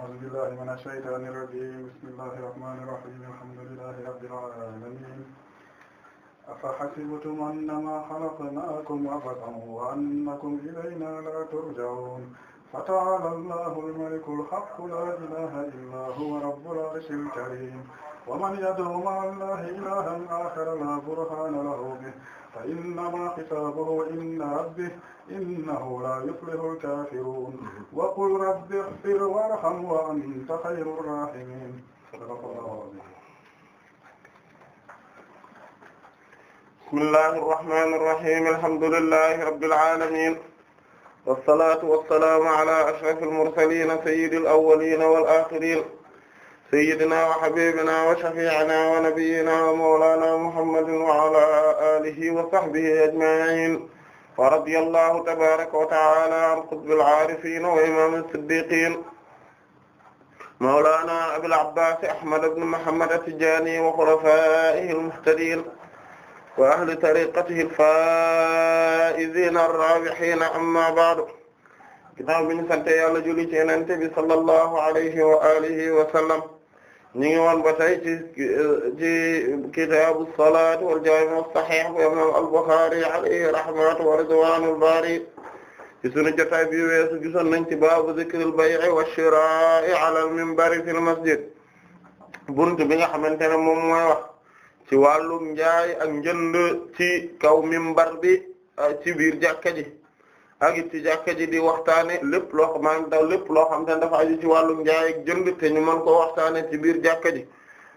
أعوذ بالله من الشيطان الرجيم بسم الله الرحمن الرحيم الحمد لله رب العالمين أفحسبتم أنما خلقناكم عبثا وأنكم إلينا لا ترجعون فتعالى الله الملك الحق لا إله إلا هو رب العرش الكريم ومن يدعو مع الله إلها آخر لا برهان له به فإنما حسابه عند ربه إنه لا يفلح الكافرون وقل رب اغفر وارحم وأنت خير الراحمين صدق الله العظيم بسم الله الرحمن الرحيم الحمد لله رب العالمين والصلاة والسلام على أشرف المرسلين سيد الأولين والآخرين sayyidina wa habibina wa shafi'ina wa nabiyyina wa mawlana muhammadin wa ala alihi wa sahbihi ajma'in wa radiyallahu tabaraka wa ta'ala an qutbil arifin wa imam as-siddiqin mawlana abil abbas ahmad ibn muhammad at-tijani wa khulafa'ihi al-muhtadin wa ahli tariqatihi al-fa'izin ar-rabihin amma ba'du ginnaaw bi ñu sante yàlla julli ci Yonent bi sallallahu alayhi wa alihi wa sallam ñu ngi woon ba tey ci ci kitaabu salaat wal jaami' as-sahiih bu imaam al-Bukhari ci sunu jotaay bi weesu gisoon nañ ci baabu dhikril bay'i wash-shiraa'i alal minbari fil masjid buntu bi nga xamante ne moom mooy wax ci wàllum njaay ak njënd ci kaw minbar bi ci biir jàkka ji ak it ci jàkka ji di waxtaane lépp loo maanaam daw lépp loo xam te ne dafa aju ci wàllu njaay ak jënd te ñu mën koo waxtaane ci biir jàkka ji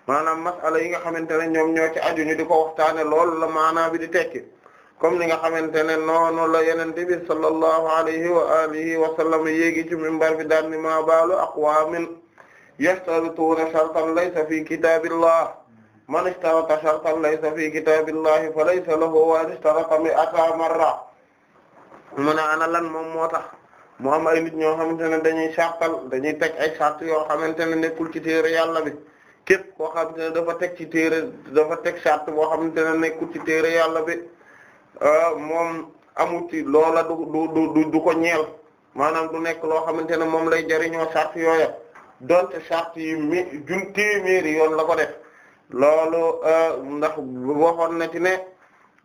maanaam masala yi nga xamante ne ñoom ñoo ci aju ñu di ko waxtaane lool la maanaa bi di tekki comme ni nga xamante ne noonu la yenente bi sallallahu alayhi wa alihi wa sallam yéegi ci minbar bi daan ni maa baalu aqwaamin yashtarituuna shartan laysa fi kitaabillah man ishtarata shartan laysa fi kitaabillahi fa laysa lahu wa man ishtarata mi'ata marra mu ne ana lan moom moo tax mu am ay nit ñoo xamante ne dañuy sàrtal dañuy teg ay sart yoo xamante ne nekkul ci téere yàlla bi képp koo xamante ne dafa teg ci téere dafa teg sart boo xamante ne nekkul ci téere yàlla bi euh, moom amu ci loola du du du du ko ñeel maanaam du nekk loo xamante ne moom lay jariñoo sart yooya donte sart yi mi jun téeméeri yoon la ko def loolu euh, ndax waxoon na ci ne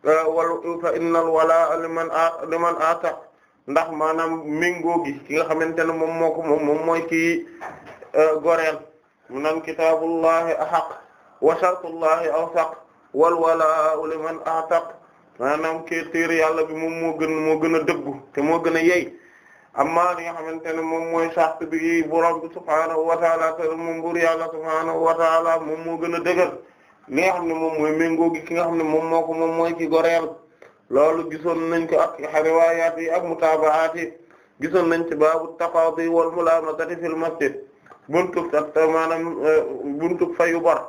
Euh, wal fa innal wala liman a liman ata ndax maanaam méngoo gi ki nga xamante ne moom moo ko moom moom mooy kii euh, goreel mu nan kitaabullahi ahaq wa shartullahi awsaq wal wala liman ataq maanaam kii téere yàlla bi moom moo gën moo gën a dëggu te moo gën a yey amma li nga xamante ne moom mooy sart bi borom bi subhaanahu wa taala te moom buur yàlla subhaanahu wa taala moom moo gën a dëgër li nga xam ne moom mooy méngoo gi ki nga xam ne moom moo moom mooy ki goreel loolu gisoon nañ ko ak riwaayaat yi ak mutaabaat yi gisoon nañ ci baabu taqaadi wal mulaamatati fil masjid buntu ak maanaam euh, buntu fayu bor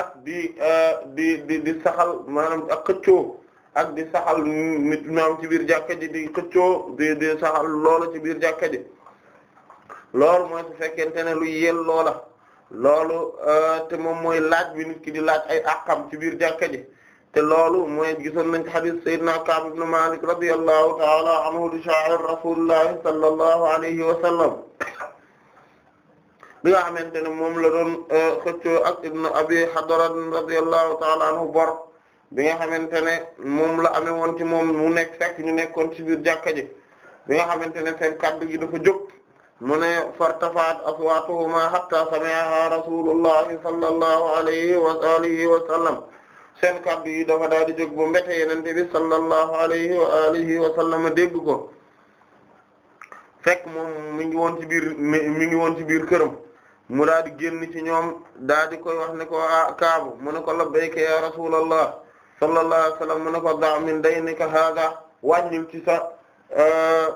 ak di euh, di di di saxal maanaam ak xëccoo ak di saxal nit ñaam ci biir jàkka ji di xëccoo di di saxal loola ci biir jàkka ji loolu mooy su fekkente ne lu yel loola loolu euh, te moom mooy laaj bi nit ki di laaj ay àqam ci biir jàkka te loolu mooy gisoon nañ hadith sayyidina Ka'b ibn Malik radiyallahu ta'ala anhu di sha'ir rasulullah sallallahu alayhi wa bi nga xamante ne moom la doon euh, xëccoo ak ibn abi Hadrat radiyallahu ta'ala anhu bor bi nga xamante ne moom la amee woon ci moom mu nekk fekk ñu nekkoon ci biir jàkka ji bi nga xamante ne seen kaddu gi dafa jóg mu ne fartafaat aswaatuhumaa hatta sami'ahaa rasuulullahi sallallahu alayhi wa alihi wa sallam seen kàddu yi dafa daal di jóg mbete yenente bi sallallahu alayhi wa alihi wa sallam dégg ko fekk moom mi ngi woon ci biir mi ngi woon ci biir këram mu daal génn ci ñoom daal di koy wax ne ko ah, kaabu mu ne ko labbayka ya rasulallah sallallahu alayhi wa sallam mu ko da' min daynika haada wàññil ci euh,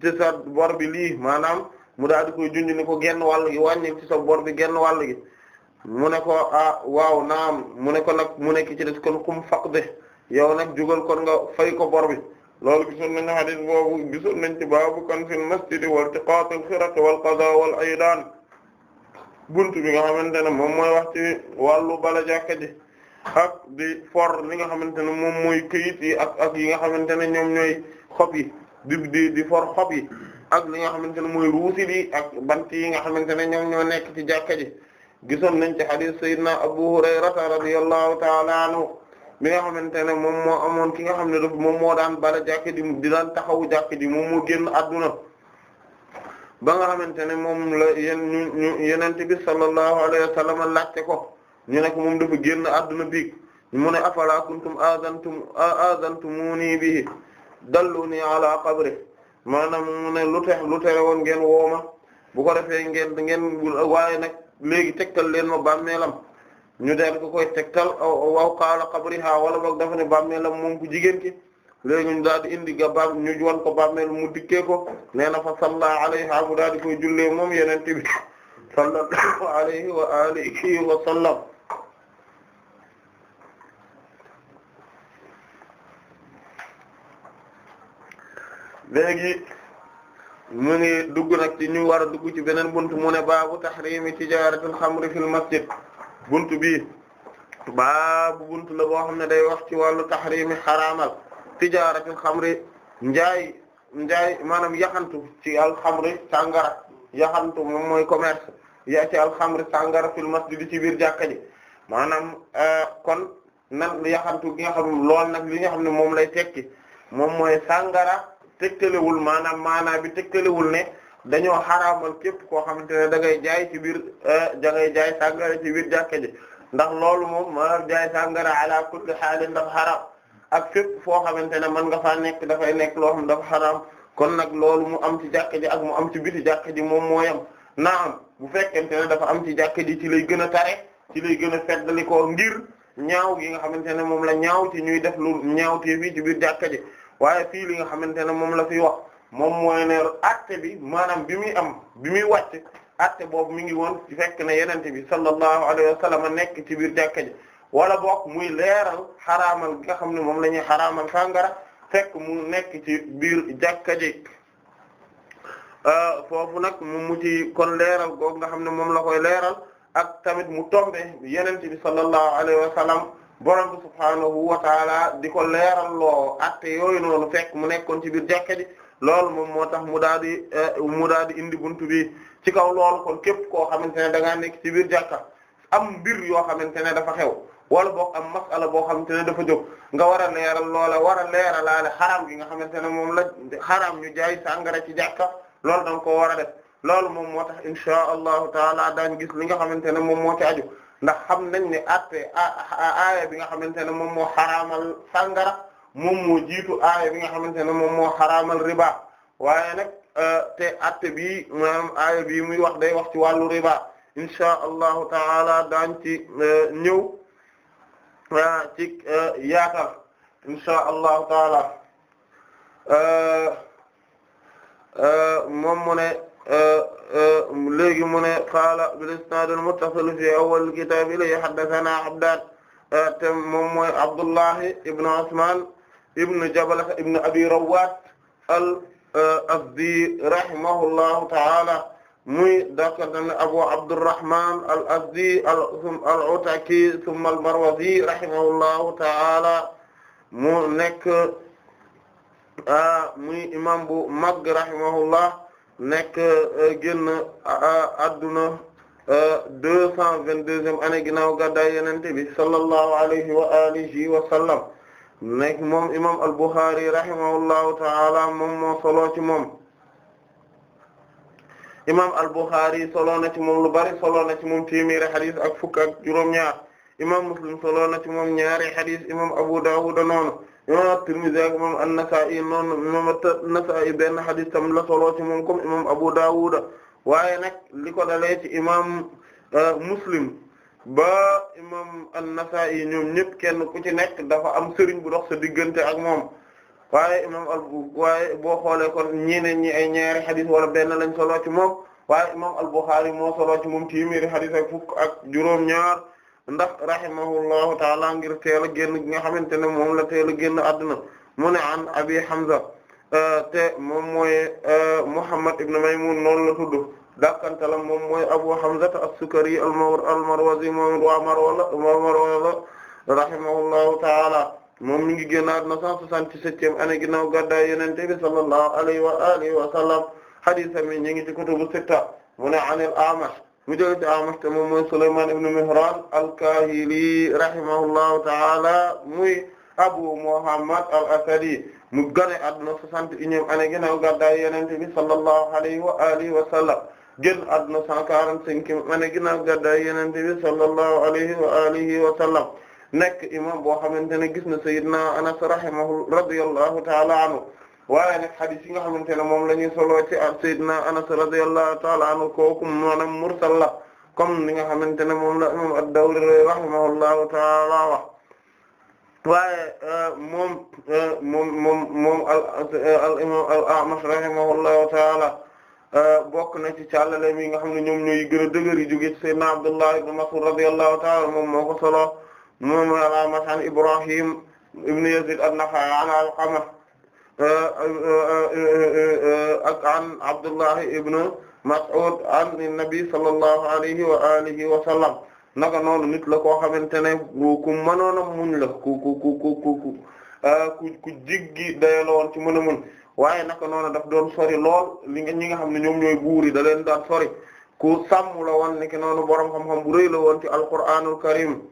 ci sa bor bi lii maanaam mu daal di koy junj ni ko genn wàll gi wàññi ci sa bor bi genn wàll gi mu ne ko ah waaw naam mu ne ko nag mu nekk ci des kon xum faq de yow nag jugal kon nga fay ko bor bi loolu gisoon nañu hadith boobu gisoon nañ ci baabu kan fil masjid wal tiqat al khiraq wal qadaa wal aydan bunt nga xamante ne moom mooy wax ci wàllu bala jàkka ji ak di for li nga xamante ne moom mooy këyit yi ak ak yi nga xamante ne ñoom ñooy xob yi di di di for xob yi ak li nga xamante ne mooy ruusi bi ak bant yi nga xamante ne ñoom ñoo nekk ci jàkka ji gisoon nañ ci hadith sayyidina Abu Hurayrata radiyallahu ta'ala anhu mi nga xamante ne moom moo amoon ki nga xam ne daf moom moo daan bala jàkka ji di daan taxawu jàkka ji moom moo génn adduna ba nga xamante ne moom la yéen ñu ñu yenente bi sallallahu alayhi wa sallam laajte ko ñu ne ko moom dafa génn adduna biig mu ne afala kuntum azantum azantumuni bihi dalluni ala qabri maanaam mu ne lu tex lu tere woon ngeen wooma bu ko defee ngeen ngeen waaye nag léegi tegtal leen ma bàmmeelam ñu daal ko koy tegtal waaw qaala qabriha wala boog dafa ne bàmmeelam moom ku jigéen ki léegi ñu daal di indi ga bam ñu wan ko bàmmeel mu dikkee ko nee na fa salla alayha mu daal di koy jullee moom yenente bi sallallahu alayhi wa alihi léegi mu ngi dugg nag ci ñu war a dugg ci beneen bunt mu ne baabu tahrimi tijaaratul xamri fil masjid bunt bii baabu bunt la boo xam ne day wax ci wàllu tahrimi xaraamal tijaaratul xamri njaay njaay maanaam yaxantu ci alxamri sàngara yaxantu moom mooy commerce ya ci alxamri sàngara fil masjid ci biir jàkka ji maanaam euh, kon nan yaxantu gi nga lool nag li nga xam ne moom lay tekki moom mooy sàngara tegtalewul maanaam maanaa bi tegtalewul ne dañoo xaraamal képp koo xamante ne da ngay jaay ci biir eh, da ngay jaay sàngara ci biir ndax loolu moom ma jaay ak fépp foo xamante ne mën nga faa nekk dafay nekk loo xam dafa xaraam kon nag loolu mu am ci jàkka ak mu am ci biti jàkka ji moom mooyam naam bu fekkente ne dafa am ci jàkka ji ci lay gën a tare ci lay gën a feddali ko ngir ñaaw gi nga xamante ne moom la ñaaw ci ñuy def lu ñaaw te fii ci biir jàkka ji waaye fii li nga xamante ne moom la fi wax moom mooy ne acte bi maanaam bi muy am bi muy wàcc acte boobu mi ngi woon fekk na yenente bi sallallahu alayhi wa sallam nekk ci biir jàkka ji wala boog muy leeral xaraamal bi nga xam ne moom la ñuy xaraamal sàngara fekk mu nekk ci biir jàkka ji euh, foofu nag mu mujj kon leeral googu nga xam ne moom la koy leeral ak tamit mu tombe yenente bi sallallahu alayhi wa borom bi subhaanahu wa taala di ko leeral loo atte yooyu noonu fekk mu nekkoon ci biir jàkka ji loolu moom moo tax mu daal di eh, mu daal di indi buntu bi ci kaw loolu kon képp koo xamante ne da ngaa nekk ci biir jàkka am mbir yoo xamante ne dafa xew wala boog am masala boo xamante ne dafa jóg nga war a leeral loola war a leeralaale xaram gi nga xamante ne moom la xaraam ñu jaay sàngara ci jàkka loolu danga ko war a def loolu moom moo tax insha allahu taala daañ gis li nga xamante ne moom moo ci aju ndax xam nañ ne atte bi nga xamante ne moom moo xaraamal sàngara moom jiitu aaya bi nga xamante ne moom moo xaraamal riba waaye e, te atte bi maanaam aaya bi muy wax day wax ci wàllu riba insha allahu taala daañ ci e, ñëw e, ci yaatal insha allahu taala moom Euh, euh, léegi mu ne qaala bil isnaad al muttasil fi awwal kitaab ilay haddathana Abdaan euh, te moom mooy Abdullahi ibn Usmaan ibn Jabala ibn Abi Rawwaat al Azdi rahimahullahu ta'ala muy dakar dan Abu Abdurrahman al Azdi al Ataki thumma al Marwazi rahimahullahu ta'ala mu nekk muy imam bu mag rahimahullah nekk euh, génn adduna euh, deux cent vingt-deuxième année ginnaaw gàddaay yonent bi sallallahu alayhi wa alihi wa sallam nekk moom imam al-Bukhari rahimahullahu ta'ala moom moo solo ci moom imam al-Bukhari solo na ci moom lu bari solo na ci moom téeméeri xadis ak fukk ak juróom-ñaar imam Muslim solo na ci moom ñaari xadis imam Abu Dawud noonu imam at-Tirmidhi ak imam an-Nasa'i noonu imam benn hadith tam la solo ci moom comme imam Abu Dawud waaye nag li ko dalee ci imam euh, Muslim ba imam an-Nasa'i ñoom ñépp kenn ku ci nekk dafa am sëriñ bu dox sa diggante ak moom waaye imam waaye boo xoolee kon ñeneen ñi ay ñaari hadith wala benn lañ solo ci moom waaye imam al-Bukhari moo solo ci moom téeméeri hadith ak fukk ak juróom-ñaar. ndax rahimahullahu taala ngir teel a génn gi nga xamante ne moom la teel a génn adduna mu ne an abi hamza euh, te moom mooy euh, muhammad ibn maymun noonu la tudd dakkantalam moom mooy abu hamza as-sukari al-marwazi moom waa marwala marwala rahimahullahu taala moom mi ngi génn adduna 167e année ginnaaw gàddaay yonent bi sallallahu alayhi wa alihi wa sallam hadith mi ñu ngi ci kutubu sitta mu ne an al-amash mu jël ci Amash te moom mooy Sulaymaan ibn Mihraan al-Kaahili rahimahullahu ta'ala muy Abu Muhammad al-Asadi mu gane adduna soixante et unième année ginnaaw gàddaay Yonent bi sallallahu alayhi wa alihi wa sallam génn adduna cent quarante-cinquième année ginnaaw gàddaay Yonent bi sallallahu alayhi wa alihi wa sallam nekk imam boo xamante ne gis na Sayyidina Anas rahimahu radiyallahu ta'ala anhu waaye nag xadis yi nga xamante ne moom la ñuy solo ci sayyidina Anas radiyallahu ta'ala anhu kooku maanaam mursal la comme ni nga xamante ne moom la imam ad-Dawri rahimahullahu ta'ala wax waaye euh, moom euh, moom moom moom al imam al-A'mash rahimahullahu ta'ala euh, bokk na ci càllale mi nga xam ne ñoom ñooy gën a dëgër yi jóge ci sayyidina Abdullah ibn Mas'ud ta'ala moom moo ko soloo moom al-A'mash Ibrahim ibn Yazid an-Nakha'i an ak an Abdullahi ibn Mas'ud an nabi sallallahu alayhi wa alihi wa sallam naka noonu nit la koo xamante ne ku mënoon a muñ la ku ku ku ku ku ah, jiggi daya la woon ci mën a mën waaye naka noonu daf doon sori lool li nga ñi nga xam ne ñoom ñooy buuri da leen daan sori ku sàmm la woon nekk noonu borom xam-xam bu la woon ci alqur'aanul karim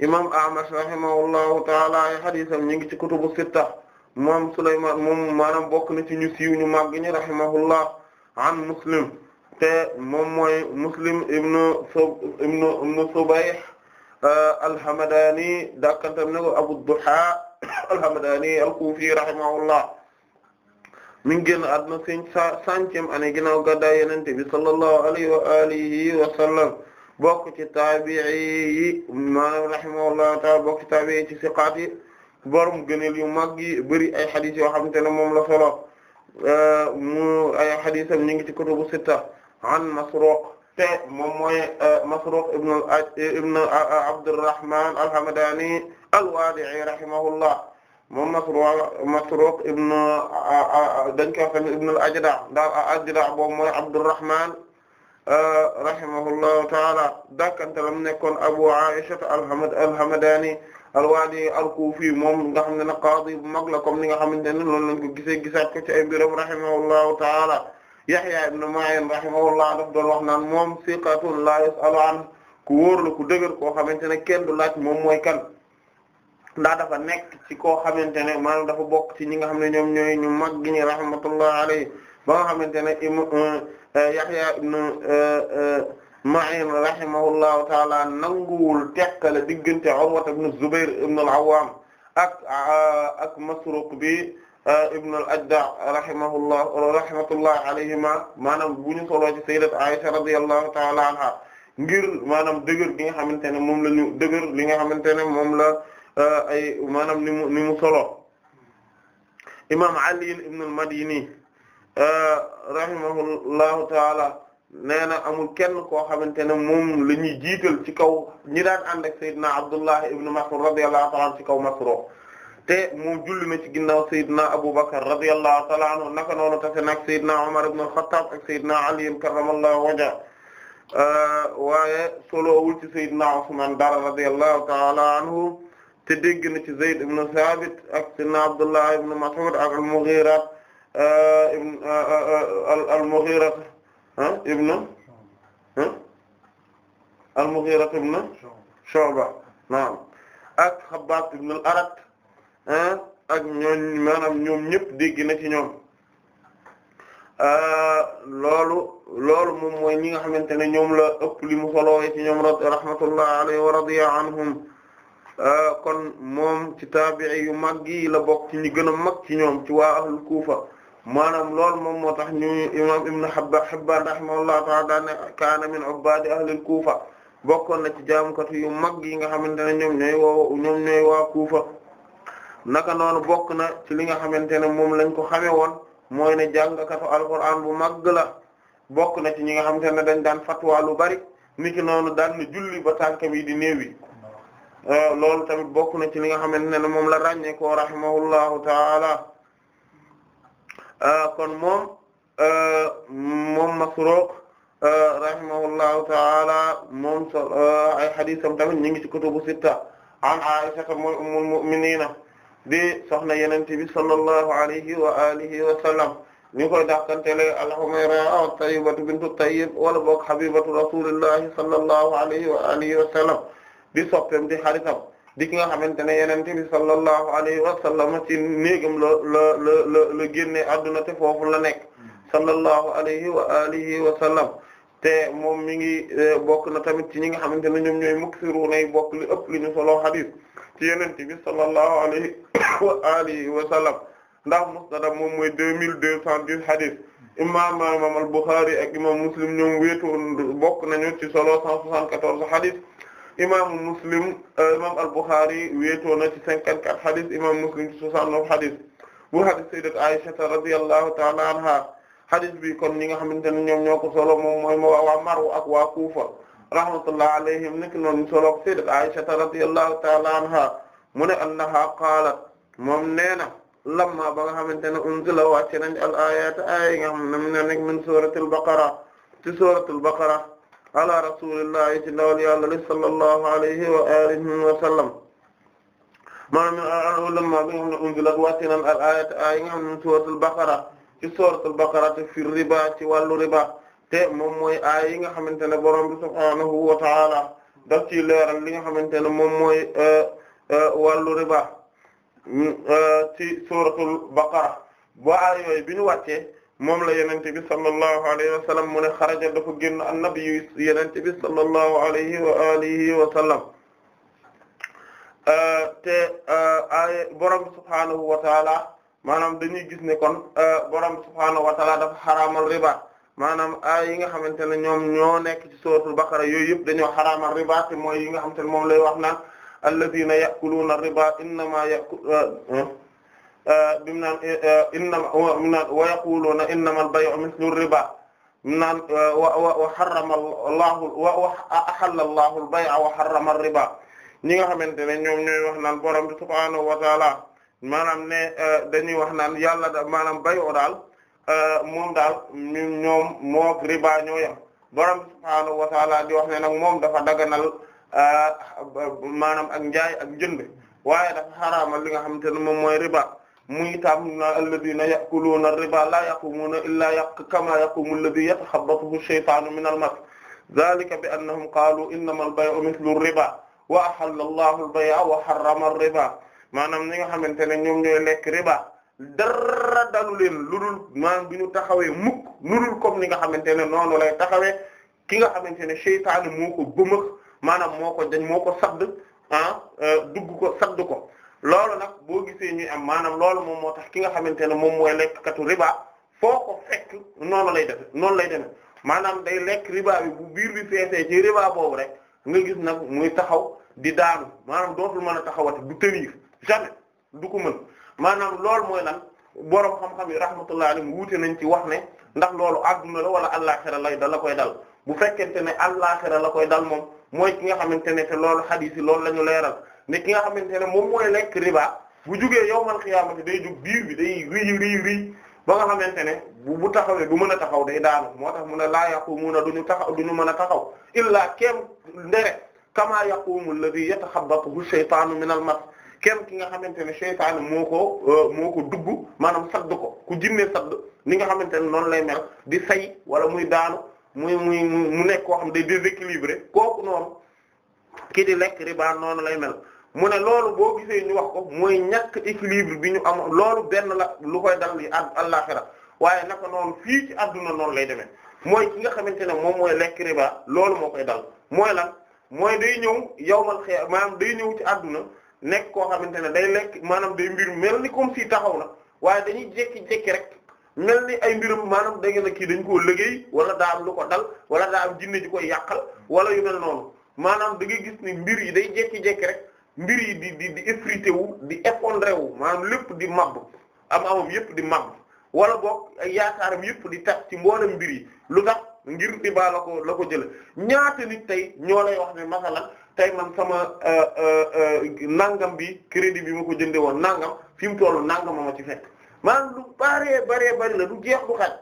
imam Ahmad rahimahullahu taala ay hadiisam ñi ngi ci kutubu sitta moom Sulaymaan moom maanaam bokk na ci ñu siiw ñu màgg ñu rahimahullah an Muslim te moom mooy Muslim ibn ibn ibn Subayh uh, al-Hamdani dàkkantam ne ko Abu Duha al-Hamdani al-Kufi rahimahullah mi ngi génn àdduna seen centième année ginnaaw gàddaay Yonent bi sallallahu alayhi wa alihi wa sallam bokk ci taabi'i yi maanaam rahimahullah ta'ala bokk ci taabi'i ci siqaat yi borom gëneel yu mag yi bëri ay xadis yoo xamante ne moom la solo euh, mu ay xadisam ñu ngi ci kutubu sitta an Masruq te moom mooy euh, Masruq ibn ibn Abdurrahman al-Hamdani al-Wadi'i rahimahullah moom Masruq Masruq ibn ajda daal al-Ajda' boobu mooy Abdurrahman euh, rahimahullahu ta'ala dakkantalam nekkoon Abu Aisha al-Hamdani al-Wadi al-Kufi moom nga xam ne nag qaadi bu mag la comme ni nga xamante ne loolu lañ ko gisee gisaat ko ci ay mbiram rahimahullahu taala Yahya ibn Ma'in rahimahullah daf doon wax naan moom siqatun la yus'alu an ku wóor la ku dëgër koo xamante ne kenn du laaj moom mooy kan ndax dafa nekk ci koo xamante ne maanaam dafa bokk ci ñi nga xam ne ñoom ñooy ñu mag gi ñi rahmatullah alayhi ba nga xamante ne euh, Yahya ibn euh, euh, Ma'in rahimahullahu taala nanguwul teqale diggante Urwa ibn Zubair ibn al-Awwam ak uh, ak Masruq bi uh, ibn al-Ajda' rahimahullah rahmatullah alayhima maanaam bu ñu soloo ci sayyidat Aisha radiyallahu taala anha ngir maanaam dëgër gi nga xamante ne moom la ñu dëgër li nga xamante ne moom la uh, ay maanaam ni mu ni mu solo imam Ali ibn al-Madini rahimahullahu taala nee na amul kenn koo xamante ne moom la ñuy jiital ci kaw ñi daan ànd ak Seydina Abdullah ibn Mas'ud radiyallahu ta'ala anhu ci kaw Masruq te moom julli na ci ginnaaw Seydina Abu Bakr radiyallahu ta'ala anhu naka noonu tase nag Seydina Umar ibn al-Khattab ak Seydina Ali karramallahu wajha euh, waaye solowul ci Seydina Usman dara radiyallahu ta'ala anhu te dégg na ci Zayd ibn Thabit ak Seydina Abdullah ibn Mas'ud ak al-Mughira euh, euh, al-Mughira ah ibnu ah al-Mughira ibnu Shu'ba naam ak Habbaab ibnu al-Arat ah ak ñooñ maanaam ñoom ñëpp dégg na ci ñoom loolu loolu moom mooy ñi nga xamante ne ñoom la ëpp li mu solowee ci ñoom rahmatullah alayhi wa radiya anhum kon moom ci taabi'i yu mag yi la bokk ci ñi gën a mag ci ñoom ci waa ahlul Kuufa maanaam loolu moom moo tax ñu imam ibn Habba Hibbaan rahimahullahu ta'ala daan ne kaana min ubbaadi ahlil Kuufa bokkoon na ci jaamkatu yu mag yi nga xamante ne ñoom ñooy woo ñoom ñooy waa Kuufa naka noonu bokk na ci li nga xamante ne moom lañ ko xamee woon mooy ne jàngkatu alquran bu mag la bokk na ci ñi nga xamante ne dañ daan fatwa lu bari niki noonu daan na julli ba tànkam yi di néewi euh, loolu tamit bokk na ci li nga xamante ne moom la ràññee ko rahimahullahu ta'ala Euh, kon moom euh, moom Masruq euh, rahimahullahu ta'ala moom ay hadisam tamit ñu ngi ci kutubu sitta an Aisha mooy ummul mu'minina di soxna Yonent bi sallallahu alayhi wa alihi wa sallam ñu koy dàqantele al-Humayra at-Tayyibatu bintu Tayyib wala boog habibatu rasulillahi sallallahu alayhi wa alihi wa sallam di soppeem di xaritam di ki nga xamante ne yenente bi sallallahu alayhi wa sallam ci néegam la la la la la génne adduna te foofu la nekk sallallahu alayhi wa alihi wa sallam te moom mi ngi e, bokk na tamit ci ñi nga xamante ne ñoom ñooy muksiru nay bokk li ëpp li ñu solo hadith ci yenente bi sallallahu alayhi wa alihi wa sallam ndax musnadam moom mooy deux mille deux cent dix hadith imam imam al Bukhari ak imam Muslim ñoom wéetoon bokk nañu ci solo cent soixante-quatorze hadith imaamu muslim euh, imaam al-Bukhari wéetoo na ci cinquante quatre hadith imaamu muslim ci soixante neuf hadith bu hadith sayyidat Aisha radiyallahu ta'ala anha hadith bi kon ñi nga xamante ne ñoom ñoo ko solo moom mooy ma waa Marw ak waa Kufa rahmatullahi alayhim nekk noonu solo sayyidat Aisha radiyallahu ta'ala anha mu ne annaha qaalat moom nee na lamma ba nga xamante ne unzila wàcce nañ al ayat ay nga xam ne mu ne nekk min suratul baqara ci suratul baqara ala rasulillahi ci ndawal yàlla li sallallahu alayhi wa alihi wa sallam maanaam lamma bi nga xam ne unzilat wàcce nan al ayat nga xam ne suratul baqara ci suratul baqara te fi riba ci wàllu riba te moom mooy ay yi nga xamante ne borom bi subhaanahu wa taala daf ci leeral li nga xamante ne moom mooy euh, euh, wàllu riba euh, ci suratul baqara ba ay yooyu bi ñu wàccee moom la yenente bi sallallahu alayhi wa sallam mu ne xaraja dafa génn annabi yenente bi sallallahu alayhi wa alihi wa sallam te ay borom subhaanahu wa taala maanaam dañuy gis ne kon borom subhaanahu wa taala dafa xaraamal riba maanaam ay yi nga xamante ne ñoom ñoo nekk ci suratul baqara yooyu yëpp dañoo xaraamal riba te mooy yi nga xamante ne moom lay wax naan alladhina ya'kuluna riba innama ya'kuluna bi mu naan eh, eh, innama mu naan wa yaquluuna innamal bay'u mithlu riba mu naan eh, wa wa harrama Allahu wa ahalla Allahu al-bay'a wa harrama riba ñi nga xamante ne ñoom ñooy wax naan borom bi subhaanahu wa ta'ala maanaam ne dañuy wax naan yàlla da maanaam bay'u daal moom daal ñoom moog riba ñoo yam borom bi subhaanahu wa ta'ala di wax ne nag moom dafa daganal maanaam ak njaay ak jënd waaye dafa xaraamal li nga xamante ne moom mooy riba muy tam na alladina ya'kuluna riba la yaqumuna illa yaq kama yaqumu alladhi yatakhabbathu ash-shaytanu min al-mas dhalika bi annahum qalu innama al-bay'u mithlu ar-riba wa ahalla Allahu al-bay'a wa harrama ar-riba maanaam ñi nga xamante ne ñoom ñooy lekk riba dara dalu leen ludul maanaam bi ñu taxawee mukk ludul comme ni nga xamante ne noonu lay taxawee ki nga xamante ne shaytaanu moo ko bëmëx maanaam moo ko dañ moo ko sadd ah dugg ko sadd ko loolu nag boo gisee ñuy am maanaam loolu moom moo tax ki nga xamante ne moom mooy lekk katu riba foo ko fekk noonu lay def noonu lay demee maanaam day lekk riba bi bu biir bi feesee ci riba boobu rek nga gis nag muy taxaw di daanu maanaam dootul mën a taxawati du tenir jamais du ko mën maanaam loolu mooy lan borom xam-xam yi rahmatullah alayhi wuute nañ ci wax ne ndax loolu adduna la wala àllaxira lay da la koy dal bu fekkente ne àllaxira la koy dal moom mooy ki nga xamante ne te loolu hadith yi loolu la ñu leeral ne ki nga xamante ne moom mooy lekk riba bu jugee yawmal xiyaamati day jug biir bi day riy riy riy ba nga xamante ne bu bu taxawee du mën a taxaw day daanu moo tax mun a laa yaquumuuna duñu taxaw duñu mën a taxaw illaa keem ndere kamaa yaquumu alladhi yataxabbatuhu shaytaanu minal mas kenn ki nga xamante ne seytaane moo ko euh, moo ko dugg maanaam sadd ko ku jinne sadd ni nga xamante ne noonu lay mel di say wala muy daanu muy muy mu nekk koo xam day déséquilibré kooku noonu ki di lekk riba noonu lay mel mu ne loolu boo gisee ñu wax ko mooy ñàkk équilibre bi ñu am loolu benn la lu koy dal li àllaxira waaye naka noonu fii ci adduna noonu lay demee mooy ki nga xamante ne moom mooy lekk riba loolu moo koy dal mooy lan mooy day ñëw yow xiyaama maanaam day ñëw ci àdduna nekk koo xamante ne day lekk maanaam day mbir mel ni comme si taxaw na waaye dañuy jékki-jékki rek mel ni ay mbirum maanaam da ngeen a kii dañ koo liggéey wala daa am lu ko dal wala daa am jinne ji koy yàqal wala yu mel noonu maanaam da mbir yi day jékki-jékki rek mbir yi di di di effrité wu di effondré rew maam lépp di màbb am amam yëpp di màbb wala boog yaakaaram yëpp di tax ci mboolam mbir yi lu tax ngir di baa la ko la ko jële ñaata nit tey ñoo lay wax ne masalan tey man sama euh, euh, euh, nangam bi crédit bi ma ko jënde woon nangam fi mu toll nangam ma ci fekk maanaam lu bare baree bari la lu jeex bu xaj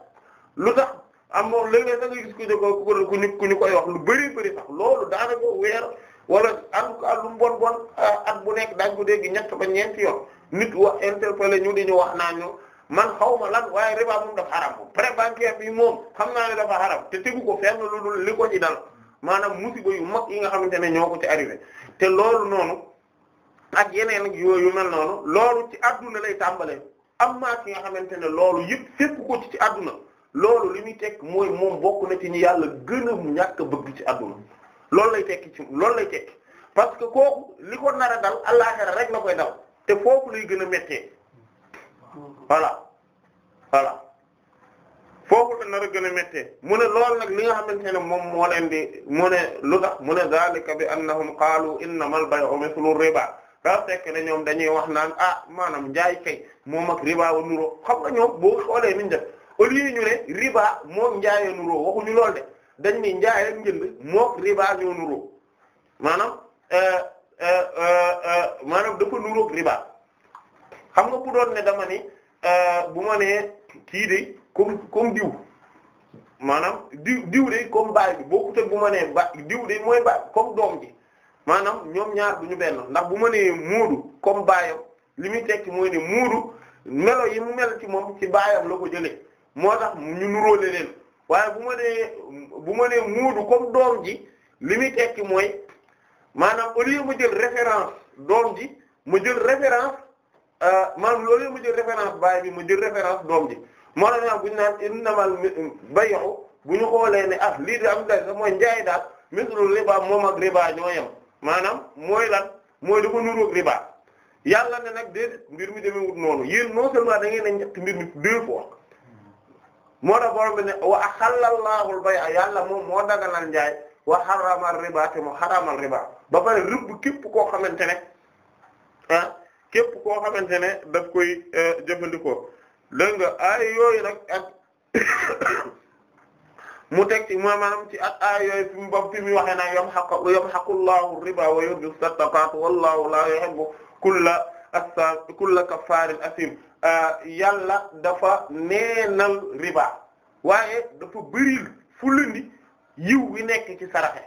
lu tax am moom léeg-léeg da nga gis ku ñu ko ku ñu koy wax lu bari bari sax loolu daanaka weer wala en tout cas lu mu bon bon euh, at bu nekk daañu ko dégg ñett ba ñeenti yoon nit wax interpellé ñu di ñu wax naa ñu man xaw ma lan waaye riba moom dafa xaram prêt bancaire bi moom xam naa ne dafa xaram te tegu ko fenn lu dul li ko ci dal maanaam musiba yu mag yi nga xamante ne ñoo ko ci arrivé te loolu noonu ak yeneen ak yu mel noonu loolu ci adduna lay tàmbalee am na ki nga xamante ne loolu yëpp fépp ko ci ci loolu li muy teg mooy moom bokk na ci ñu yàlla gën a ñàkk a bëgg ci adduna. loolu lay tekk ci loolu lay parce que kooku li ko nar a dal àllaxira rek na koy dal te foofu lay gën a méttee voilà voilà foofu la nar gën a méttee mu ne loolu nag li nga xamante ne moom moo leen di mu lu tax mu ne zalika bi annahum qaalu innamal bay'u mithlu riba daa fekk ne ñoom dañuy wax naan ah maanaam njaay kay moom ak riba wa nuroo xam nga ñoom boo xoolee niñ def au ñu ne riba moom njaayee nuroo waxuñu lool de dañ ni njaay ak njënd mook riba ñoo nuróo maanaam euh, euh, euh, maanaam dafa nuróog riba xam nga ku doon ne damani ni bu mane nee kii de comme comme diw maanaam diw diw de comme baay bi bu ma ba diw de mooy baay comme doom ji maanaam ñoom ñaar duñu benn ndax bu ma nee muudu comme baayam li muy tekki mooy ne muudu melo yi mu mel ci moom ci baayam la ko jëlee moo tax ñu nuróole leen. waaye bu ma nee bu ma nee muudu comme doom ji li muy tekki mooy maanaam au lieu ma jël référence doom ji ma jël référence euh, maanaam loolu ma jël référence baay bi ma jël référence doom ji moo tax naa bu ñu naan innamal bay'u bu ñu xoolee ne ah lii da am mooy njaay daal mislu riba moom ak riba ñoo yem maanaam mooy lan mooy dafa nuroog riba yàlla ne nag déedéet mbir mi demee wut noonu yéen non seulement da ngeen ne ñett mbir mi deux fois moo tax borom bi ne wa axalla Allahu al-bay'a yàlla moom moo daganal njaay wa harrama riba te mu xaramal riba ba pare rëbb képp koo xamante ne ah képp koo xamante ne daf koy eh, jëfandikoo dégg nga ay yooyu nag ak mu teg ci maanaam ci ak ay yooyu fi mu ba fi mu waxee nag yamhaqu yamhaqu riba wa yurbi sadaqat wallahu la yuhibbu kulla kulla kaffarin asim Euh, yàlla dafa neenal riba waaye dafa bëril fu lëndi yiw wi nekk ci saraxe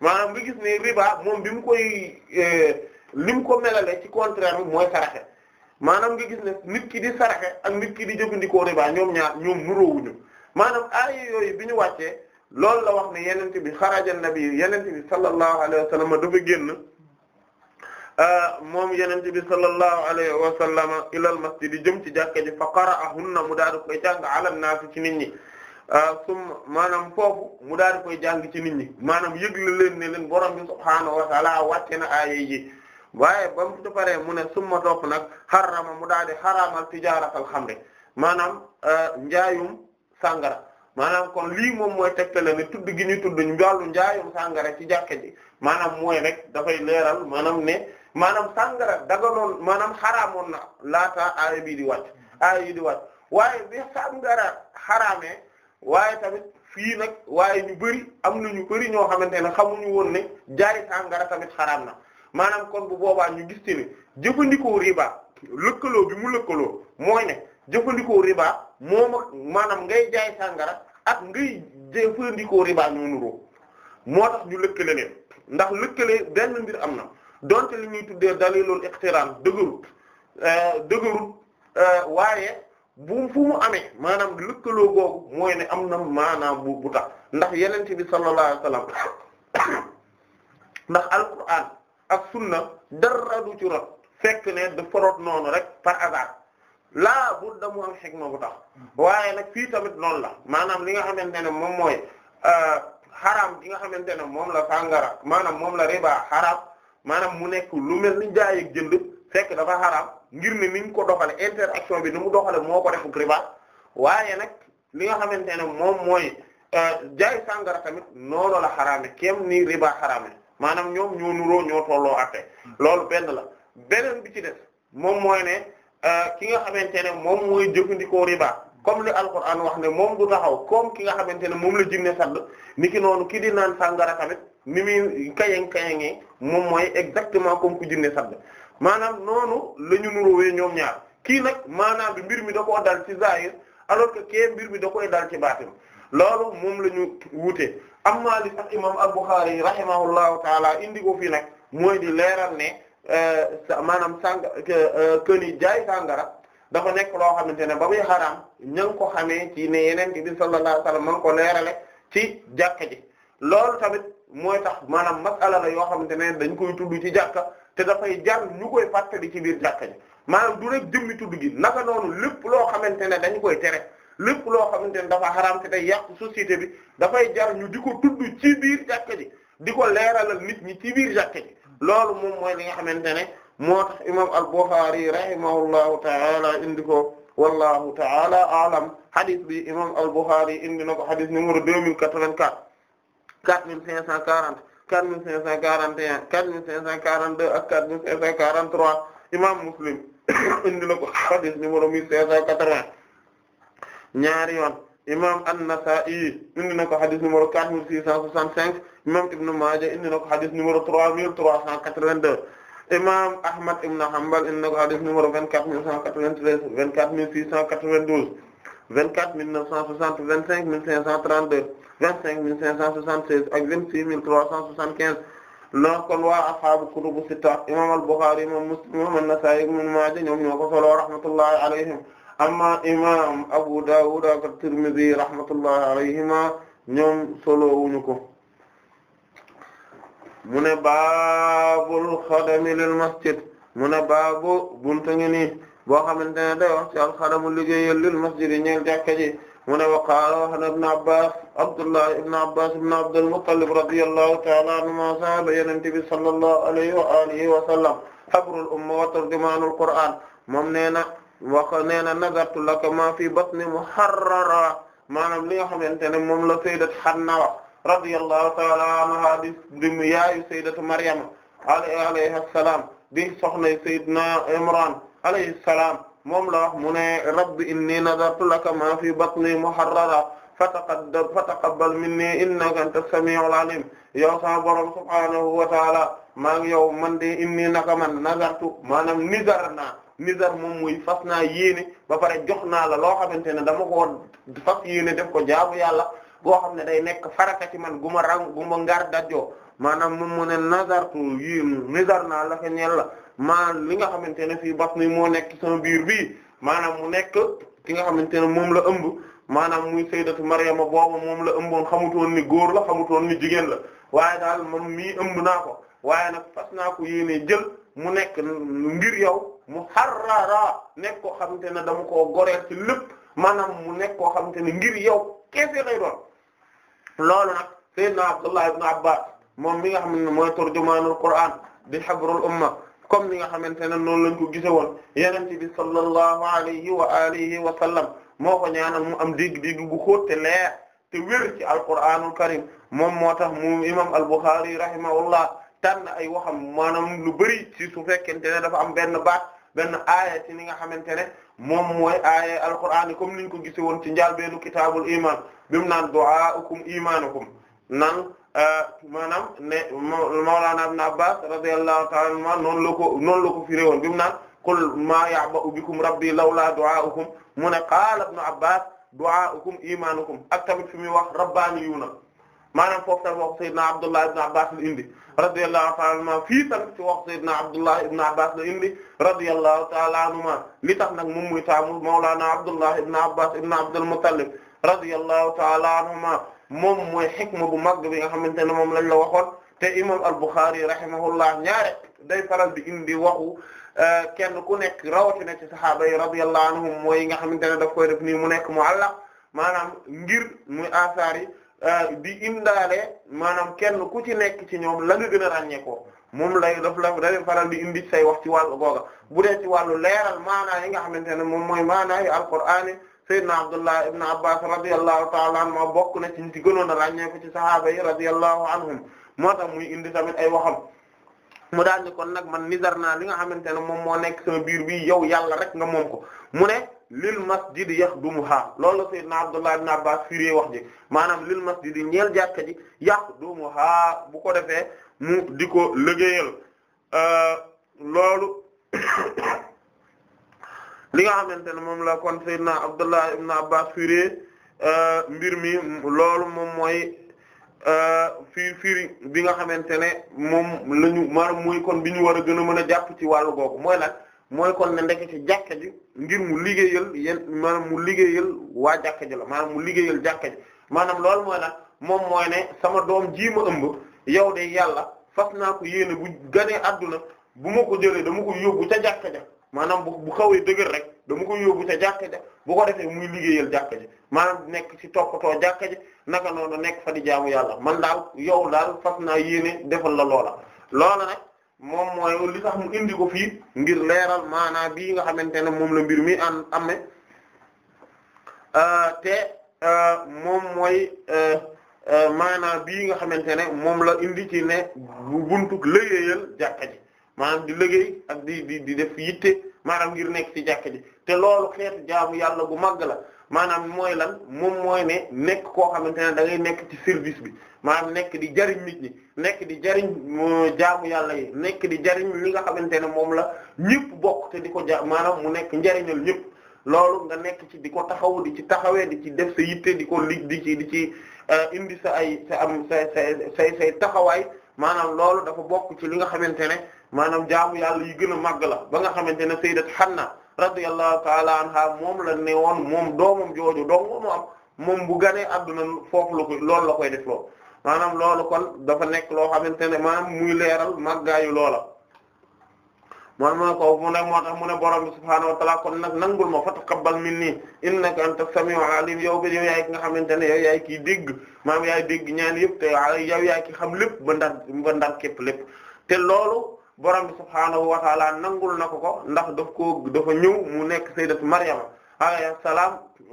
maanaam nga gis ne riba moom bi mu koy li euh, mu ko melale ci contraire bi mooy saraxe maanaam nga gis ne nit ki di saraxe ak nit ki di jëfandikoo riba ñoom ñaar ñoom nuróowuñu maanaam aaya yooyu bi ñu wàccee loolu la wax ne yenente bi xaraja nabi yenente bi sallallahu alayhi wa sallam dafa génn Ah, moom yeneen bi sallallahu alayhi wa sallam ilal masjid jëm ci jàkka ji fa qara'ahunna mu daal di koy jàng ala ci nit ñi ah, sum maanaam foofu mu daal di koy jàng ci nit ñi maanaam yëgle leen ne leen borom bi subhaanahu wa ta'ala wàcce na aaya waaye ba mu mu ne summa topp nag xarama mu daal di xaraamal tijaaratal xamri maanaam ah, njaayum sàngara maanaam kon lii moom mooy tegtale ne tuddi gi ñu tudd ñu wàllu njaayum sàngara ci jàkka ji maanaam mooy rek dafay leeral maanaam ne. maanaam sàngara daganoon maanaam xaramoon na laata aaya bii di wàcc aaya yi di wàcc waaye bi sàngara xaraamee waaye tamit fii nag waaye ñu bëri am na ñu bëri ñoo xamante ne xamuñu woon ne jaay sàngara tamit xaraam na maanaam kon bu boobaa ñu gis te jëfandikoo riba lëkkaloo bi mu lëkkaloo mooy ne jëfandikoo riba moom ak maanaam ngay jaay sàngara ak ngay jëfandikoo riba ñoo nuroo moo tax ñu lëkkale neen ndax lëkkale benn mbir am na donte li ñuy tuddee dalilul iqtiraan dëgërut euh, dëgërut euh, waaye bu fu mu amee maanaam lëkkaloo googu mooy ne am na maanaam bu bu tax ndax yenente bi sallallahu alayhi wasallam ndax alquran ak sunna dara du ci rot fekk ne dafa noonu rek par hasard laa bu da mu am xikma bu tax waaye nag fii tamit noonu la maanaam li nga xamante ne moom mooy xaraam euh, gi nga xamante ne moom la sàngara maanaam moom la riba xaraam maanaam mu nekk lu mel ni jaay ak jënd fekk dafa xaraam ngir ne niñ ko doxale interaction bi ni mu doxale moo ko defuk riba waaye nag li nga xamante ne moom mooy euh, jaay sàngara tamit noonu la xaraame kem ni riba xaraame maanaam ñoom ñoo nuroo ñoo tolloo loolu benn la beneen bi ci def moom mooy ne euh, ki nga xamante ne moom mooy jëfandikoo riba comme li alquran wax ne moom du xaw comme ki nga xamante ne moom la jinne sadd ni ki noonu ki di naan sàngara tamit ni muy kayang kayangee moom mooy exactement comme ku jinne sadd maanaam noonu la ñu nuróowee ñoom ñaar kii nag maanaam bi mbir mi da koo dal ci zahir alors que kee mbir mi da koy dal ci baatin loolu moom la ñu wute amma li sax imam al-Bukhari rahimahullahu taala indi ko fii nag mooy di leeral ne euh, maanaam sàng këni euh, jaay sàngara dafa nekk loo xamante ne ba muy xaraam ña ngi ko xamee ci ne yeneen bi sallallahu alayhi wasallam ma ngi ko leerale ci jàkka ji loolu tamit mooy tax maanaam masala la yoo xamante ne dañ koy tudd ci jàkka te dafay jar ñu koy fàttali ci biir jàkka ji maanaam du rek jëmmi tudd gi naka noonu lépp loo xamante ne dañu koy tere lépp loo xamante ne dafa xaraam te day yàq société bi dafay jar ñu di ko tudd ci biir jàkka ji di ko leeralal nit ñi ci biir jàkka ji loolu moom mooy li nga xamante ne moo tax imam al-Bukhari rahimahullahu taala indi ko wallahu taala alam hadith bi imam al-Bukhari indi na ko hadith numéro 2084 quatre mille cinq cent quarante quatre mille cinq cent quarante et un quatre mille cinq cent quarante trois imam Muslim indi na ko hadith numéro mille cinq cent quatre-vingt ñaari yoon imam An-Nasa'i indi na ko hadith numéro quatre mille six cent soixante-cinq imam Ibn Maaja indi na ko hadith numéro trois mille trois cent quatre-vingt-deux imam Ahmad ibn Hanbal indi na ko hadith numéro vingt-quatre mille cent quatre-vingt-treize vingt-quatre mille six cent quatre-vingt-douze vingt-cinq mille cinq cent soixante-seize ak vingt-six mille trois cent soixante-quinze noo kon waa ashaabu kutubu sitta imam al-Bukhari imam Muslim imam an-Nasa'i ibn Maaja ñoom ñoo ko solo rahmatullahi alayhim amma imam Abu Dawud ak at-Tirmidhi rahmatullahi alayhima ñoom solo wuñu ko mu ne baabul xadami lil masjid mu baabu buntu ngi nii boo xamante wax ci alxadamu liggéeyal lil masjid ñeel jàkka ji mu ne wa qaala wax na ibn abbas abdullah ibn abbas ibn abdul muttalib radiyallahu ta'ala anhuma sahaba yonent bi sallallahu alayhi wa alihi wa sallam habrul umma wa turjumanul qur'an moom nee na wax nee na nazartu laka ma fi batni muharrara maanaam li nga xamante ne moom la sayyidat Hanna wax radiyallahu ta'ala anha di dimu yaayu sayyidatu Maryam alayha salaam di soxna sayyidna Imran alayhi salaam moom la mu ne rabbi inni nadartu laka ma fi batni muharrara fataqaddam fataqabbal minni innaka anta samiul alim yow sa borom subhaanahu wa taala maa ngi yow man de inni naka man nazartu maanaam nizar naa moom muy fas naa ba pare jox naa la loo xamante ne dama ko fas yéene def ko jaamu yàlla boo xam ne day nekk faraka ci man gu ma rang gu maanaam moom mu ne nazartu yi nazar naa la fa la maanaam li nga xamante ne fii bas ni moo nekk sama biir bi maanaam mu nekk ki nga xamante ne moom la ëmb maanaam muy sayyidatu Maryama boobu moom la ëmboon xamutoon ni góor la xamutoon ni jigéen la waaye daal man mii ëmb naa ko waaye nag fas naa ko yéene jël mu nekk ngir yow mu xarraraa nekk koo xamante ne dama koo goreel ci lépp maanaam mu nekk koo xamante ne ngir yow keese lay doon loolu nag sayyidna Abdullah ibn Abbas moom mi nga xam ne mooy turjumaanul Qur'an di habrul umma comme ni nga xamante ne noonu lañ ko gise woon yenente bi sallallahu alayhi wa alihi wa sallam moo ko ñaanal mu am dégg-dégg bu xóot te leer te wér ci alquraanul karim moom moo tax mu imam al-Bukhari rahimahullah tànn ay waxam maanaam lu bëri ci su fekkente ne dafa am benn baat benn aaya ci ni nga xamante ne moom mooy aaya alquraan comme niñ ko gise woon ci njaal bennu kitaabul iman bi mu naan du'aukum imanukum nan Euh, maanaam ne Mawlana Ibn Abbas radiyallahu ta'ala anhuma noonu la ko noonu la ko firé woon bi mu naan qul maa ya'ba'u bikum rabbi lawlaa du'aa'ukum mu ne qaala Ibn Abbas du'aa'ukum imaanukum ak tamit fi muy wax rabbaaniyuuna maanaam foofu tamit wax Seydina Abdullah Ibn Abbas la indi radiyallahu ta'ala anhuma fii tamit ci wax Seydina Abdullah Ibn Abbas la indi radiyallahu ta'ala anhuma li tax nag moom muy taamu Mawlana Abdullah Ibn Abbas Ibn Abdul Muttalib radiyallahu ta'ala anhuma moom mooy xikma bu mag bi nga xamante ne moom lañ la waxoon te imam al-Bukhari rahimahullah ñaare day faral di indi waxu euh, kenn ku nekk rawat rawatina ci sahaaba yi radiyallahu anhum mooy nga xamante ne daf koy def ni mu nekk muallaq maanaam ngir muy asaar yi euh, di indaale maanaam kenn ku ci nekk ci ñoom la nga gën a ràññeekoo moom lay daf la day faral di indi say wax ci wàllu googa bu dee ci wàllu leeral maanaa yi nga xamante ne moom mooy maanaa yi alqur'ani Seydina Abdullah ibn Abbas radiyallahu ta'ala anhu bokk na ci ci gënoon a ràññee ko ci sahaaba yi radiyallahu anhum moo tax muy indi tamit ay waxam mu daal ni kon nag man nizar naa li nga xamante ne moom moo nekk sama biir bi yow yàlla rek nga moom ko mu ne lil masjid yaxdumuha loolu Seydina Abdullah ibn Abbas firi wax ji maanaam lil masjid ñeel jàkka ji yaxdumuha bu ko defee mu di ko liggéeyal euh, loolu li nga xamante ne moom la kon Seydina Abdullah ibn Abbas firi euh, mbir mi loolu moom mooy euh, fii firi bi nga xamante ne moom la ñu maanaam muy kon bi ñu war a gën a mën a jàpp ci wàllu googu mooy la mooy kon ne ndeke ci jàkka ji ngir mu liggéeyal yéen maanaam mu liggéeyal waa jàkka ji la maanaam mu liggéeyal jàkka ji maanaam mooy nag moom mooy ne sama doom ji ma ëmb yow de yàlla fas naa ko yéene bu ganee adduna bu ma ko jëlee dama ko yóbbu ca jàkka maanaam bu bu xawee dëgër rek dama koy yóbbu ca jàkka ja bu ko defee muy liggéeyal jàkka ji maanaam nekk ci toppatoo jàkka ji naka noonu nekk fa di jaamu yàlla man daal yow daal fas naa yéene defal la loola loola nag moom mooy li mu indi ko fii ngir leeral maanaam bii nga xamante ne moom la mbir mi am ame euh, euh, moom mooy euh, maanaam bii nga xamante ne moom la indi ci ne bu buntu jàkka ji maanaam di liggéey ak di di def yitte maanaam ngir nekk ci jàkk ji te loolu xeetu jaamu yàlla gu màgg la maanaam mooy lan moom mooy ne nekk koo xamante ne da ngay nekk ci service bi maanaam nekk di jariñ nit ñi nekk di jariñ euh, jaamu yàlla yi nekk di jariñ li nga xamante ne moom la ñëpp bokk te di ko ja maanaam mu nekk njariñal ñëpp loolu nga nekk ci di ko taxaw di ci taxawee di ci def sa yitte di ko lig di ci di ci euh, indi sa ay sa am taxawaay maanaam loolu dafa bokk ci li nga xamante ne maanaam jaamu yàlla yi gën a màgg la ba nga xamante ne sayyidat Hanna radiyallahu ta'ala anha moom la ne moom doomam jooju dong moo moom bu ganee adduna foofu la ko loolu la koy def loo maanaam loolu kon dafa nekk loo xamante ne maanaam muy leeral màggaayu loola man mu ne ko mu ne moo tax mu ne borom bi subhaanahu kon nag nangul ma fa taqabbal minni innaka anta samii'ul aliim yow yow yaay ki nga xamante ne yow yaay kiy dégg maam yaay dégg ñaan yëpp te yow yaay ki xam lépp ba ndar ba képp lépp te loolu borom bi subhaanahu wa taala nangul na ko ko ndax daf koo dafa ñëw mu nekk sayyidatu Maryam alayhi salaam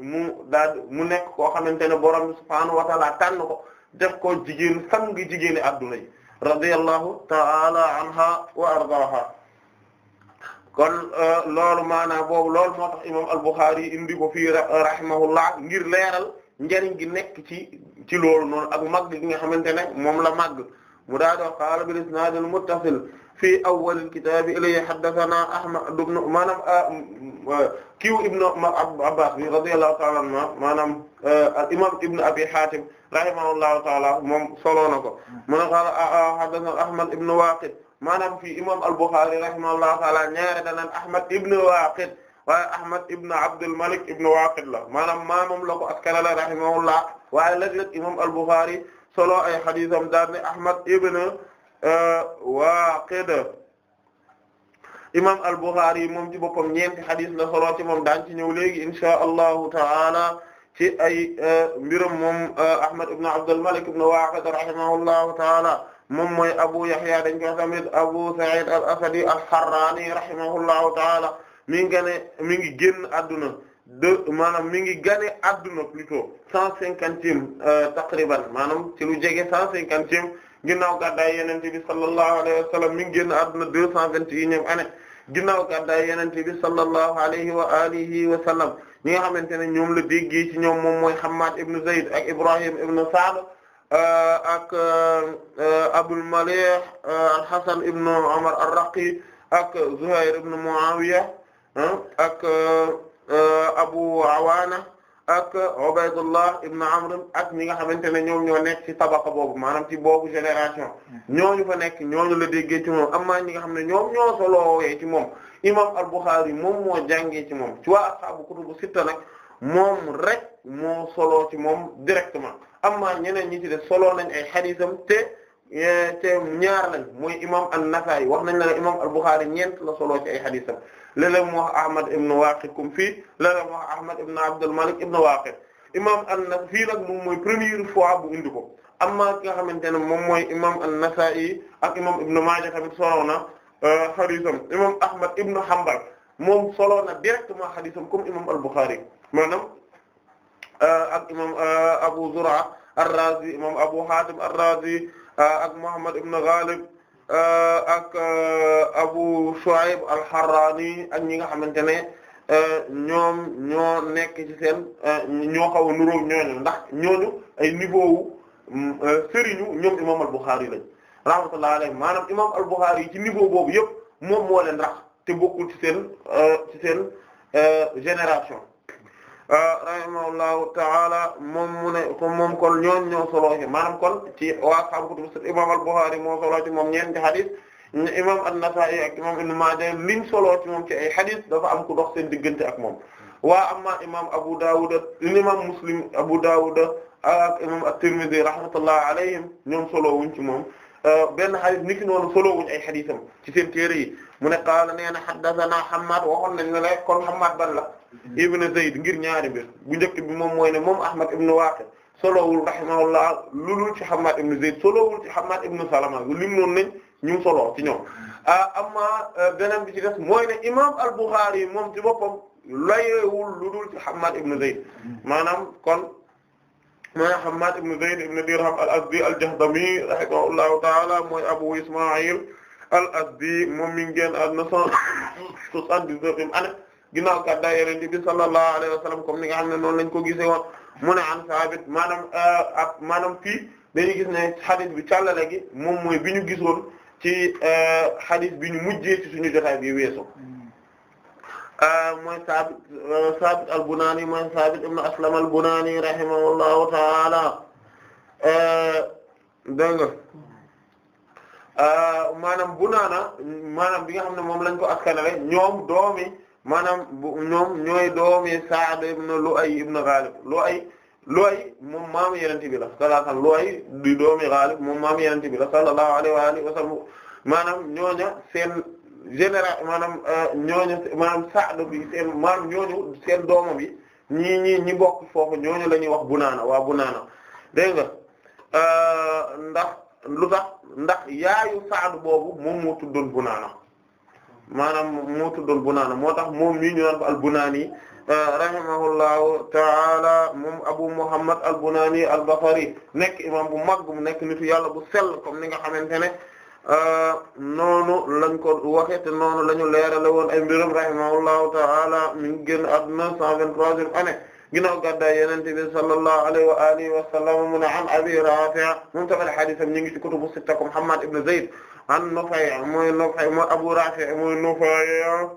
mu daal mu nekk koo xamante ne borom bi subhaanahu wa taala tànn ko def ko jigéen sang jigéeni adduna yi radiyallahu taala anha wa ardaaha kon euh, loolu maanaam boobu loolu moo tax imam al-Bukhari indi ko rahimahullah ngir leeral njëriñ gi nekk ci ci loolu noonu ak màgg gi nga xamante ne moom la màgg mu daa doo qaala bil isnaadil muttasil fii awwalil kitaabi ilayhi haddasanaa Ahmad ibn maanaam ah, ah, kiiw ibn Abbaas bi radiyallahu ta'ala anhu maanaam ah, imaam ibn Abi Haatim rahimahullahu ta'ala moom solo na ko mu ne qaala haddasanaa Ahmad ibn Waaqid maanaam fii imaam al-Bukhari rahimahullahu ta'ala ñaare danaan Ahmad ibn Waaqid waaye Ahmad ibn Abdul Malik ibn Waaqid la maanaam maamam la ko askanale rahimahullah waaye léeg-léeg imaam al-Bukhari solo ay xadisam daal ne Ahmad ibn euh, Waaqid imam al-Bukhari yi moom ci boppam ñeenti xadis la solo ci ñëw léegi inshaa allahu taala ci ay euh, mbiram moom euh, Ahmad ibn Abdul Malik ibn Waaqid rahimahullahu taala moom mooy Abu Yahya dañ ko tamit Abu Sa'id al-Asadi al-Harrani rahimahullahu taala mi ngi gane mi ngi de maanaam mi ngi gane adduna plutôt cent cinquantième euh, taqriban maanaam ci lu jege cent cinquantième ginnaaw gàddaay yonent bi sallallahu alayhi wa sallam mi ngi génn adduna deux cent vingt et unième année ginnaaw gàddaay yonent bi sallallahu alayhi wa alihi wa sallam ñi nga xamante ne ñoom la di ci ñoom moom mooy Hammad ibn Zayd ak Ibrahim ibn Sa'd euh, ak euh, Abul Malih al-Hasan ibn Umar ar-Raqi ak Zuhayr ibn Muawiya ak Euh, Abu Awaana ak Ubaydullah ibn Amr ak ñi nga xamante ne ñoom ñoo nekk ci tabaqa boobu maanaam ci boobu génération mm-hmm. ñooñu fa nekk ñooñu la déggee ci moom amaa ñi nga xam ne ñoom ñoo soloowee ci moom imam al-Bukhari moom moo jàngee ci moom ci waa ashaabu kutubu sitta nag moom rek moo soloo ci moom directement amaa ñeneen ñi ci def soloo nañ ay xadiisam eh, te ñaar lañ mooy imam an-Nasaa'i wax nañ la ne imam al-Bukhari ñeent la soloo ci ay xadiisam léeg-léeg mu wax Ahmad ibn Waqid comme fii léeg-léeg mu wax Ahmad ibn imam an-Nasa'i moom mooy première fois bu ki nga xamante ne moom mooy imam an ak imam Ibn Maaja tamit solo na euh, imam Ahmad ibn Hanbal moom solo na directement xadisam al-Bukhari maanaam euh, ak imam euh, Abu Zur'a ar-Razi imam Abu Hatim ar-Razi ak Muhammad ibn Ghalib Euh, ak euh, Abu Shu'ayb al-Harrani ak ñi nga xamante ne euh, ñoom ñoo nekk ci seen ñoo xaw a nuróog ñooñu ndax ñooñu ay niveau wu mm, sëriñu ñoom imam al-Bukhari lañ rahmatullahi alayhi maanaam imam al-Bukhari yi ci niveau boobu yëpp moom moo leen rax te bokkul ci seen ci seen génération Ah, rahimahullahu ta'ala moom mu ne ko moom kol ñoom ñoo solo ci maanaam kon ci waa xam kutubu sitta imam al moo solo moom ñeenti hadith imam an-Nasa'i ak imam Ibn Maaja liñ solo moom ci ay hadith dafa am ku dox seen diggante ak moom waa amma imam Abu Dawud imam Muslim Abu Dawud ak imam at-Tirmidhi rahmatullahi alayhim ñoom solo wuñ ci moom ah, benn hadith niki noonu solo wuñ ay haditham ci seen téere yi mu ne qaala nee na haddathana Hammad waxoon nañ ne la kon la ibn Zayd ngir ñaari mbir bu njëkk bi moom mooy ne moom Ahmad ibn Waqid solowul rahimahullah lulul ci Hammad ibn Zayd solowul ci Hammad ibn Salama lim noonu nañ ñu solo ci ñoom ah, amma ah, beneen bi ci des mooy ne imam al-Bukhari yi moom ci boppam layeewul lulul ci Hammad ibn Zayd maanaam kon maanaam Hammad ibn Zayd ibn Dirham al-Azdi al-Jahdami rahimahullahu ta'ala mooy Abu Isma'il al-Azdi moom mi ngi génn àdduna 179 ane ginnaaw gàddaay yonent bi sallallahu alayhi wa sallam ni nga xam ne noonu lañ ko gisee woon mu ne an Saabit maanaam euh, ak maanaam fii dañuy gis ne xadis bi càllale gi moom bi ñu gisoon ci xadis euh, bi ñu mujjee ci suñu jotaay bi weesu euh, mooy Saabit Saabit al-Bunaani mooy Saabit ibn Aslam al-Bunaani rahimahullahu ta'ala dégg maanaam Bunaana maanaam bi nga xam ne moom lañ ko askanale ñoom doomi maanaam bu ñoom ñooy doomi Sa'd ibn Lu'ay ibn Ghalib Lu'ay Lu'ay moom maamu Yonent bi la sallallahu alayhi wa sallam Lu'ay di doomi Ghalib moom maamu Yonent bi la sallallahu alayhi wa maanaam ñooña seen général maanaam euh, ñooña maanaam Sa'd bi seen maanaam ñooñu seen dooma bi ñii ñi ñi bokk foofu ñooñu la ñuy wax Bunaana waa Bunaana dégg nga euh, ndax lu tax ndax yaayu Sa'd boobu moom moo tuddoon Bunaana maanaam moo tuddul Bunaana moo tax moom mii ñu naan ko al-Bunaani rahimahullahu taala moom Abu Muhammad al-Bunani al-Basri nekk imam bu mag mu nekk nitu yàlla bu sell comme ni nga xamante ne euh, noonu lañ ko waxe te noonu la ñu leerale woon ay mbiram rahimahullahu taala mi ngi génn àdduna cent vingt-troisième année ginnaaw gàddaay Yonent bi sallallahu alayhi wa alihi wa sallam mu ne an Abi Rafi' moom tamit hadiisam ñu ngi ci kutubu sitta Muhammad ibn Zayd an Nufay mooy Nufay mooy Abu Rafi mooy Nufay ah.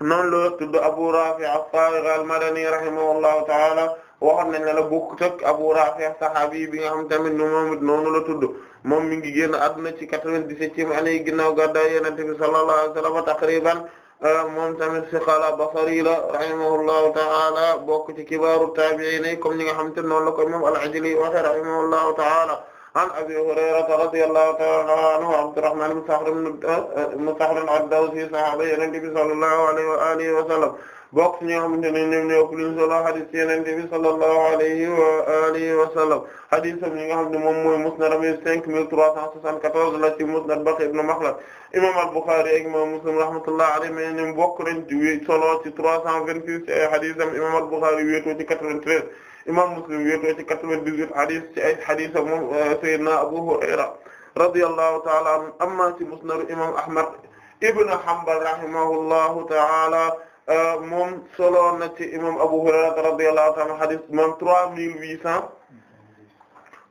noonu la tudd Abu Rafi as-Sariq al-Madani rahimahullahu ta'ala waxoon nañ la bokkut ak Abu Rafi saxaabi bi nga xam tamit nu moom noonu la tudd moom mi ngi génn àdduna ci quatre-vingt-dix-septième bi sallallahu alayhi wa taqriban ah, moom tamit siqa la basri la rahimahullahu ta'ala bokk ci kibaaru taabi'iin comme ñi nga xam te noonu la ko moom al-Ajli waxe rahimahullahu an Abi Hurayrata radiyallahu ta'ala anhu Abdurrahman ibn Saxr ad-Dawsi sahaaba Yonent bi sallallahu alayhi wa alihi wa sallam bokk ci ñi nga xamante ne ñoom ñoo ëppaliñ solo hadis ci Yonent bi sallallahu alayhi wa alihi wa sallam hadisam ñi nga xam ne moom mooy Musnad am 5374 la ci Musnad Baqi ibn Makhlad imam al-Bukhari ak imam Muslim rahmatullahi alayhi mais ñoom bokk nañ ci solo ci 326 ay hadisam imam al-Bukhari wéetoo ci 93 imam Muslim wéetoo ci quatre-vingt-dix-huit hadis ci ay hadis moom euh, Seydina Abu Hurayra radiyallahu ta'ala anhu amma ci musnad imam Ahmad ibn Hanbal rahimahullahu ta'ala euh, moom solo na ci imam Abu Hurayra radiyallahu ta'ala hadis moom trois mille huit cent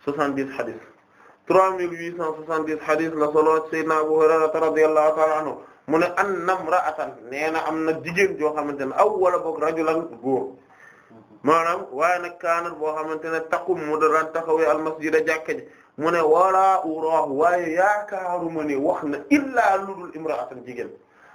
soixante-dix hadis trois mille huit cent soixante-dix hadis la solo Seydina Abu Hurayra radiyallahu ta'ala anhu mu ne an namra'atan nee na am na jigéen joo xamante ne aw wala boog rajulan góor maanaam waaye nag kaanal boo xamante ne taqum mu daan taxawee almasjida a ji mu ne walaa uraahu waaye yaakaaruma ne wax na illaa ludul imraatan jigéen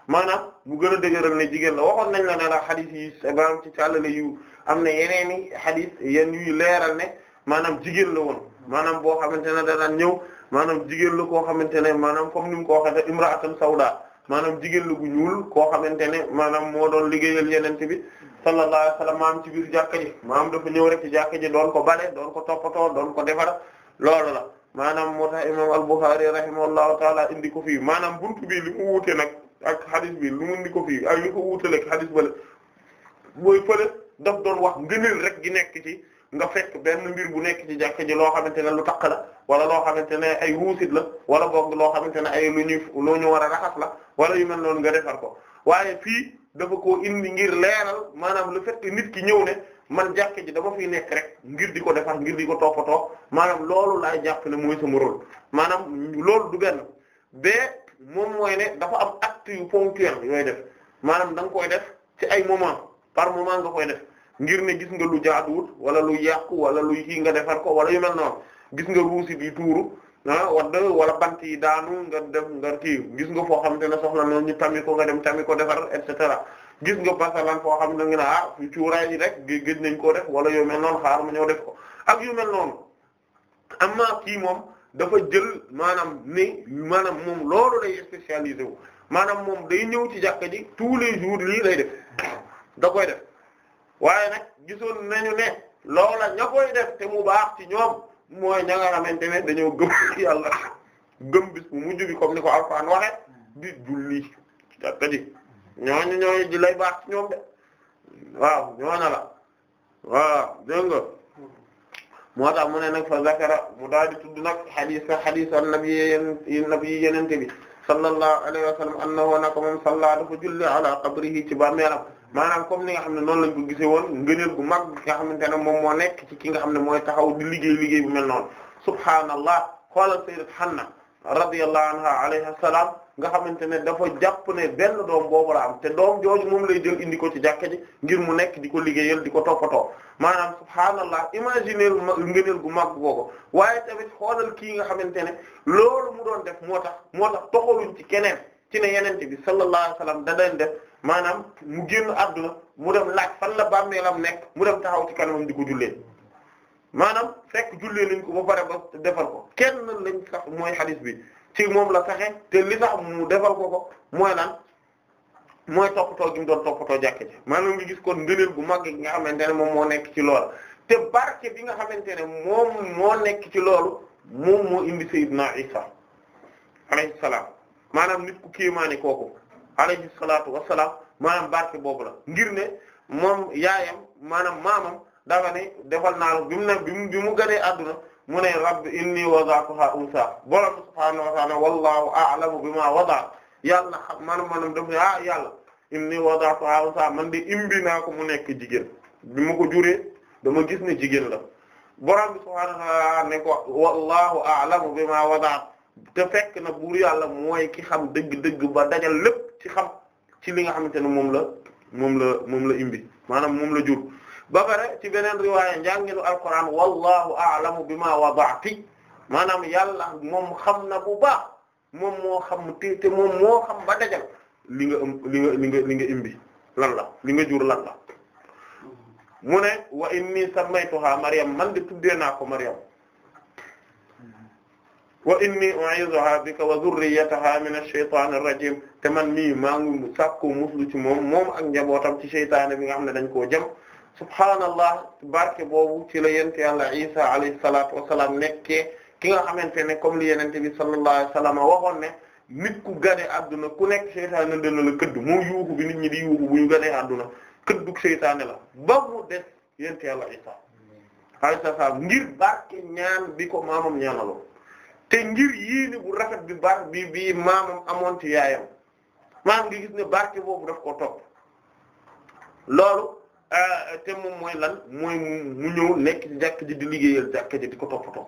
maanaam mu gën a dëgëral ne jigéen la waxoon nañ la ne la xadis yi maanaam ci càllale yu am na yeneen i xadis yeen yuy leeral ne maanaam jigéen la woon maanaam boo xamante ne danaan ñëw maanaam jigéen la koo xamante ne maanaam comme ni mu ko waxee imraatan sawda maanaam jigéen la gu ñuul koo xamante ne maanaam moo doon liggéeyal yenente bi sallallahu alayhi wa sallam maam ci biir jàkka ji maam dafa ñëw rek ci jàkka ji doon ko bale doon ko toppatoo doon ko defar loolu la maanaam moo tax imam al-Bukhari rahimahullahu taala indi ko fii maanaam buntu bi li mu wuute nag ak hadith bi lu mu indi ko fii ak li ko wuutale ak hadith bale mooy fële daf doon wax ngëneel rek gi nekk ci nga fekk benn mbir bu nekk ci jàkka ji loo xamante ne lu taq la wala loo xamante ne ay wuusit la wala goog loo xamante ne ay lu ñuy ñu war a raxas la wala yu mel nga defar ko dafa ko indi ngir leeral maanaam le fait nit ki ñëw ne man jàkke ji dafa fiy nekk rek ngir di ko defar ngir di ko toppatoo maanaam loolu laay jàpp ne mooy sama rôle maanaam loolu du benn ba moom mooy ne dafa am acte yu ponctuel yooyu def maanaam da nga koy def ci ay moment par moment nga koy def ngir ne gis nga lu jaaduwut wala lu yàqu wala lu kii nga defar ko wala yu mel noonu gis nga ruusi bi tuuru ah wadd wala bant yi daanu nga def nga kii gis nga foo xamante ne soxla noonu ñu tami ko nga dem tami ko defar et cetera gis nga basalan foo xam na nga ne ah cuuraay yi rek gëj nañ koo def wala yu mel noonu xaar mu ñëw def ko ak yu mel noonu amma kii moom dafa jël maanaam ni maanaam moom loolu lay spécialisé wu maanaam moom day ñëw ci jàkka ji tous les jours lii lay def da koy def waaye nag gisoon nañu ne loola ña koy def te mu baax ci ñoom mooy ña nga xamante ne dañoo gëm yàlla gëm bis bu ko Alxuraan waxe di julli ci jàkka ji ñooñu ñooñu baax ci ñoom de waaw ñooña waaw dégg nga moo tax mu ne nag fa zakara mu daal di tudd nag xadiis xadiis nabiy nabiy yenente bi sallallahu alayhi wa sallam annahu naka moom salla dafa julli ala qabrihi ci bàmmeelam maanaam comme ni nga xam ne noonu lañ ko gisee woon ngëneel gu mag gi nga xamante ne moom moo nekk ci ki nga xam ne mooy taxaw di liggéey liggéey bu mel noonu subhaanallah xoolal sayyidat Hanna radiyallahu anha alayha salaam nga xamante ne dafa jàpp ne benn doom boobu la am te doom jooju moom lay jël indi ko ci jàkka ji ngir mu nekk di ko liggéeyal di ko toppatoo maanaam subhaanallah imaginer ngëneel gu mag boobu waaye tamit xoolal kii nga xamante ne loolu mu doon def moo tax moo tax toxaluñ ci keneen ci ne yenente bi sallallahu alayhi wasallam da def maanaam mu génn àdduna mu dem laaj fan la la mu nekk mu dem taxaw ci kanamam di ku jullee maanaam fekk jullee nañ ko ba pare ba defal ko kenn lañ sax mooy hadith bi ci moom la saxe te li tax mu defal ko ko mooy lan mooy toppatoo gi mu doon toppatoo jàkke ci maanaam nga gis kon ngëneel gu mag gi nga xamante ne moom moo nekk ci lool te bi nga xamante ne moom moo nekk ci loolu moom moo indi Seydina Isa alayhi salaam maanaam nit ku kéemaane kooku alayhi salaatu wa salaam maanaam barke boobu na ngir ne moom yaayam maanaam maamam dafa ne defal naa la bi mu ne bi mu bi mu gënee adduna mu ne rabbi inni wada'tuha unsa borom subhaanahu wa ta'aala wallaahu a'lamu bimaa wada'a yàlla xam maanaam maanaam ah, unsa man de imbi naa mu nekk jigéen bi ma ko juree dama gis ne jigéen la borom subhaanahu ne ko wallaahu a'lamu bimaa wada'a te fekk na buur yàlla mooy ki xam dëgg-dëgg ba dajal lépp ci xam ci li nga xamante ne moom la moom la moom la imbi maanaam moom la jur ba pare ci beneen riwaaya njànginu alquran wallahu a'lamu baax ti maanaam yàlla moom xam na bu baax moom moo xam te moom moo xam ba dajal li nga ëm li nga li nga li imbi lan la li nga jur lan la mu ne wa inni sammaytuha Maryam man de tuddee naa ko Maryam wa inni u'izuha bika wa dhurriyyataha min a shaytaani ar-rajiim te man mii maa ngi sàkku muslu ci moom moom ak njabootam ci seytaane bi nga xam ne dañ koo jëm subhaanallah barke boobu ci la yent yàlla Isa alayhi salaatu wa salaam nekkee ki nga xamante ne comme li yenente bi sallallahu alayhi wa sallam waxoon ne nit ku gane adduna ku nekk seytaane dina la këdd moo yuuxu bi nit ñi di yuuxu bu ñu ganee adduna këddug seytaane la ba mu des yent Isa alayhi salaam ngir ko maamam ñaanaloo te ngir yéene bu rafet bi baax bi bi maamam amoon ci yaayam maam ngi gis ne barke boobu daf ko topp loolu euh, te moom mooy lan mooy mu ñëw nekk ci ji di liggéeyal jàkk ji di ko toppatoo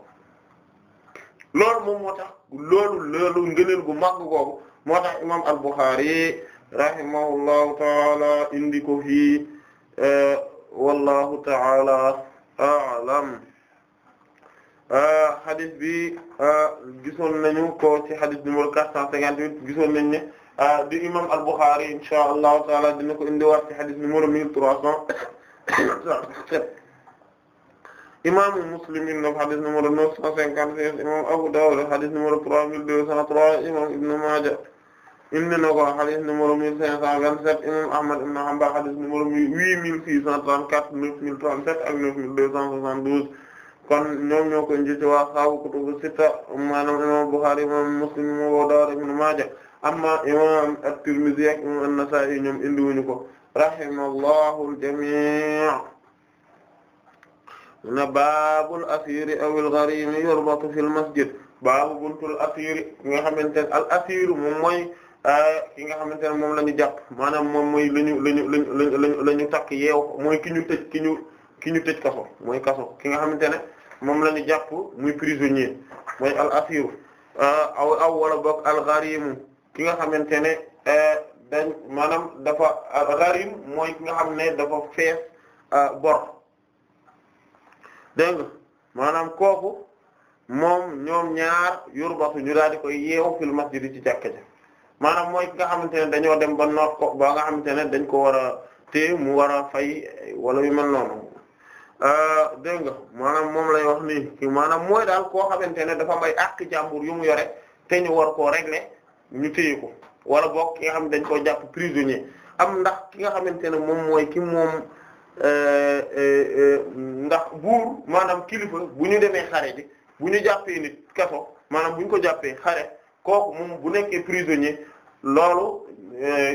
loolu moom moo tax loolu loolu ngëneel gu màgg googu moo tax imam al-Bukhari rahimahullahu taala indi ko fii euh, wallahu taala a'lam xadis euh, bi euh, gisoon nañu ko ci xadis numéro 458 gisoon nañu ne euh, di imam al-Bukhari insha allahu taala dina ko indiwaat ci xadis numéro 1300 imaamu Muslim indi na ko xadis numéro 956 imam Abu Dawud xadis numéro 3203 imam Ibn Maaja indi na ko xadis numéro 1527 imam Ahmad ibn Hanbal xadis numéro 8634 9037 ak 9272 kon ñoom ñoo ko indi ci waa saabu kutubu sitta maanaam imam Bukhari imam Muslim imam Abu Dawud ibn Maaja amma imam at-Tirmidhi ak imam an-Nasa'i ñoom indi wuñu ko rahimallahu al-jami' na baabul asiri aw al-gharim yurbatu fil masjid baabu buntul asiri ki nga xamante ne al asir moom mooy ki nga xamante ne moom la ñu jàpp maanaam moom mooy la ñu la la ñu la ñu takk yeew mooy ki ñu tëj ki ñu ki ñu tëj kaso mooy kaso ki nga xamante ne moom la ñu jàpp muy prisonnier mooy al asiru euh, aw aw wala boog al gharimu ki nga xamante ne euh, dañ maanaam dafa gharim mooy ki nga xam ne dafa fees euh, bor dégg nga maanaam kooku moom ñoom ñaar yurbatu ñu daal di koy yeewu fil masjid ci jàkka ja maanaam mooy ki nga xamante ne dañoo dem ba noot ko ba nga xamante ne dañ koo war a téye mu war a fay wala yu mel noonu Euh, dégg nga maanaam moom lay wax nii maanaam mooy daal koo xamante ne dafa may àq jàmbur yu mu yore te ñu war koo régler ñu téye ko wala boog ki nga xam dañ koo jàpp prisonnier am ndax ki nga xamante ne moom mooy ki moom euh, euh, ndax buur maanaam kilifa bu ñu demee xare ji bu ñu jàppee nit kaso maanaam bu ñu ko jàppee xare kooku moom bu nekkee prisonnier loolu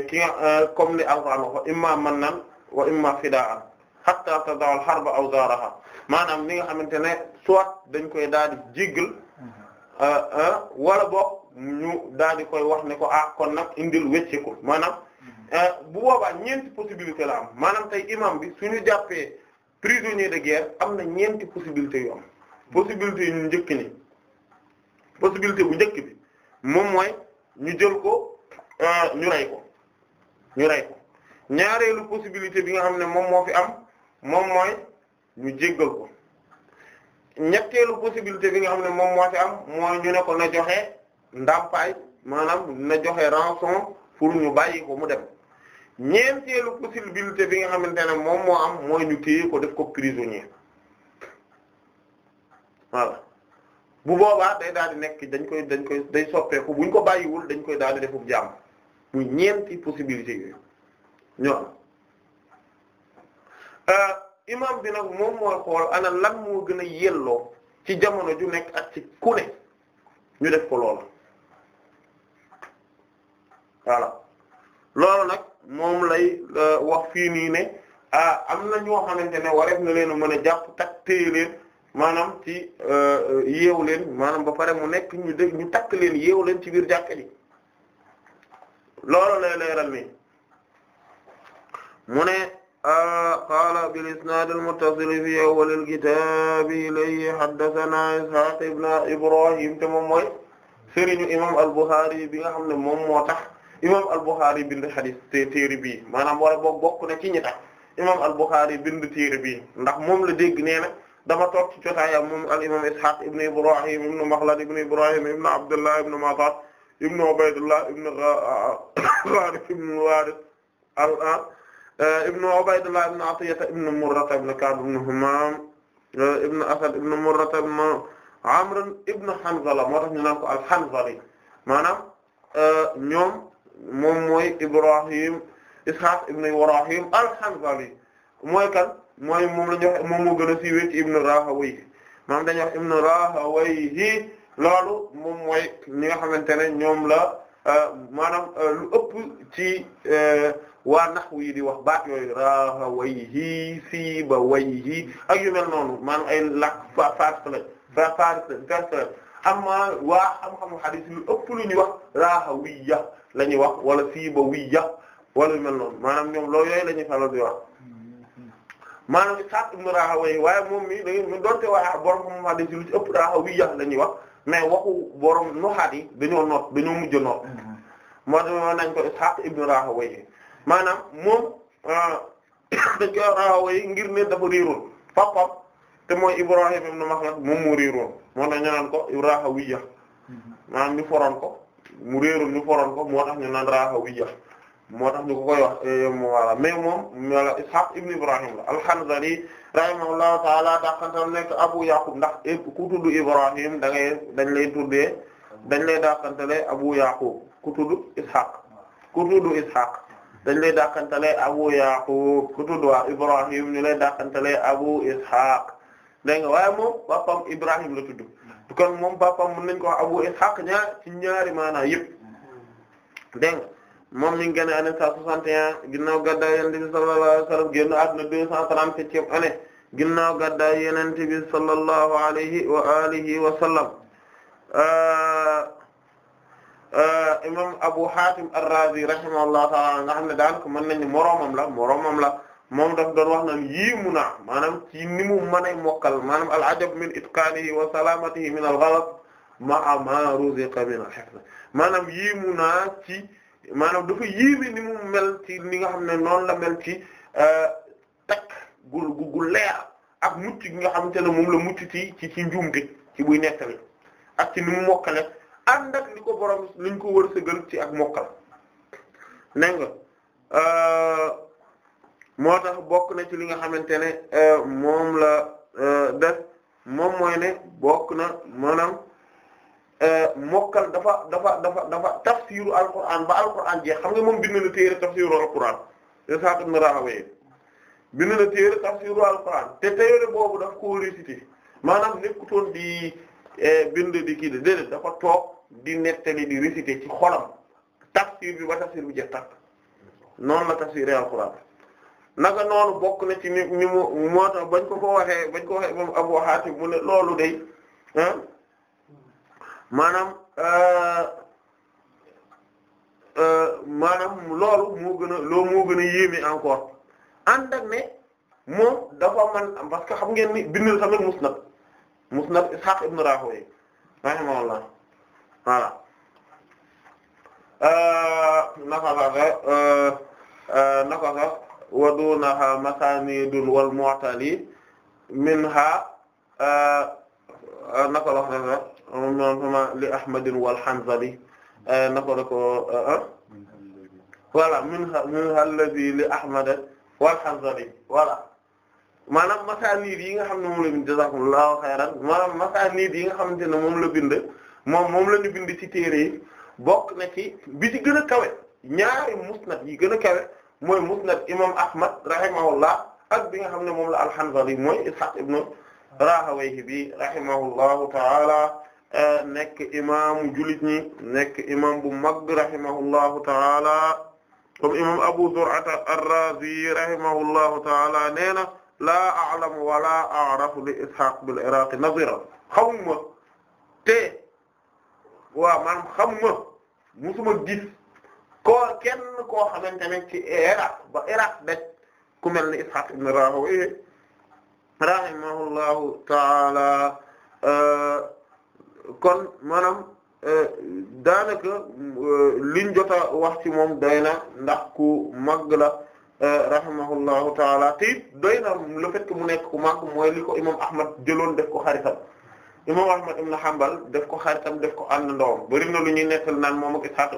ki nga comme ni Alxuraan wax wa imma mannan wa imma fidaan hatta tadaw al harba awzaraha maanaam li nga xamante ne soit dañ koy daal di jéggal mm-hmm. euh, euh, wala boog ñu daal di koy wax ne ko ah kon nag indil wécceeku maanaam mm-hmm. euh, bu boobaa ñeenti possibilité la am maanaam tey imam bi suñu jàppee prisonnier de guerre am na ñeenti possibilité yu am possibilité ñu njëkk ni possibilité bu njëkk bi moom mooy ñu jël ko ñu rey ko ñu rey ko ñaareelu possibilité bi nga xam ne moom moo fi am moom mooy ñu jéggal ko ñetteelu possibilité bi nga xam ne moom moo ci am mooy ñu ne ko joxe ndàmpaay maanaam na joxe rançon pour ñu bàyyi ko mu dem ñeenteelu possibilité bi nga xamante ne moom moo am mooy ñu téye ko def ko prisonnier voilà bu boobaa day daal di nekk dañ koy dañ koy day soppeeku buñ ko bàyyiwul dañ koy daal di defub jaam muy ñeenti possibilité yooyu ñoo Euh, imam bi nag moom mooy xool ana lan moo gën a yelloo ci jamono ju nekk ak ci ku ñu def ko loolu voilà loolu nag moom lay euh, wax fii nii ne ah am na ñoo xamante ne wareef na leen mën a jàpp takk téye leen maanaam ci euh, yeew leen maanaam ba pare mu nekk ñu dégg ñu takk leen yeew leen ci biir jàkka ji loolu lay leeral nii mu ne. qaala bil-isnaad al-muttasil fii awwal al-kitaab ilayhi haddathanaa Ishaaq ibn Ibraahiim te moom mooy sëriñu imaam al-Bukhari bi nga xam ne moom moo tax imaam al-Bukhari bind xadis te téere bii maanaam wala boog bokk na ci ñi tax imaam al-Bukhari bind téere bii ndax moom la dégg nee na dama toog ci jotaayam moom al-imaam Ishaaq ibn Ibraahiim ibn Makhlad ibn Ibraahiim ibn Abdullah ibn Matar ibn Ubaydullah ibn Gharif ibn al-Waarith Eh, ibnu Ubaydullah ibnu Atiyya ibnu Murra ibnu Ka'b ibnu Hammam eh, ibnu Asad ibnu Murra ibnu Amr ibnu Hanzala moo tax ñu naan ko al-Hanzali maanaam eh, ñoom moom mooy Ibrahim Ishaq ibnu Ibrahim al-Hanzali mooy kan mooy moom la ñu wax moom moo gën a siiwee ci ibnu Rahawayh maanaam dañuy wax ibnu Rahawayh loolu moom mooy ñi nga xamante ne ñoom la maanaam lu ëpp ci. waa naxwu yi di wax baat yooyu raaxa wayhi siiba wayhi ak yu mel noonu maanaam ay làkk fa farce la fa farce farce la amma waa xam-xamu hadith lu ëpp lu ñuy wax raaxa wiya la ñuy wax wala siiba wiya wala yu mel noonu maanaam ñoom loolu yooyu la ñuy faral di wax maanaam Ishaq ibn Rahawayh waaye moom mi da ngeen doonte waa borom xam-xam hadith lu ci ëpp rahawiyya la ñuy wax mais waxu borom nuxaat yi dañoo noot dañoo mujj a noot mm-hmm. moo tax nañ ko Ishaq ibn Rahawayh maanaam moom euh, dañ koy raawoo yi ngir ne dafa réeroon te mooy Ibrahim ibn Makhlad moom moo réeroon moo tax ñu ko Rahawiya maanaam ñu foroon ko mu réeroon ñu foroon ko moo tax ñu naan Rahawiya moo tax ñu ko koy wax euh, voilà mais moom Ishaq ibn Ibrahim la al ta'ala daakantam nekk Abu Yaqub ndax eh, ku tudd Ibrahim da dañ lay tuddee dañ lay daakantale Abu Yaqub ku tudd Ishaq ku tudd Ishaq dañ lay dàqantalee abu yaqub ku tudd waa ibrahim ñu lay dàqantalee abu ishaq dégg nga waaye moom bàppam ibrahim la tudd kon moom bàppam mën nañ ko wax abu ishaq ñaar ci ñaari maanaa yëpp dégg moom mi ngi génne année cent soixante et un ginnaaw gàddaay yonent bi sallallahu alayhi wa sallam génn àdduna ginnaaw gàddaay yonent bi sallallahu alayhi wa alihi wa sallam euh, Euh, imam Abu Hatim ar-Razi rahimahullahu ta'ala nga xam ne daan ko mën nañu moroomam la moroomam la moom daf doon wax naan yéemu naa maanaam ci ni mu mën a mokkal maanaam al-ajab min itqanihi wa salamatihi min al-ghalat ma'a ma ruziqa min al-hifz maanaam yéemu naa ci maanaam dafa yéeme ni mu mel ci li nga xam ne noonu la mel ci euh, takk gu gu leer ak mucc gi nga xamante ne moom la mucc ci ci ci njuumte ci buy nettali ak ci ni mu mokkale ànd ak li ko borom liñ ko wërsëgal ci ak mokkal nee nga euh, moo tax bokk na ci li nga xamante ne euh, moom la euh, def moom mooy ne bokk na maanaam mokkal dafa dafa dafa dafa tafsiru alquran ba alquran jeex xam nga moom bind na téere tafsiru alquran Isaaq ibn Rahawayh bind na téere tafsiru alquran te téere boobu daf ko récité maanaam nekkutoon di bind di kii de déedéet dafa toog di nettali di réciter ci xolam tafsir bi ba tafsir bi jeex takk noonu la tafsiré alxuraan naka noonu bokk na ci ni ni mu moo tax bañ ko ko waxee bañ ko waxee moom Abu Hatim mu ne loolu day ah maanaam euh, euh, maanaam loolu moo gën a loolu moo gën a yéeme encore ànd ak ne moom dafa man parce que xam ngeen ni bindal tamit musnad musnad Ishaq ibn Rahawayh rahimahullah voilà euh, naka sax euh, euh, naka sax wa dunaha masanidul wal mu'tali minha naka la wax na li ahmadin wal hanzali naka la ko voilà minha minha alladhi li ahmad wal hanzali voilà maanaam masanid yi nga xam ne moom la bind jazakumullahu khairan maanaam yi nga xamante ne moom la bind moom moom la ñu bind ci téere yi bokk na ci bi ci gën a kawe ñaari musnad yi gën a kawe mooy musnad imam ahmad rahimahullah ak bi nga xam ne moom la al-Hanzali mooy ishaq ibnu rahawayhi bi rahimahullahu taala nekk imaamu jullit ñi nekk imam bu mag rahimahullahu taala comme imam abu zur'ata ar-razi rahimahullahu taala nee na laa a'lamu wala a'rafu li ishaq bil iraqi nazira xawma te waaw maanaam xam ma musuma gis koo kenn koo xamante ne ci Iraq ba Iraq daj ku mel ni Ishaq ibn Rahawayh rahimahullahu taala euh, kon maanaam euh, daanaka euh, liñ jot wax ci moom doy na ndax ku màgg la rahimahullahu taala te it doy na le fait que mu nekk ku màgg mooy li ko imam Ahmad jëloon def ko imam Ahmad ibn Hanbal def ko xaritam def ko àndandoom bari na lu ñuy nettal naan moom ak Ishaq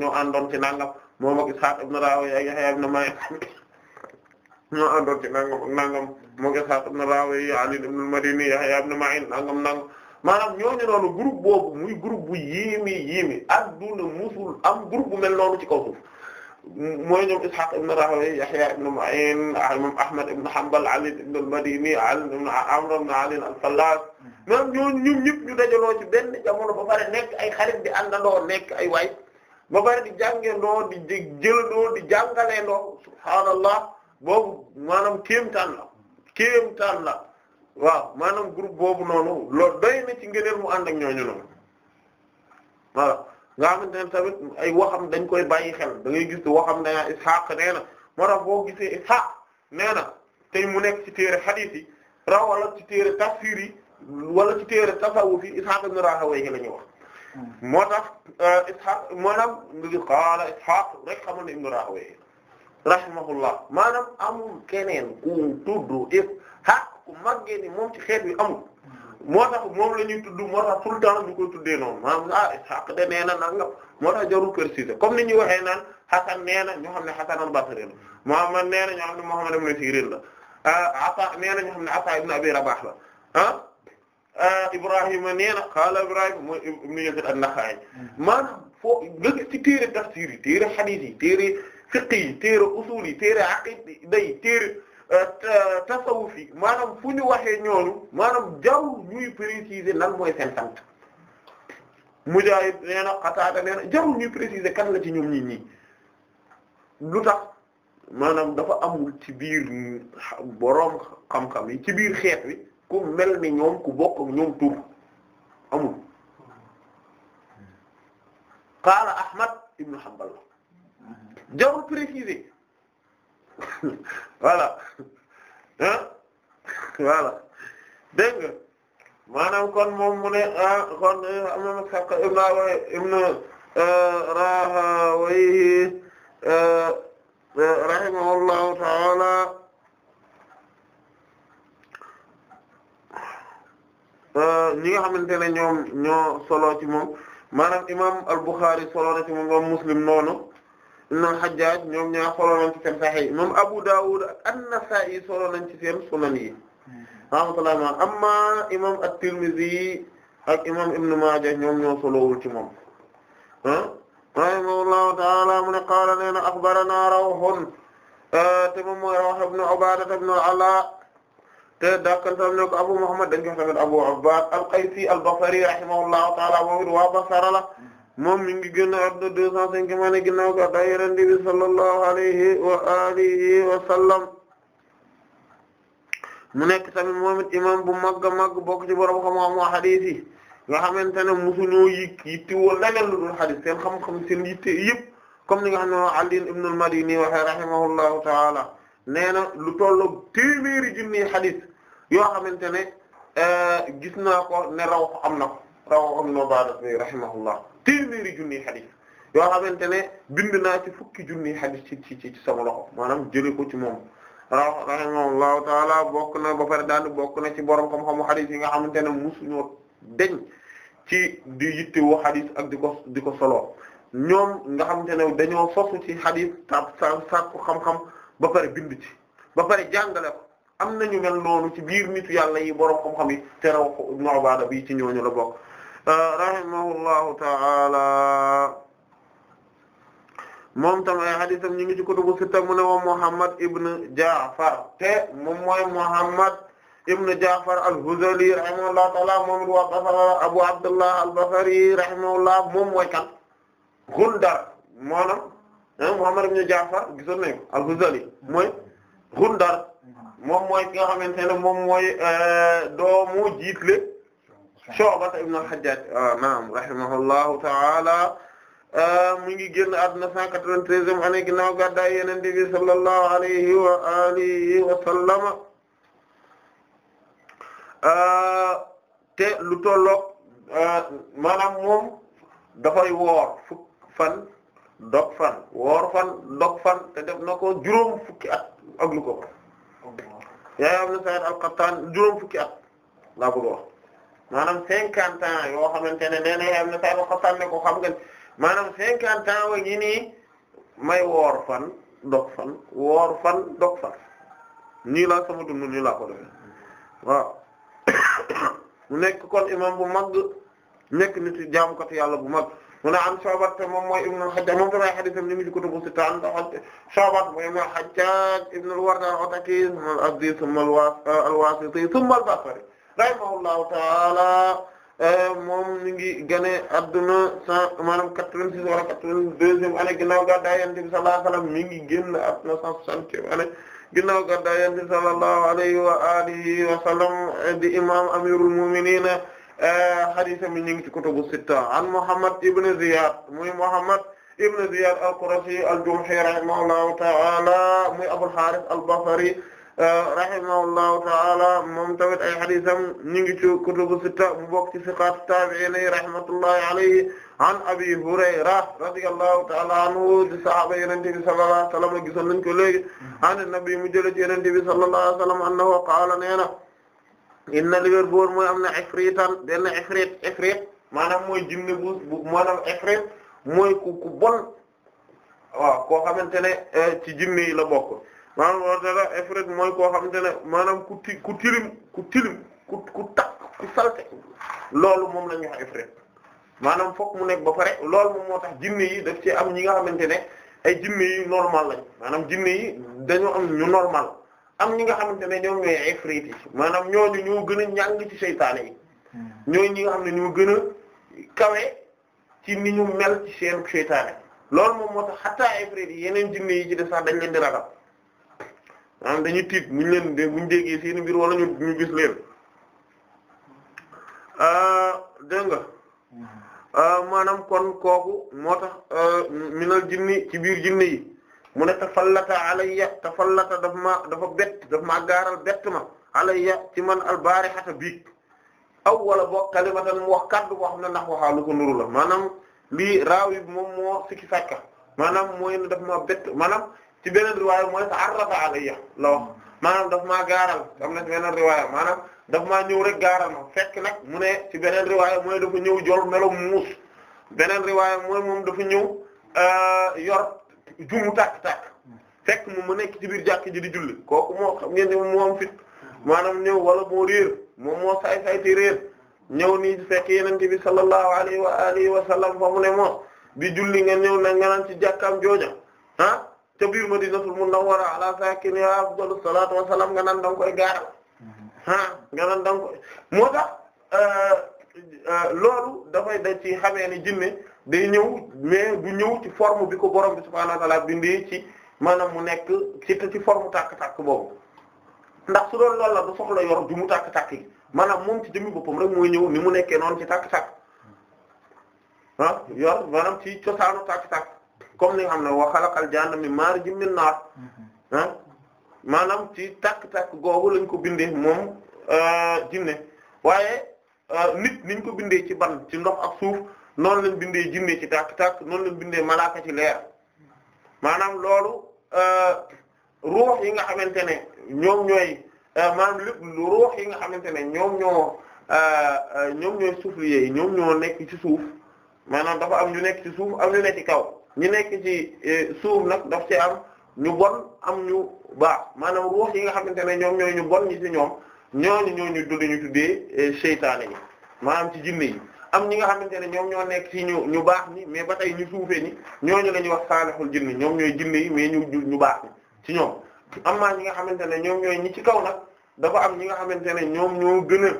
ñoo àndoon ci nangam moom ak Ishaq ibn Raawayh ak Yahya ibn Ma'in ñoo àndoon ci nangam ak nangam moom ak Ishaq ibn Raawayh Ali ibn al-Madini Yahya nangam nangam maanaam ñooñu noonu boobu muy groupe bu yéeme yéeme musul am groupe bu mel noonu ci kaw mooy ñoom Ishaq ibn Rahawayh Yahya ibn Ma'in imam Ahmad ibn Hanbal Ali ibn madini Ali ibn Amr ibn Ali ñooñu ñun ñëpp ñu dajaloo ba pare nekk ay xarit di àndandoo nekk ay waay ba pare di jàngendoo di jëlandoo di jàngaleendoo subhaanallah boobu maanaam kéemtaan la kéemtaan la waaw maanaam groupe boobu noonu loolu doy na ci ngëneel mu ànd ak ñooñu noonu nga xamante ne tamit ay waxam dañ koy bàyyi xel da ngay gis waxam ne Ishaq nee na moo tax boo gisee Ishaq nee na tey mu nekk ci téere hadith yi raw wala ci téere tafsir yi wala ci téere tasawuf yi Ishaq ibn Rahawayh la ñuy wax hmm. moo tax euh, Ishaq maanaam nga gis qaala Ishaq rek xamal ne ibn Rahawayh rahimahullah maanaam amul keneen ku tudd Ishaq ku màggee ni moom ci xeet wi amul moo tax moom la ñuy tudd moo tax tout le ko tuddee noonu maanaam ah Ishaq de nee na nangam moo tax jarul préciser comme ni ñu waxee naan Hasan nee na ñoo xam ne Hasan al-Basri la Muhammad nee na ñoo xam ne Muhammad ibn Sirin la Ata ah nee na ñoo xam ne Ata ibn Abi baax la aa ah ah Ibrahima nee na qaala Ibrahima mooy ibn Yazid an-Nakha'i maanaam foo nga gis ci téere tafsir yi téere hadith yi tasawuf yi maanaam fu ñu waxee ñooñu maanaam jarul ñuy préciser lan mooy seen sant Mujaahid nee na Qataada ñuy préciser kan la ci ñoom nit ñi lu tax maanaam dafa amul ci biir boroom xam-xam yi ci biir xeet wi ku mel ni ñoom ku bokk ñoom tur amul qaala Ahmad ibn Hanbal jarul préciser voilà ah voilà dégg nga kon moom mu ne ah kon eh, am na eh, eh, ta'ala ñi nga xamante ne ñoom ñoo solo ci moom maanaam imam al-Bukhari solo na ci moom Muslim noonu. ibn al-Hajjaj ñoom ñaar solo nañ ci seen sahih Abu Dawud ak an-Nasa'i solo nañ ci seen sunan yi rahmatullah amma imam at-Tirmidhi ak imam ibn Majah ñoom ñoo solowul ci moom ah rahimahullahu ta'ala mu ne qaala nee na akhbarana Rawhun ah, te moom mooy Rawh ibn Ubadah ibn ala te dakantam ne Abu Muhammad Abu Abbad al-Qaysi al-Basri rahimahullahu ta'ala wa Basra la moom mi ngi génn àdduna deux cent cinquante ans ginnaaw gàddaay Yonent bi sallallahu alayhi wa alihi wa sallam mu nekk tamit moom it imam bu màgg a màgg bokk ci borom xam-xam wa hadith yi nga xamante ne musuñoo yi yitti woo leneen lu dul hadith seen xam-xam seen yitte yëpp comme ni nga xam ne wa Ali ibn al-Madini waxee rahimahullahu taala nee na lu tolloog téeméeri junni hadith yoo xamante ne gis naa ko ne raw am na ko raw am na baada bi rahimahullah téeméeri junniy xadis yoo xamante ne bind naa ci fukki junniy xadis ci ci ci sama loxo maanaam jëlee ko ci moom rahimahullahu taala bokk na ba pare daan bokk na ci borom xam-xamu xadis yi nga xamante ne musuñoo deñ ci di yittewoo xadis ak di ko di ko solo ñoom nga xam ne dañoo sosu ci xadis tab sa sàkku xam-xam ba pare bind ci ba pare jàngale ko am ñu mel noonu ci biir nitu yàlla yi borom xam-xam yi te raw Ibnu Ubaada bii ci ñooñu la bokk rahimahullahu ta'ala moom tam ay hadisam ñu ngi ci kutubu sitta mu ne wa Muhammad ibn Ja'far te moom mooy Muhammad ibn Ja'far al-Huzali rahimahullahu moom wa Abu Abdullah al-Basri rahimahullah moom mooy kan Ghundar maanaam Muhammad ibn Ja'far gisoon nañu al-Huzali mooy Ghundar moom mooy ki nga xamante ne moom mooy euh, doomu jiitle Shu'ba ibn al-Hajjaj ah, naam rahimahullahu ta'ala ah, mu ngi génn àdduna 193e année ginnaaw gàddaay Yonent bi sallallahu alayhi wa alihi wa sallam ah, te lu tolloog maanaam moom dafay woor fukk fan dog fan woor fan dog fan te def na ko juróom fukki at ak lu ko wax. yaay am al-Qattan juróom fukki at laa bëgg wax. maanaam cinquante ans yoo xamante ne nee na yaay am na saa ko sànne ko xam nga maanaam cinquante ans wa ngi may woor fan dog fan woor fan dog fan nii laa sama dund nii laa ko defee waaw mu nekk kon imam bu mag nekk nit jaamkatu yàlla bu mag mu ne am Shu'ba te moom mooy ibnu Hajjaj moom tamit ay hadiisam ni mu ci kutubu sitta am Shu'ba mooy ibnu Hajjaj ibnu al-Wardi abdi thumma wasiti thumma al rahimahullahu taala eh, moom mi ngi gane adduna cent maanaam quatre-vingt-six wala quatre-vingt-deuxième année ginnaaw gàddaay Yonent bi sallallahu alayhi wa sallam mi ngi génn adduna cent soixantième année ginnaaw gàddaay Yonent bi sallallahu alayhi wa alihi wa sallam eh, di imam amirul mu'minin eh, hadith mi ñu ngi ci kutubu sitta an Muhammad ibn Ziyad muy Muhammad ibn Ziyad al-Qurashi al-Jumahi rahimahullahu ta'ala muy Abul Harith al-Basri rahimahullahu ta'ala moom tamit ay hadisam ñu ngi ci kutubu sitta bu bokk ci siqaat taabi'iin yi rahmatullahi alayhi an abi hurayra radiyallahu ta'ala anhu di sahaaba yonent bi sallallahu alayhi wa sallam gisoon nañ ko léegi an nabi mu jële ci yonent bi sallallahu alayhi wa sallam annahu qaala nee na inna mooy am na ifritan benn ifrit ifrit maanaam mooy jinne bu maanaam ifrit mooy ku ku bon waaw koo xamante ne eh, ci jinne yi la bokk maanaam loolu dara ifrit mooy koo xamante ne maanaam ku ti ku tilim ku tilim ku ku takk ku salte loolu moom la ñuy wax maanaam fokk mu nekk ba pare loolu moom moo tax jinne yi daf ci am ñi nga xamante ne ay jinne yi normal lañ maanaam jinne yi dañoo am ñu normal am ñi nga xamante ne ñoom ñooy ifrit yi maanaam ñooñu ñoo gën a ñàng ci seytaane yi hmm. ñooñu ñi nga xam ne ñoo gën a kawe ci ni ñu mel ci seen seytaane loolu moom moo tax xataa ifrit yi yeneen jinne yi ci def sax dañ leen di ragal maanaam dañuy tiit bu ñu leen bu ñu déggee seen mbir wala ñu ñu gis leen ah, dégg nga ah, maanaam kon kooku moo tax ah, minal jinni ci biir jinni yi mu ne tafallata alayya tafallata dafa ma dafa bett dafa ma gaaral bett ma alayya ci man albaarihata biig aw wala boog kalimatan mu wax kaddu boo xam ne ndax waxaa lu ko nuru la maanaam lii raaw yi moom moo sikki sàkka maanaam mooy ne daf ma bett maanaam ci beneen riwaaya mooy ta'arrafa alayya la wax maanaam daf maa gaaral am na ci beneen riwaaya maanaam daf maa ñëw rek gaaral ma fekk nag mu ne ci beneen riwaaya mooy dafa ñëw joor melo muus beneen riwaaya mooy moom dafa ñëw euh, yor jumu tàkk-tàkk fekk mu mu nekk ci biir jàkk ji di julli ko moo maanaam ñëw wala moo réer moo moo saay saay ti réer ñëw nii fekk i yenente bi sallallahu alayhi wa alihi wa sallam fa mu ne moos bi julli nga ñëw na nga naan ci jàkkaam jooja ah, ca biir Madinatul Munawwara a sakiniha afdalu salaatu wa salaam nga naan da nga koy gaaral ah nga naan da nga koy moo tax euh, euh, loolu dafay da ci xamee ni jinne day ñëw mais du ñëw ci forme bi ko borom bi subhaanahu wa ta'aala bindee ci maanaam mu nekk ci ci forme tàkk-tàkk boobu ndax su doon loolu la du soxla yor ju mu tàkk-tàkk moom ci jëmmi boppam rek mooy ñëw ni mu nekkee noonu ci tàkk-tàkk ah yor maanaam ci cosaanu tàkk-tàkk. comme li nga xam ne wa xalaqal jaanna min maarijin min naar mm-hmm. ah ci tàkk-tàkk googu lañ ko bindee moom euh, jinne waaye euh, nit niñ ko bindee ci ban ci ndox ak suuf noonu lañ bindee jinne ci tàkk-tàkk noonu lañ bindee malaaka ci leer maanaam loolu euh, ruux yi nga xamante ne ñoom ñooy maanaam lépp ruux yi nga xamante ne ñoom ñoo ñoom ñooy yi ñoom nekk ci suuf maanaam dafa am ñu nekk ci suuf am ñu nekk ci kaw ñi nekk ci eh, suuf nag daf ci am ñu bon am ñu baax maanaam ruux yi nga xamante ne ñoom ñooy ñu bon ñi ñoom ñooñu ñooñu du ñu tuddee eh, seytaane yi maanaam ci jinne am ñi nga xamante ne ñoom ñoo nekk ci ñu ñu baax ñi mais ba tey ñu suufee ñi ñooñu la ñuy wax saalixul jinne ñoom ñooy jinne yi mais ñu ñu baax ñi ci ñoom am na ñi nga xamante ne ñoom ñooy ñi ci kaw nag dafa am ñi nga xamante ne ñoom ñoo gën a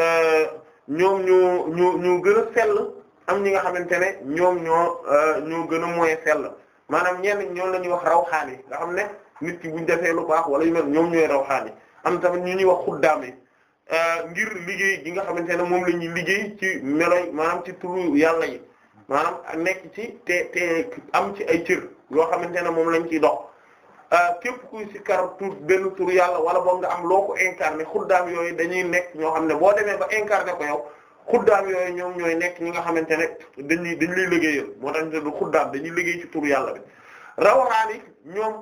eh, ñoom ñoo ñoo ñoo gën a sell am ñi nga xamante ne ñoom ñoo euh, ñoo gën a moyen sell maanaam ñenn ñoo la ñuy wax rawxaan yi nga xam ne nit ki buñ defee lu baax wala yu mel ñoom ñooy rawxaan yi am tamit ñu ñuy wax xuddaam yi euh, ngir liggéey gi nga xamante ne moom la ñuy liggéey ci melo maanaam ci turu yàlla yi a nekk ci te te am ci ay cër yoo xamante ne moom lañ ciy dox euh, képp kuy ci kar tur benn tur yàlla wala boo nga am loo ko incarné xuddaam yooyu dañuy nekk ñoo xam ne boo demee ba incarné ko yow xuddaam yooyu ñoom ñooy nekk ñi nga xamante ne dañuy dañ lay liggéeyal moo tax ñu xuddaam dañuy liggéey ci turu yàlla bi rawaxaan yi ñoom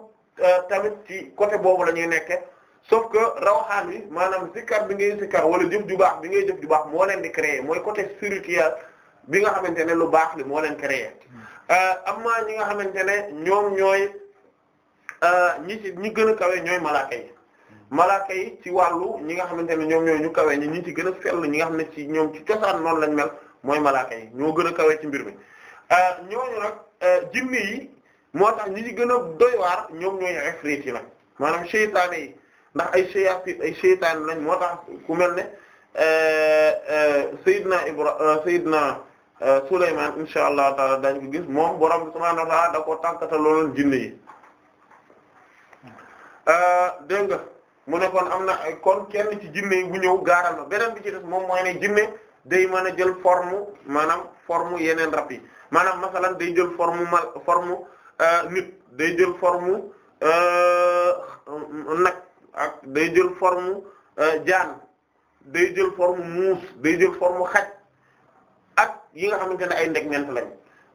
euh, tamit ci côté boobu la ñuy nekke sauf que rawaxaan yi maanaam sikkar bi ngay sikkar wala jëf ju baax bi ngay jëf ju baax moo leen di créer mooy côté spirituel bi nga xamante ne lu baax li moo leen créer euh, am na ñi nga xamante ne ñoom ñooy euh, ñi ci gën a kawe ñooy malaaka yi malaaka yi ci wàllu ñi nga xamante ne ñoom ñooy ñu kawee ñi ñi ci gën a fell ñi nga xam ne ci ñoom ci cosaan noonu lañ mel mooy malaaka yi ñoo gën a kawe ci mbir mi euh, ñooñu nag euh, jinne yi moo tax ñi ci gën a doy waar ñoom ñooy ifrit yi la maanaam seytaane yi ndax ay shayatin ay seytaane lañ moo tax ku mel ne euh, Seydina Ibra Seydina Souleymane insha allah taala dañ ko gis moom borom subhaanahu wa ta'aala da koo tànkata looloon jinne yi dégg nga mu ne kon am na kon kenn ci jinne yi bu ñëw gaaral na beneen bi ci def moom mooy ne jinne day mën a jël forme maanaam forme yeneen rab yi maanaam masalan day jël forme mal forme euh, nit day jël forme euh, nag ak day jël forme euh, jaan day jël forme muus day jël forme xaj ak yi nga xamante ne ay ndegmeent lañ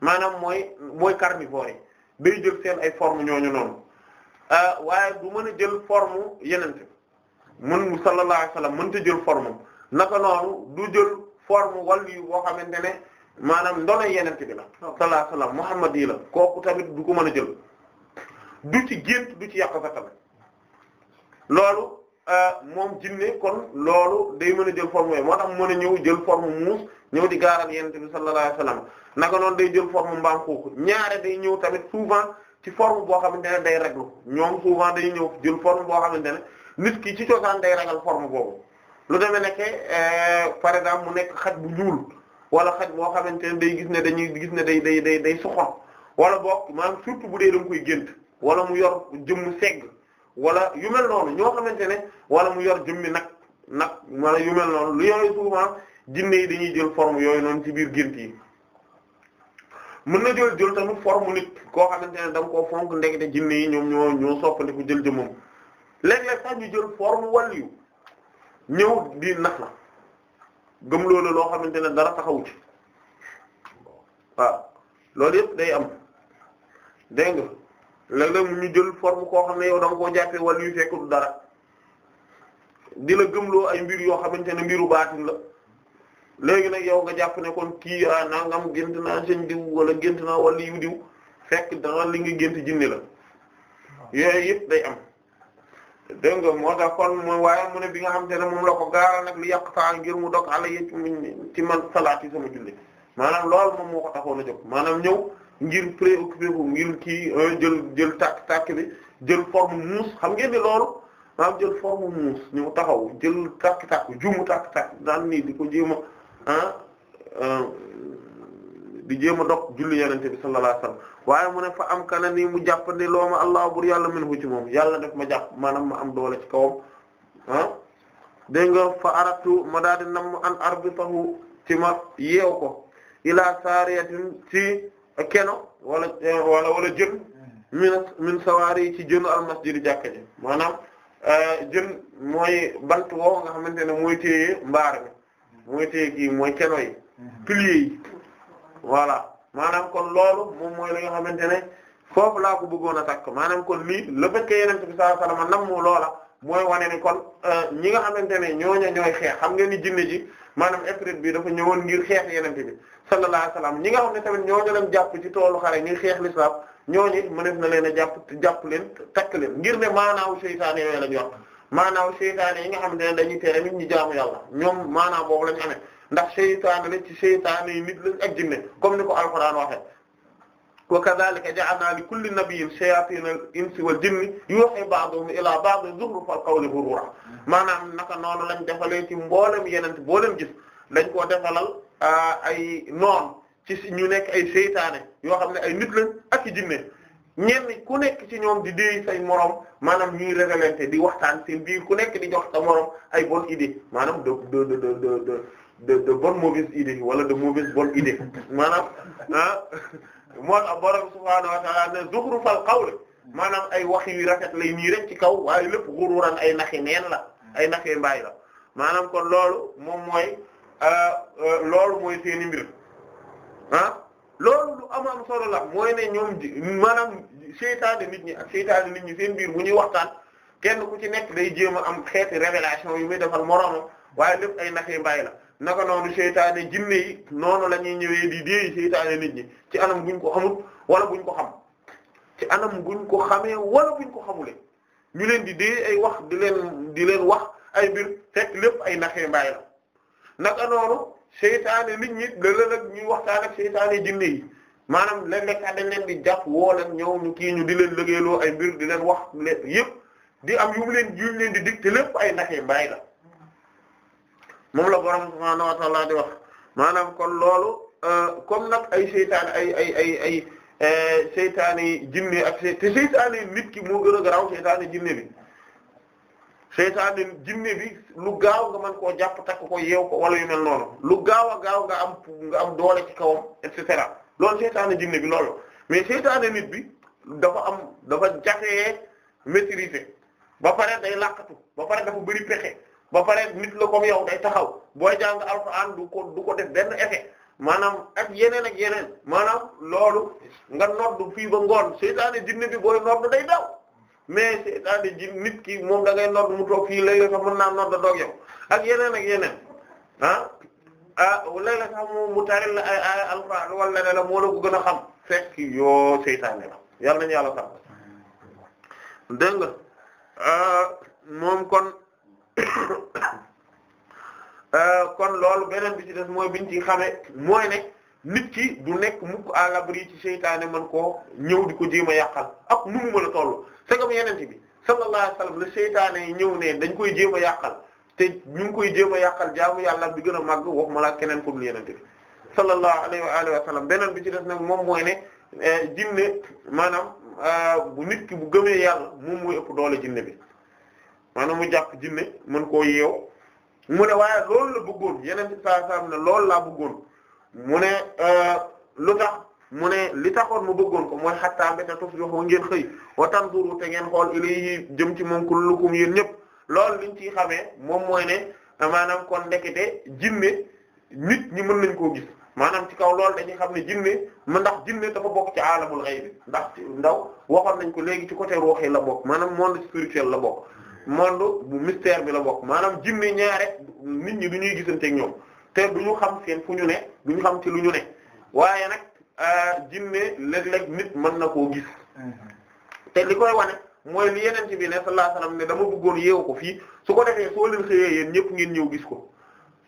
maanaam mooy mooy carnivore day jël seen ay forme ñooñu noonu Ah, waaye du mën a jël forme yeneen mun sallallahu alayhi wasallam mënta jël forme naka noonu du jël forme wàllu yu boo xamante ne maanaam ndono yeneen bi la. sallallahu alayhi wasallam Muhammad yi la kooku tamit du ko mën a jël du ci gént du ci yàq fa tamit loolu ah, moom jinne kon loolu day mën a jël forme yooyu moo tax mën a ñëw jël forme muus ñëw di gaaral yeneen bi sallallahu alayhi wasallam naka noonu day jël forme mbaam kooku ñaare day ñëw tamit souvent. ci forme boo xamante ne day réglu ñoom souvent dañuy ñëw jël forme boo xamante ne nit ki ci cosaan day ragal forme boobu lu demee nekke euh, par exemple mu nekk xaj bu ñuul wala xaj boo xamante ne day gis ne dañuy gis ne day day day day soxor wala boog maanaam surtout bu dee da koy gént wala mu yor jëmm segg wala yu mel noonu ñoo xamante ne wala mu yor jëmmi nag nag wala yu mel noonu lu yooyu souvent jinne yi dañuy jël forme yooyu noonu ci biir gént yi mën na jël jël tamit forme nit koo xamante ne da nga koo fonk ndekete jinne yi ñoom ñoo ñoo soppandiku jël jëmmam léeg-léeg sax ñu jël forme waliyu ñëw di nax la gëm loolu loo xamante ne dara taxawu ci waaw loolu yëpp day am dégg nga léeg mu ñu jël forme koo xam ne yow da nga koo jàppee waliyu fekk du dara di la gëmloo ay mbir yoo xamante ne mbiru baatin la. léegi nag yow nga jàpp ne kon kii ah nangam gént na seen diw wala gént naa wala yu diw fekk dara li nga gént jinni la yooyu yëpp day am dégg nga moo tax kon mooy waaye mu ne bi nga xam te moom la ko gaaral nag li yàq saa ngir mu dog ala yëpp ci man salaat yi sama julli maanaam loolu moom moo ko taxoon a jóg maanaam ñëw ngir préoccupé ko ngir kii euh, jël jël tàkk tàkk bi jël forme muus xam ngeen ni loolu maanaam jël forme muus ñu taxaw jël tàkk tàkk jumu tàkk tàkk daan nii di ko ah euh, di jéem a dox julli yenente bi sallallahu waaye mu ne fa am kana ni mu jàpp ne loo ma allah bur yàlla min hu ci moom yàlla def ma jàpp maanaam ma am doole ci kawam ah dégg fa aratu ma daal di nam an arbitahu ci ma yeew ko ila sariyatin ci keno wala wala wala jën sawaari ci jënu almasjid jàkka ji maanaam euh, jën mooy bant woo nga xamante ne mooy téye mbaar mi mooy téye gi mooy keno yi mhm. piliers yi voilà maanaam kon loolu moom mooy la nga xamante ne foofu laa ko bëggoon a takk maanaam kon lii le fait que yeneen bi a alayhi wasallam namm loola mooy wane ni kon euh, ñi nga xamante ne ñooña ñooy xeex xam nga ni jinne ji maanaam ifrit bi dafa ñëwoon ngir xeex yeneen bi sallallahu alayhi wasallam ñi nga xam ne tamit ñooñu leen jàpp ci toolu xare ñuy xeex l'islam ñooñu mënees na leen a jàpp jàpp leen takk leen ngir ne maanaaw seytaane yooyu lañ yor maanaam seytaane yi nga xamante ne dañuy tere nit ñi jaamu yàlla ñoom maanaam boobu lañ amee ndax seytaane la ci seytaane yi nit lañ ak jinne comme ni ko alxuraan waxe wa kadhalika ja'alna li kulli nabiyyin shayatina al insi wal jinni yuhi ba'dhum ila ba'd zukhrufal qawli ghurura maanaam naka noonu lañ defalee ci mboolem yeneen boo leen gis dañ koo defalal ah, ay noon ci ñu nekk ay seytaane yoo xam ne ay nit lañ ak i jinne ñenn ku nekk ci ñoom di déy say morom maanaam ñuy révélante di waxtaan seen biir ku nekk di jox sa moroom ay bon idée maanaam do de de de de de bonne mauvaise idée wala de mauvaise bonne idée maanaam ah moo tax borom subhaanahu wa ta'ala ne zukhrufal maanaam ay wax yu rafet lay nii rek ci kaw waaye lépp gururan ay naxi neen la ay naxi mbaay la maanaam kon loolu moom mooy ah, loolu mooy seeni mbir ah loolu lu am am solo la mooy ne ñoom maanaam seytaane nit ñi ak nit ñi seen biir bu ñuy waxtaan kenn ku ci nekk day jéem a am xeeti révélation yu muy defal moroomam waaye lépp ay naxee mbay la naka noonu seytaane jinne yi noonu la ñuy ñëwee di déey seytaane nit ñi ci anam buñ ko xamul wala guñ ko xam ci anam buñ ko xamee wala buñ ko xamule ñu leen di déey ay wax di leen di leen wax ay mbir fekk lépp ay naxee mbay la naka noonu seytaane nit ñi léeg-léeg nag ak seytaane jinne yi maanaam léeg-léeg sax dañ leen di jàpp woo leen ñëw ñu kii ñu di leen lëgëyloo ay mbir di leen wax lépp yëpp di am yu mu leen yu ñu leen di dig te lépp ay naxee mbaay la moom la borom subhaanahu wa ta'aala di wax maanaam kon loolu euh, comme nag ay seytaane ay ay ay ay euh, seytaane jinne ak te seytaane nit ki moo gën a garaaw seytaane jinne bi. seytaane jinne bi lu gaaw nga man koo jàpp takk ko yeew ko wala yu mel noonu lu gaaw a gaaw nga am nga am doole ci kawam et cetera loolu seytaane jinne bi loolu mais seytaane nit bi dafa am dafa jafee maîtriser ba pare day làqatu ba pare dafa bëri pexe ba pare nit la comme yow day taxaw boo jàng alxuraan du ko du ko def benn effet maanaam ak yeneen ak yeneen maanaam loolu nga noddu fii ba ngoon seytaane jinne bi booy noddu day daw mais cest à ji nit ki moom da ngay mu toog fii léeg-léeg sax mën naa nodd doog yow ak yeneen ak yeneen ah ah léeg-léeg sax moom mu taril la ay ay alxuraan wala moo la gën a xam fekk yoo seytaane la yal nañu yàlla sax dégg nga ah, moom kon ah, kon loolu beneen bi des mooy biñ ci xamee mooy ne. nit ki du nekk mukk à l'abri ci seytaane man koo ñëw di ko jéem a yàqal ak nu mu mën a toll segam yenente bi sallallahu alayhi la seytaane yi ñëw ne dañ koy jéem a yàqal te ñu ngi koy jéem a yàqal jaamu yàlla bi gën a màgg wax ma la keneen ko dul yenente bi sallallahu alayhi wa beneen bi ci def nag moom mooy ne eh, jinne maanaam eh, bu nit ki bu gëmee yàlla moom mooy ëpp bi maanaam mu jàpp jinne mën koo yeew mu ne waaye loolu la bëggoon yeneen bi sallallahu alayhi wasallam ne loolu laa bëggoon mu ne euh, lu tax mu ne li taxoon ma bëggoon ko mooy xattaa mbéta tof yoxoo ngeen xëy wa tanzuru te ngeen xool ilayhi jëm ci moom ku lu kullukum yéen ñëpp lool liñ ciy xamee moom mooy ne maanaam kon ndekete jinne nit ñi mën nañ koo gis maanaam ci kaw loolu dañuy xam ne jinne ma ndax jinne dafa bokk ci aalamul ghayb ndax ndaw waxoon nañ ko léegi ci côté ruuxi la bokk maanaam monde spirituel la bokk monde bu mystère bi la bokk maanaam jinne ñaar nit ñi du ñuy gisanteeg ñoom te du ñu xam seen fu ñu ne du ñu xam ci lu ñu ne waaye nag euh, jinne léeg-léeg nit mën na koo gis mm-hmm. te li koy wane mooy li yeneen ci bi ne sallallahu alayhi wasallam ne dama bëggoon yeewu ko fii su ko defee soo leen xëyee yéen ñëpp ngeen ñëw gis ko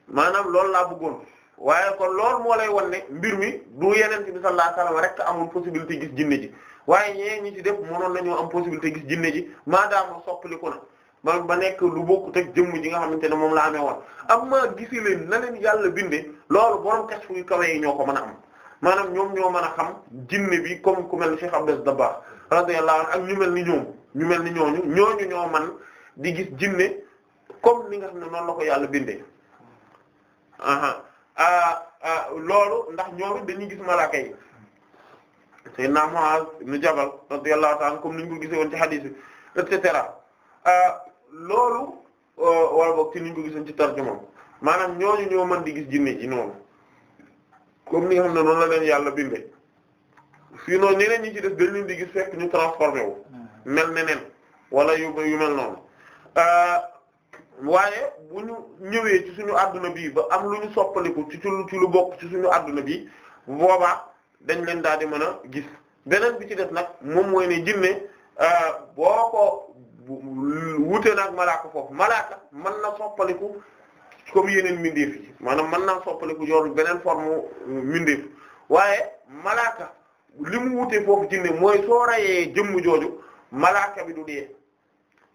maanaam loolu laa bëggoon waaye kon loolu moo lay wan ne mbir mi du yeneen ci bi sallallahu alayhi wasallam rek amul possibilité gis jinne ji waaye ñee ñi ci def mënoon nañoo am possibilité gis jinne ji maadaama soppaliku na maanaam ba nekk lu bokkut ak jëmm ji nga xamante ne moom la amee woon am ma gisi leen na leen yàlla bindee loolu borom kas fu kawe ñoo ko mën a am maanaam ñoom ñoo mën a xam jinne bi comme ku mel ni Cheikh Abdel Dabakh radiyallahu anhu ak ñu mel ni ñoom ñu mel ni ñooñu ñooñu ñoo man di gis jinne comme ni nga xam ne noon la ko yàlla bindee ah, ah, loolu ndax ñoom dañuy gis malaaka yi sayyidna Muaz nu Jabal radiyallahu ta'ala comme niñ ko gisee woon ci hadith bi et loolu euh, wala boo ci niñ ko gisoon ci tarjuma maanaam ñooñu ñoo man di gis jinne ji noonu comme ni nga xam ne noonu la leen yàlla bindee sinon ñeneen ñi ci def dañ di gis fekk ñu transformé wu hmm. mel neneen wala yu yu mel noonu euh, waaye bu ñu ñëwee ci suñu àdduna bi ba am lu ñu soppaliku ci ci lu bokk ci suñu àdduna bi bu boobaa dañ leen daal di mën a gis beneen bi ci def nag moom mooy ne jinne euh, boo ko wute naag malaaka foofu malaaka mën na soppaliku comme yeneen mindeef yi maanaam mën naa soppaliku yor beneen forme mindeef waaye malaaka li mu wute foofu jinne mooy soo rayee jëmm jooju malaaka bi du dee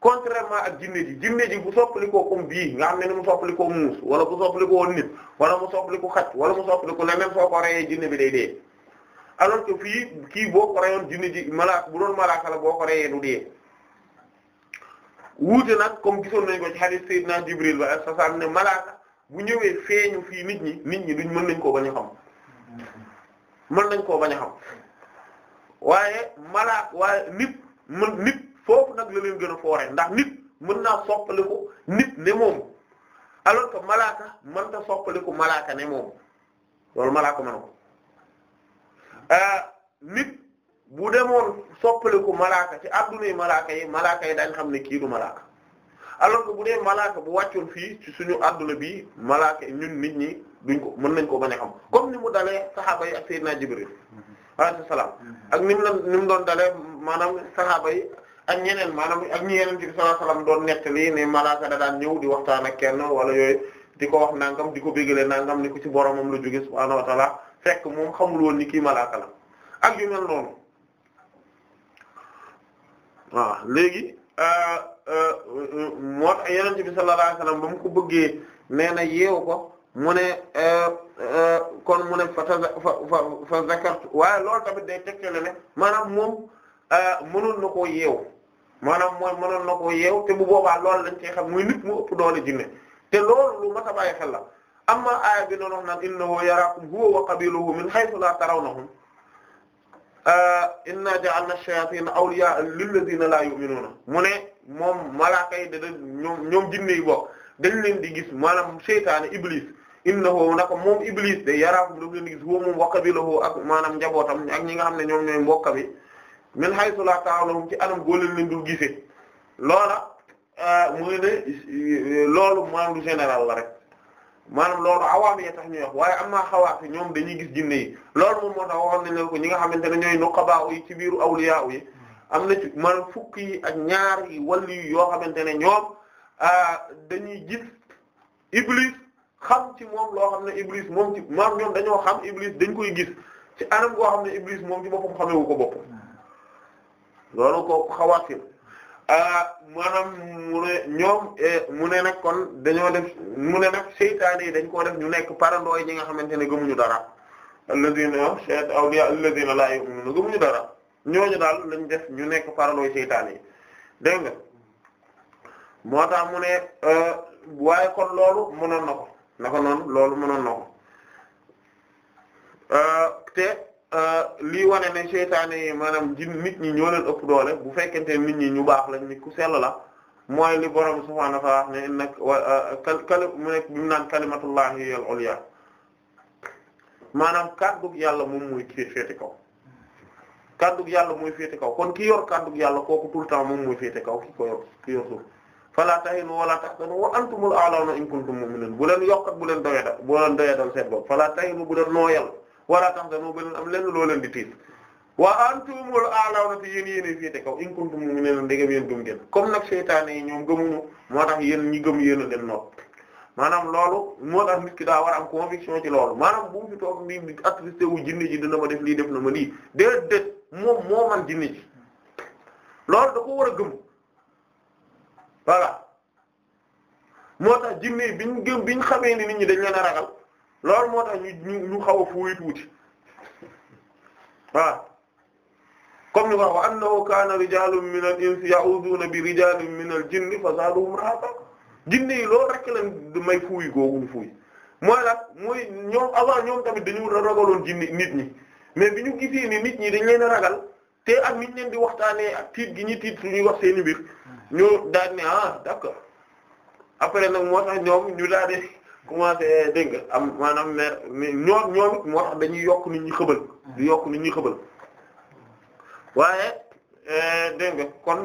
contrairement ak jinne ji jinne ji bu soppalikoo comme bii nga xam ne ni mu soppalikoo muus wala bu soppalikoo nit wala mu soppaliku xaj wala mu soppaliku leneen soo ko rayee jinne bi day dee alors que fii kii boo ko rayoon jinne ji malaaka bu doon ko rayee du wuute nag comme gisoon nañ ko ci hadith Seydina Jibril ba sasam ne malaaka bu ñëwee feeñu fii nit ñi nit ñi duñ mën nañ koo bañ a xam mën nañ koo bañ a xam waaye malaak waaye nit mën nit foofu nag la leen gën a foore ndax nit mën naa soppaliku nit ne moom alors que malaaka mënta soppaliku malaaka ne moom loolu malaaka mën ko euh, nit bu demoon soppaleku malaaka ci adduna yi malaaka yi malaaka yi dañ xam ne kii du malaaka alors que bu dee malaaka bu wàccoon fii ci suñu adduna bi malaaka ñun nit ñi duñ ko mën nañ ko bañ a xam comme ni mu dalee saxaaba yi ak Seydina Jibril alayhi salaam mhm. ak ni mu la ni mu doon dalee maanaam saxaaba yi ak ñeneen maanaam ak ñi yeneen ci sallallahu alayhi wasallam doon nekk lii ne malaaka da daan ñëw di waxtaan ak kenn wala yooyu di ko wax nangam di ko bégalee nangam ne ko ci boromam la jóge subhaanahu wa ta'ala fekk moom xamul woon ni kii malaaka ak yu mel waaw léegi euh, euh, moo tax yenente bi sallallahu alayhi wasallam ba mu ko bëggee nee na yeewu ko mu ne euh, kon mu ne fa fa fa zakartu waaye loolu tamit day tegtale ne maanaam moom mënoon na koo yeewu maanaam mooy mënoon na koo yeewu te mu boobaa loolu lañ cey xam muy nit mu ëpp doole jinne te loolu lu mat a bàyyi xel la amma aaya bi noonu wax naan innahu yaraakum huwa wa qabiluhu min haythu la tarawnahum inna ja'alna ash-shayatina awliya lilladhina la yu'minuna mu ne moom malaaka yi da ñoom ñoom jinne yi bokk dañ leen di gis maanaam seytaane iblis innahu naka moom iblis de yaraakum daf leen di gis woo moom wa qabiluhu ak maanaam njabootam ak ñi nga xam ne ñoom ñooy mbokka bi min haythu la ta'lamuhum ci anam goo leen leen gise gisee loola euh, muy ne loolu maanaam lu général la rek maanaam loolu awaam yee tax ñuy wax waaye am naa xawaat yi ñoom dañuy gis jinne yi loolu moom moo tax waxoon ko ñi nga xamante ne ñooy nuqabaa yi ci biiru awliya yi am na ci fukk yi ak ñaar yi yoo xamante ne ñoom ah, dañuy gis iblis xam ci moom loo xam ne iblis moom ci maanaam ñoom dañoo xam iblis dañ koy gis ci anam goo xam ne iblis moom ci boppam xamewu ko boppam loolu ko xawaas maanaam mu ne ñoom e, mu ne nag kon dañoo def mu ne nag seytaane yi dañ koo def ñu nekk parandooy ñi nga xamante ne gëmuñu dara alladina shayat awliya alladina la yu'minuna gëmuñu dara ñooñu daal lañ def ñu nekk parandooy seytaane yi dégg nga moo tax mu ne e, waaye kon loolu mënoon na ko naka noonu loolu mënoon na ko e, te Euh, lii wane ne seytaane yi maanaam jin nit ñi ñoo leen ëpp doole bu fekkente nit ñi ñu baax lañ nit ku sell la mooy li borom subhaanahu wa ta'aala ne nag euh, kali mu nekk bi mu naan kalimatullahi al-ulya maanaam kàddug yàlla moom mooy kii féete kaw kàddug yàlla mooy féete kaw kon ki yor kàddug yàlla kooku tout temps moom mooy féete kaw ki ko yor ki yor suuf fala tahinu wala tahzanu wa antumul a'lawna in kuntum mu'minin bu leen yokkat bu leen doyadal bu leen doyadal seen bopp fala tahinu wala tahzanu ba leen am lenn loo leen di tiis wa antumul a'lawna te yéen yéenay féete kaw in kuntum mu'minin ndegam yéen gëm ngeen comme nag seytaane yi ñoom gëmuñu moo tax yéen ñi gëm yéen a leen noot maanaam loolu moo tax nit ki daa war am conviction ci loolu maanaam bu mu fi toog di attristé wu jinne ji dina ma def lii def na ma lii déedéet moom moo man jinne ji loolu da ko war a gëm voilà moo tax jinne yi biñ gëm biñ xamee ni nit ñi dañ leen a loolu moo tax ñu ñu xaw a fuuy tuuti waaw comme ni ko wax wa annahu kaana rijalun min al insi ya'uduna bi rijalin min al jinni fa zaaduhum rahaqa jinne yi loolu rek may fuuy googu fuuy moo nag mooy ñoom avant ñoom tamit dañu ragaloon jinni nit ñi mais bi ñu gisee ni nit ñi dañ leen a ragal te ak niñ leen di waxtaanee ak tiit gi ñuy tiit suñuy wax seeni mbir ñu daal ne ah d'accord après nag moo tax ñoom ñu daal di commencé dégg nga am maanaam mer ñoom ñoom moo tax dañuy yokk nit ñi xëbal di yokk nit ñi xëbal waaye eh, dégg nga kon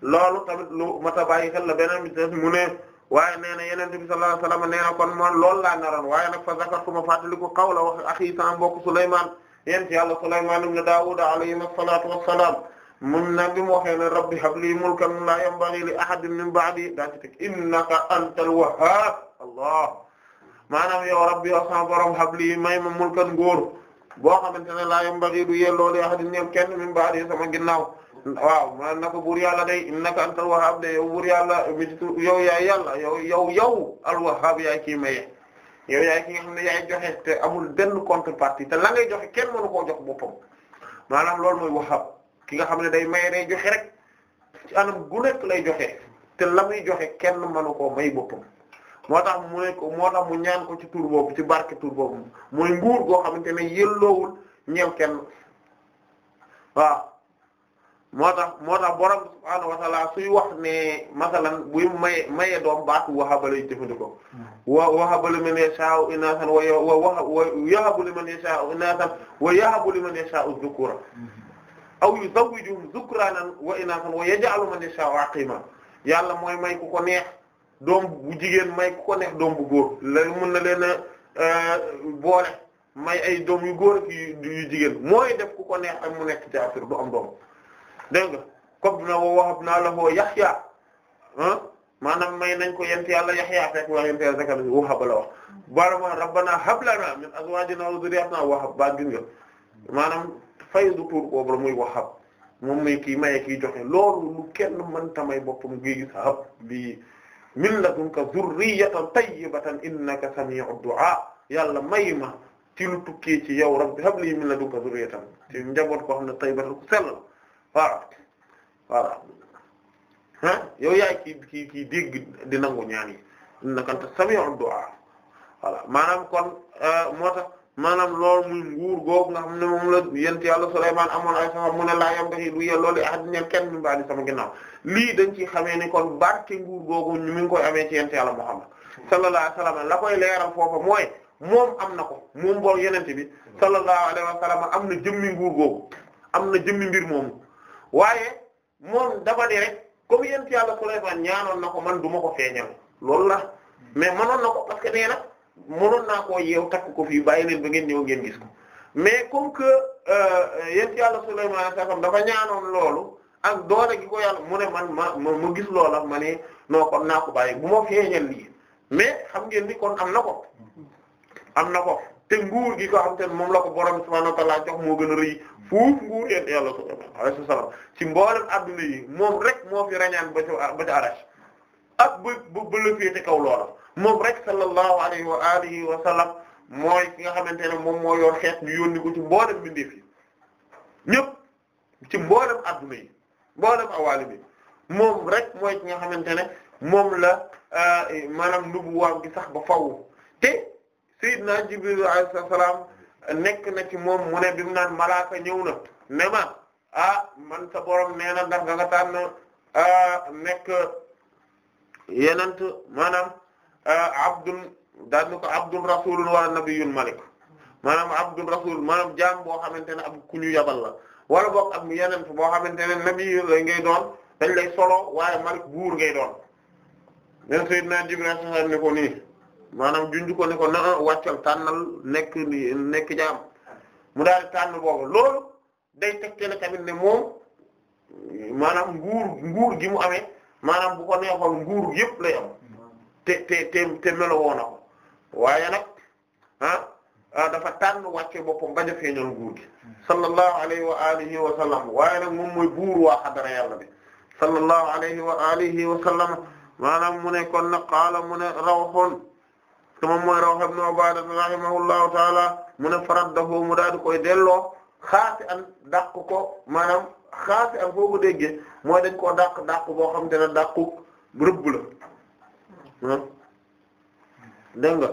loolu tamit lu mat a bàyyi xel la beneen bi mu ne waaye nee na yeneen bi sallallahu alayhi wasallam nee na kon man loolu laa naroon waaye nag fa zakartu ma fàttaliku xaw la wax axi sa mbokk Sulaymaan yéen ci yàlla Sulaymaan ibn Daawuud alayhi salaatu wassalaam mun nag bi mu waxee ne rabbi habli mulkan laa yanbaghi li ahadin min ba'di daa ci teg innaka antal wahhaab allah maanaam yow rabbi yow sama borom habli may ma mulkan nguur boo xamante ne laa yambaghi du yelloo li ahadin ñoom kenn min ba'di sama ginnaaw waaw man na ko buur yàlla day innaka antal wahhab de yow buur yàlla yow yaay yàlla yow yow yow al-wahhab yaay kii maye yow yaay ki nga te amul benn contrepartie te la ngay joxe kenn koo jox boppam maanaam loolu mooy wahhab ki nga xam ne day maye day joxe rek ci anam gu lay joxe te la muy joxe kenn mënu koo may boppam moo tax mu ne ko moo mu ñaan ko ci tur boobu ci barke tur boobu mooy nguur goo xamante ne yelloowul ñeel kenn moo tax moo tax borom subhaanahu wa suy wax ne masalan buy maye maye doom baatu wahaba lay jëfandikoo hmm. wa wahaba liman yasha'u inaasan wa wa yahabu liman yasha'u inaasan wa yahabu liman yasha'u dhukura hmm. aw yuzawwijuhum dhukraanan wa inaasan wa yaj'alu man yasha'u aqiima yàlla mooy may ku ko neex doom bu jigéen may ku ko neex doom bu góor la mun na leen a euh, boole may ay doom yu góor ak yu jigéen mooy def ku ko neex ak mu nekk jaafir du am doom dégg nga comme na woo waxab naa la woo Yaxya ah maanaam may nañ ko yent yàlla Yaxya fekk waa yent yàlla Zakariya wahaba la wax barama rabbana hab lana min azwajina wa dhurriyyatina wahab ba gin nga maanaam fay du tuur boobu la muy wahab moom muy kii maye kii joxe loolu lu kenn mën tamay boppam ngi gis hab min ladunka zurriyatan tayyibatan innaka sami'ud du'a yàlla may ma ci lu tukkee ci yow rabbi hab li min ladunka zurriyatan ci njaboot koo xam ne tayyibatan ku sell waaw waaw ah yow yaay kii kii kii dégg di nangu ñaan yi innaka anta sami'ud du'a voilà maanaam kon euh, moo tax. maanaam loolu muy nguur googu nga xam ne moom la yent yàlla Sulaymaan amoon ay saxam mu ne laa yam taxi du ye loolu ahad ñeen kenn mi mbaadi sama ginnaaw lii dañ ci xamee ni kon barke nguur googu ñu mi ngi koy amee ci yent yàlla Muhammad sallallahu alayhi wa sallam la koy leeral foofa mooy moom am na ko moom boog yenente bi sallallahu alayhi wa sallam am na jëmmi nguur googu am na jëmmi mbir moomu waaye moom dama ne rek comme yent yàlla Sulaymaan ñaanoon na ko man du ma ko feeñal loolu la mais manoon na ko parce que nee mënoon naa ko yeew takk ko fii bàyyi leen ba ngeen ñëw ngeen gis ko mais comme que euh, yent yàlla Sulaymaan saxam dafa ñaanoon loolu ak doole gi ko yàlla mu ne man ma ma gis loola ma ne non kon naa ko bàyyi bu ma feeñal lii mais xam ngeen ni kon am na ko am na ko te nguur gi ko xam te moom la ko borom subhaanahu wa ta'aala jox moo gën a rëy fuuf nguur yent yàlla Sulaymaan alayhi salaam ci mboolem adduna yi moom rek moo fi rañaan ba a ba ca bë ak ba kaw loola. moom rek sallallahu alayhi wa alihi wa mooy ki nga xamante ne moom moo yor xeet ñu yónni ko ci mboolem bindeef yi ñëpp ci mboolem adduna yi mboolem awaali bi moom rek mooy ki nga xamante ne moom la euh, maanaam nubuwaam gi sax ba faww te na Jibril alayhi salaam nekk na ci moom mu ne bi mu naan malaaka ñëw na ne ma ah man sa borom nee na ndax nga nga tànn euh, nekk yenant maanaam Ah, abdun daal ni ko abdun rasulun wala nabiyyun malik maanaam abdun rasul maanaam jaam boo xamante ne ab ku ñu yabal la wala boog ab yeneen boo xamante ne nabi la ngay doon dañ lay solo waaye malik buur ngay doon nen sayyidna Jibril saxar ni ko nii maanaam junj ko ko na wàccal tànnal nekk ni nekk jaam mu daal tànn boobu lool day tegte ne tamit ne moom maanaam nguur nguur gi mu amee maanaam bu ko neexoon nguur yépp lay am te te te te melowoo waaye nag ah, ah dafa tànn wàcce boppam bañ a feeñal nguur gi sallallahu alayhi wa alihi wa sallam waaye nag moom buur waa xadara yàlla bi sallallahu alayhi wa alihi wa sallam maanaam mu ne kon qaala mu ne rawxoon te moom mooy rawx mu ne koy delloo xaasi an dàq ko maanaam xaasi an foo ko déggee mooy dañ koo dàq dàq boo xam te ne dégg nga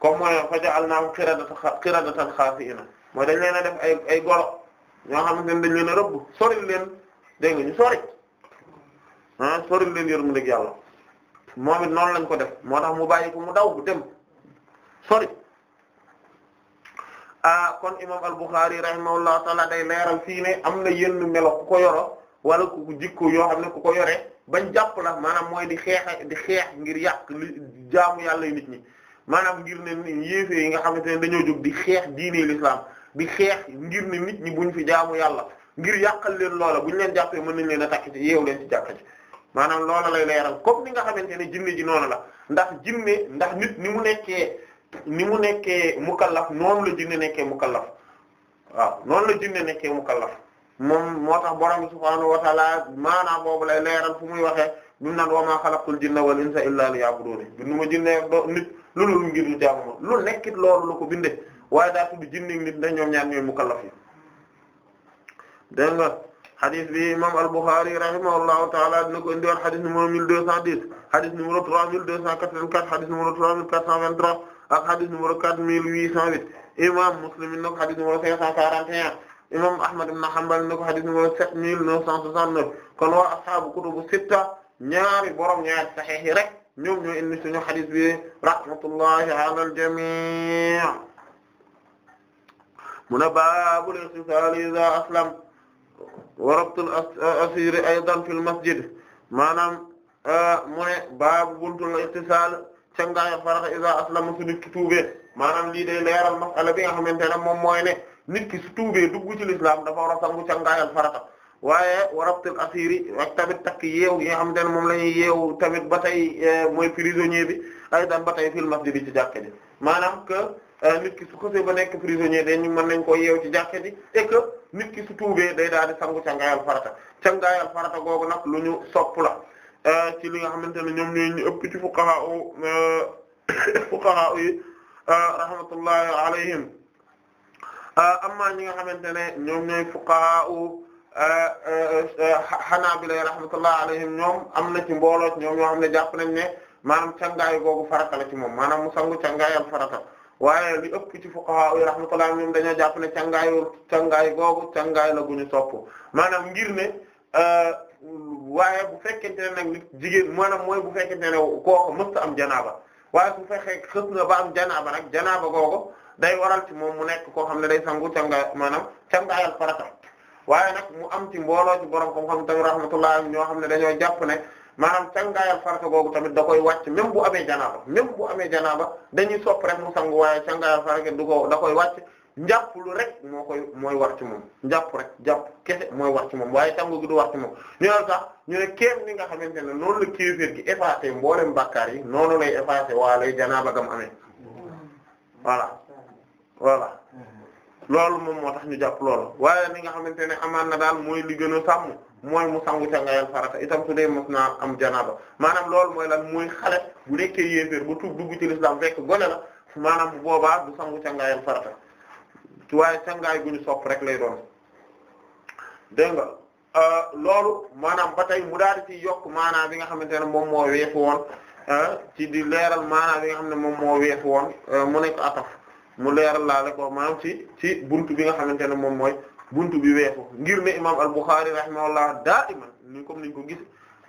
comme mooy faja'alnaahum qiradatan xaasi'iina mooy dañ leen a def ay ay golo ñoo xamante ne dañ leen a rëbb soril leen dégg nga ñu sori ah soril leen yërmandeeg yàlla moo it noonu lañ ko def moo tax mu bàyyi ko mu daw bu dem sori ah kon imam al-Bukhari rahimahullahu taala day leeral fii ne am na yenn melo ku ko yoro wala ku jikko yoo xam ne ku ko yore. bañ jàpp la maanaam mooy di xeex di xeex ngir yàq li jaamu yàlla nit ñi maanaam ngir ne yéefee yi nga xam ne dañoo jóg di xeex diine l'islam di xeex ngir ne nit ñi buñ fi jaamu yàlla ngir yàqal leen loola bu ñu leen jàppee mën nañ leen a takk ci yeew leen ci jàkka ci maanaam loola lay leeral comme ni nga xamante ne jinne ji noonu la ndax jinne ndax nit ni mu nekkee ni mu nekkee mukallaf noonu la jinne nekkee mukallaf waaw noonu la jinne nekkee mukallaf moom moo tax borom subhaanahu wa taala maanaam boobu lay leeral fu muy waxee bi mu naan wa maa xalaqtul jinna wal insa illaa liya'buduun bindu ma jinne do nit loolu ngir ñu jaamu ma lu nekkit loolu la ko bindee waaye daa tudd nit ndax ñoom ñaar ñooy mukallaf yi dégg bi imam al-Bukhari rahimahullahu taala dina ko indiwoon hadith numéro 1210 hadith numéro 3284 hadith numéro 3423 ak hadith numéro 4808 imam Muslim dina ko hadith numéro 541. imam Ahmad ibn Hanbal ne ko hadith numéro 7969 kon waa ashaabu kutubu sitta ñaari borom ñaari sahih yi rek ñoom ñoo indi suñu hadith bi rahmatullahi ala al-jami' mu ne baabul ightisaal idha aslam wa rabtul asiir aydan fil masjid maanaam euh, mu ne baabu buntul ightisaal cangaaya farax idha aslama su nit ki tuubee maanaam lii day leeral masala bi nga xamante ne moom mooy ne nit ki su dugg ci lislaam dafa war a sangu cangaayal farata waaye warabtul asiri ak tamit takk yeew yi nga xamante ne moom la ñuy yeew tamit ba tey eh, mooy prisonnier bi ay daan ba tey fil masjid yi ci jàkka ji maanaam que eh, nit ki ba nekk prisonnier de ñu mën nañ ko yeew ci jàkka ji et que ki su tuubee day daal di sangu cangaayal farata cangaayal farata googu nag lu ñu sopp la eh, ci li nga xamante ne ñoom ñooy ñu ëpp ci fuqaha u fuqaha yi rahmatullahi alayhim Euh, am amma ñi nga xamante ne ñoom ñooy fuqahaa xanaabila euh, euh, rahmatullah alayhim ñoom am na ci mbooloo ñoom ñoo xam ne jàpp nañ ne maanaam càngaay googu farata la ci moom maanaam mu sangu càngaayal farata waaye li ëpp ci fuqahaa yi rahmatullah ñoom dañoo jàpp ne càngaayu càngaay googu càngaay la gu ñu sopp maanaam ngir ne waaye bu fekkee ne nag jigéen maanaam mooy bu fekkente ne kooku mësta am janaaba waaye su fekkee xës na ba am janaaba nag janaaba googu day waral ci moom mu nekk koo xam ne day sangu canga maanaam cangaayal farata waaye nag mu am ci mbooloo ci borom xam-xam tamit rahmatullah ñoo xam ne dañoo jàpp ne maanaam cangaayal farata googu tamit da koy wàcc même bu amee janaaba même bu amee janaaba dañuy sopp rek mu sangu waaye cangaayal farata du ko da koy wàcc njàpp lu rek moo koy mooy war ci moom njàpp rek jàpp kese mooy war ci moom waaye sangu gi du war ci moom ñu ne sax ñu ne kéem ni nga xamante ne noonu la kéeféer gi effacé mboolem bàkkaar yi noonu lay effacé waa lay janaaba gam amee voilà voilà mm-hmm. loolu moom moo tax ñu jàpp loolu waaye li nga xamante ne amaan na daal mooy li gën sàmm mooy mu sangu càngayal farata itam su dee mos naa am janaaba maanaam loolu mooy lan mooy xale bu nekkee yéeféer ba tuub dugg ci l'islam fekk gone la maanaam bu boobaa du sangu càngayal farata waaye càngaay gu ñu sopp rek lay doon dégg nga euh, loolu maanaam ba tey mu daal di ci yokk maanaam bi nga xamante ne moom moo weesu woon euh, ci di leeral maanaam bi nga xam ne moom moo weesu woon euh, mu nekk ataf mu leeral laale ko maanaam ci ci bunt bi nga xamante ne moom mooy buntu bi weesu ngir ne imaam al-Bukhari rahimahullah daa iman ni comme niñ ko gis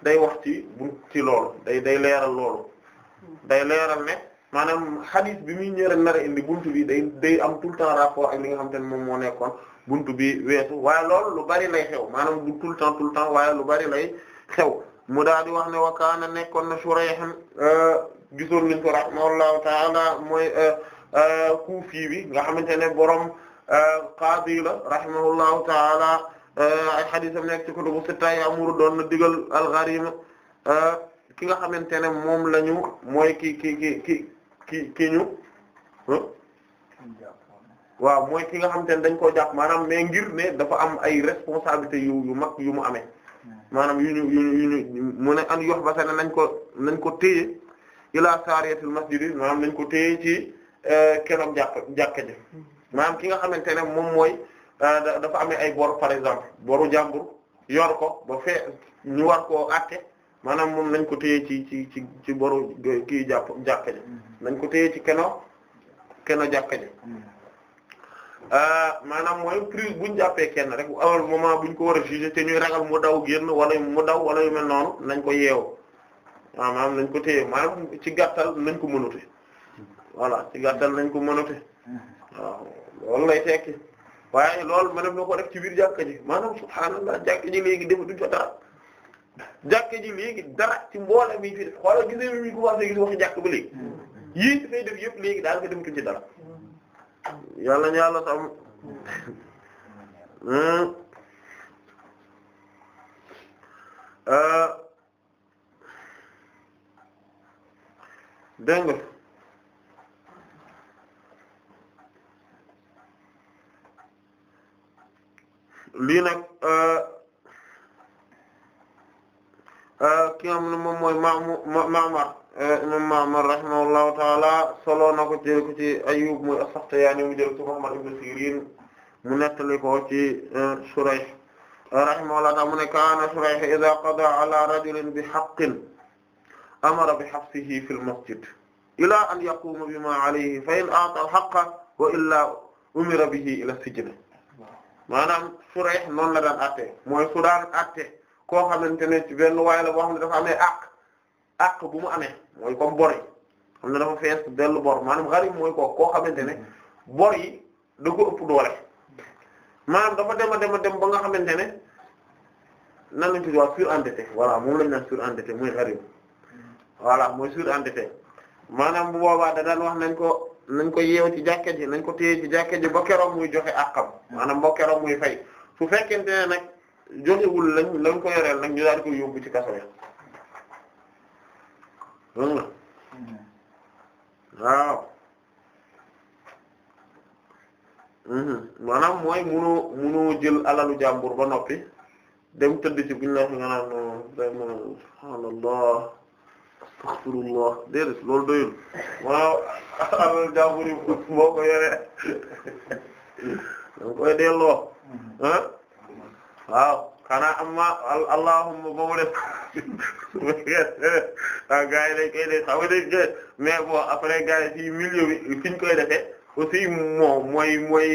day wax ci buntu ci loolu day day leeral loolu day leeral ne maanaam hadith bi muy ñëra nar a indi buntu bi day day am tout le temps rapport ak li nga xamante ne moom moo nekkoon buntu bi weesu waaye loolu lu bari lay xew maanaam du tout le temps tout temps waaye lu bari lay xew mu daal di wax ne wa nekkoon na Shurayh euh, gisoon nañ ko rahimahullahu ta'ala euh, Euh, kuufi bi nga xamante ne borom euh, qaadi la rahimahullahu taala euh, ay xadisam nekk ci kutubu sitta ya'muru doon na digal al ki nga xamante ne moom lañu mooy ki ki ki ki ki ki ñu hmm? waaw mooy ki nga xamante ne dañ koo jàpp maanaam mais ngir ne dafa am ay responsabilité yu yu mag yu mu amee maanaam yu ñu yu ñu mu ne an yox basane nañ ko nañ ko téye ila sariyatul masjid maanaam nañ ko téye ci Eh, keroog jàkk jàkka ji maanaam ki nga xamante ne moom mooy eh, dafa amee ay bor par exemple boru jàmbur yor ko ba fee ñu war koo àtte maanaam moom nañ ko téye ci ci ci ci boru kii jàpp jàkka mm-hmm. nañ ko téye ci keno keno jàkka ji mm-hmm. eh, maanaam mooy prise buñ jàppee kenn rek awal moment buñ ko war a jugé te ñuy ragal mu daw génn wala mu daw wala yu mel noonu nañ ko yeew waaw ah, maanaam nañ ko téye maanaam ci gàttal nañ ko mënute voilà ci gàttal nañ ko mënate waaw loolu lay tekki waaye loolu mënef na ko def ci biir jàkka ji maanaam subhaanallah jàkka ji léegi dafa duñ fa dara jàkka ji léegi dara ci mboolem yi fi def xoolal gisee mi ñu commencé gis waxi jàkk ba léegi yii ci fay def yëpp léegi daal nga dem tuñ ci dara yàlla ñu yàlla tam hmm. euh. dégg nga lii nag euh, euh, ki nga xam ne moom mooy Ma'mar euh, imam Ma'mar rahimahullahu taala solo na ko jël ko ci Ayyub muy as-Saxtiyaani mu jël ko Muhammad ibn Sirin mu nettali ko ci Shurayh rahimahullahu taala mu ne kaana Shurayh idha qada ala rajulin bi haqqin amara bi habsihi fil masjid ila an yaquma bima alayhi fa in a'ta al-haqqa wa illa umira bihi ila sijni maanaam Surayh noon la daan atte mooy su daan atte koo xamante ne ci benn waay la boo xam ne dafa amee àq àq bu mu amee mooy kom bor yi xam ne dafa fees dellu bor maanaam gharib mooy koo koo xamante ne bor yi da ko ëpp doole maanaam dafa dem a dem a dem ba nga xamante ne nan lañ tudd waa surendetté voilà moom lañ naan surendetté mooy gharib voilà mooy surendetté maanaam bu boobaa da daan wax nañ ko nañ ko yeew ci jàkka ji nañ ko téye ci jàkka ji ba keroog muy joxe àqam maanaam ba keroog muy fay su fekkente ne nag joxewul lañ lañ ko yoreel nag ñu daal ko yóbbu ci kaso ya waaw mhm. maanaam mooy munoo munoo jël alalu jàmbur ba noppi dem tëdd ci buñ la wax nga naan subhaanallah astaghfirullah déedéet loolu doyul waaw alal jàmbur yi boo ko yoree danga koy delloo ah waaw xanaa amma allahumma ba mu def waaw ah, gars koy def xam nga dañ koy mais bon après gars yi ci milieu fi ñu koy defee aussi moo mooy mooy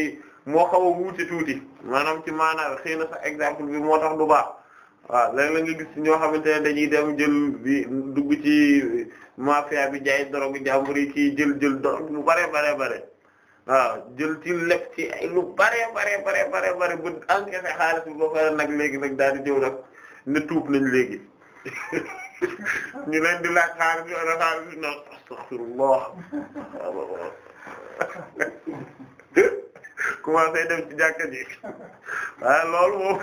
moo xaw a wuute tuuti maanaam ci maanaam xëy na sax exemple bi moo tax du baax. waaw léeg-léeg nga gis ñoo xamante ne dañuy dem jël bi dugg ci mafia bi jaay drogue jàmbur yi kii jël jël drogue mu bare bare bare waaw jël ci lépp ci ay lu bare bare bare bare bare bu xaalis bi ba pare nag léegi nag daal di jëw nag ne tuub nañ léegi ñu leen di laaj xaalis bi ana xaalis bi non astaghfirullah commencé dem ci jàkka ji waaw loolu moom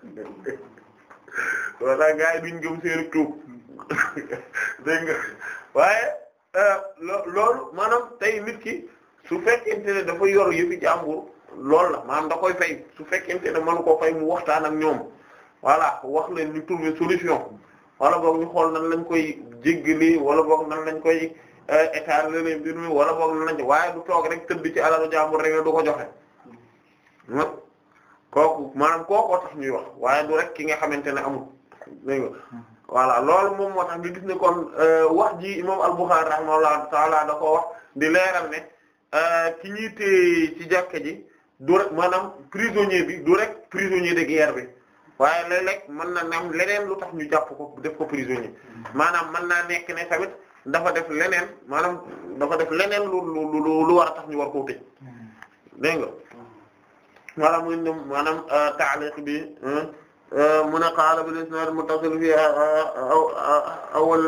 walla gaa yi duñ gëm seeni waaye euh, loolu maanaam tey nit ki su fekkente ne dafa yor yëfi jàmbur loolu na maanaam da koy fay su fekkente ne mënu koo fay mu waxtaan ak ñoom voilà wax leen ñu trouver solution wala boog ñu xool nan lañ koy jéggali wala boog nan lañ koy euh, état lene mbir mi wala boog nan lañ waaye du toog rek tëdd ci alalu jàmbur rek ne du ko joxe kooku maanaam kookoo tax ñuy wax waaye du rek ki nga xamante ne amul dégg nga voilà loolu moom moo tax nga gis ne kon euh, wax ji imam al-Bukhari rahimahullahu taala da ko wax di leeral ne ci ñuy téye ci jàkka ji du rek maanaam prisonnier bi du rek prisonnier de guerre bi waaye léeg-léeg mën na am leneen lu tax ñu jàpp ko def ko prisonnier maanaam mën naa nekk ne tamit dafa def leneen maanaam dafa def leneen lu lu lu war a tax ñu war koo tëj dégg maanaam muy ne maanaam euh, ta'liq bi euh, mu ne qaala bil isnaad muttasil fi euh, awwal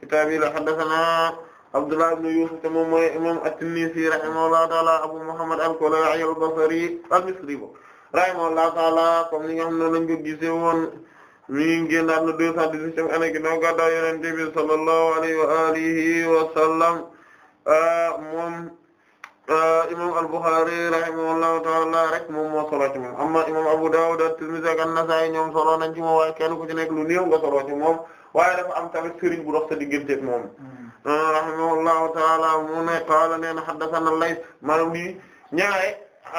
kitaab yi la haddathanaa Abdullah ibn Yusuf te moom mooy imam at-Tinnisi rahimahullahu ta'ala Abu Muhammad al-Kulay'i al-Basri al-Misri rahimahullahu ta'ala comme ni nga xam ne lañ ko gisee woon mi ngi génn na deux cent dix-huitième année ginnaaw gàddaay Yonent bi sallallahu alayhi wa alihi wa sallam moom Euh, imam al-Bukhari rahimahullahu ta'ala rek moom moo solo ci moom amma imam Abu Dawud at-Tirmidhi ak an-Nasa'i ñoom solo nañ ci moom waaye kenn ku ci nekk lu néew nga solo ci moom waaye dafa am tamit sëriñ bu dox sa digganteeg moom mm-hmm. euh, rahimahullahu ta'ala mu ne qaala nee na haddathana al-Layth maanaam lii ñaare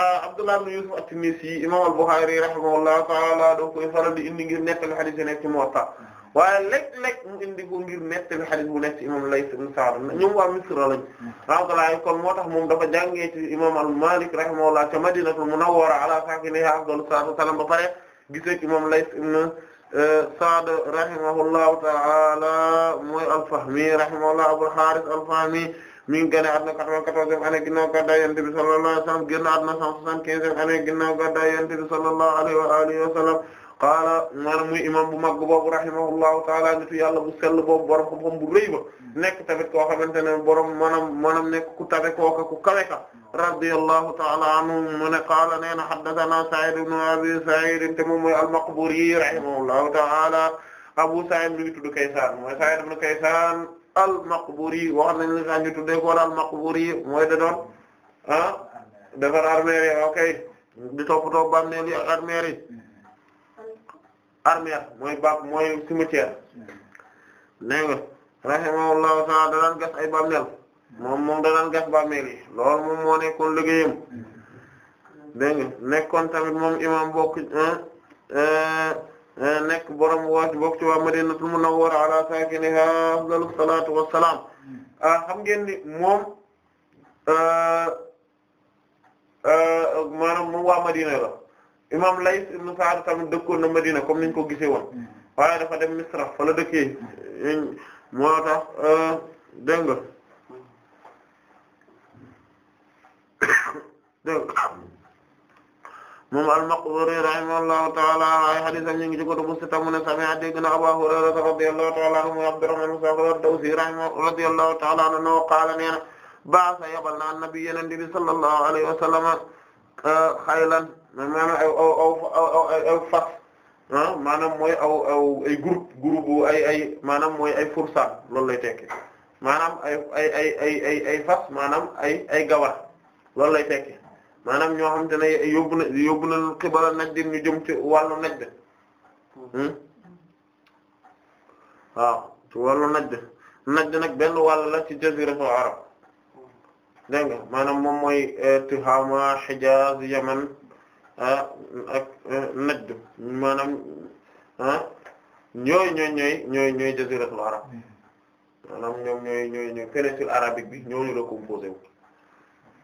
euh, Abdullah ibn Yusuf at-Tinnisi imam al-Bukhari rahimahullahu ta'ala daf koy faral di indi ngir nettali hadith yi nekk ci Muwatta waaye léeg-léeg mu indi ko ngir nettali xadis bu nekk ci imam Layth ibn Sa'd ñoom waa Misra lañ rahmatullahi kon moo tax moom dafa jàngee ci imam al-Malik rahimahullah ca Madinatul Munawwara ala sakiniha afdalu salaatu wa salaam ba pare gisee ci imam Layth ibn euh, Sa'd rahimahullahu ta'ala mooy al-Fahmi rahimahullah Abul Harith al-Fahmi mi ngi génn àdduna 94e année ginnaaw gàddaay Yonent bi sallallahu alayhi wa sallam génn àdduna 175e année ginnaaw gàddaay qaala maanaam muy imam bu mag boobu rahimahullahu taala nitu yàlla bu sell boobu borom xam-xam bu rëy ba nekk tamit koo xamante ne borom maanaam maanaam nekk ku tabe kooka ku kawe ka radiyallahu taala anhu mu ne qaala nee na haddathana Sa'id ibn Abi Sa'id te moom mooy al-Maqburi rahimahullahu taala Abu Sa'id mi ngi tudd Kaysan mooy Sa'id ibn Kaysan al-Maqburi wax nañu la ñu tuddee ko al-Maqburi mooy da doon ah defar armeer yi ok di toppatoo bàmmeel yi ak armeer yi armère mooy bab mooy cimetière dégg nga rahimahullahu ta'ala da daan gas ay bàmmeel moom moom da gas bàmmeel yi loolu moom moo nekkoon liggéeyam dégg nga nekkoon tamit moom imam bokk nekk borom waa bokk ci waa Madinatul Munawwara ala saakiniha afdalu salaatu wassalaam ah, xam ngeen ni moom euh, euh, maanaam moom waa Madina la imam Layth ibn Sa'd tamit dëkkoon na Madina comme niñ ko gisee woon mm-hmm. waaye dafa dem Misra fa la dëkkee moo tax euh, dégg nga dégg moom al-Maqburi rahimahullahu ta'ala ay hadiisam ñu ngi ci kutubu sitta mu ne sami'a dégg na Abu Hurayra radiyallahu ta'ala anhu Abdurrahman ibn Sakhr ad-Dawsi rahimahu radiyallahu ta'ala anhu qaala nee na ba'atha na an-nabiyyu sallallahu alayhi wa sallam euh, maanaam aw aw aw aw fas ah maanaam mooy aw aw group groupe ay ay maanaam mooy ay fursaan loolu lay tekki maanaam ay ay ay ay ay fas maanaam ay ay gawar loolu lay tekki maanaam ñoo xam te ne yóbbu na yóbbu na xibala Najd ñu jëm ci wàllu Najd hmm? waaw ci wàllu Najd Najd nag benn wàll la ci jaziratul arab dégg nga maanaam moom mooy eh, Tihama Hijaz Yaman ak ah, ah, ah, Najd maanaam ñooy ñooy ñooy ñooy ñooy jaziratul arab hmm. maanaam ñooy ñooy ñooy péninsule arabique bi ñooñu la composé wu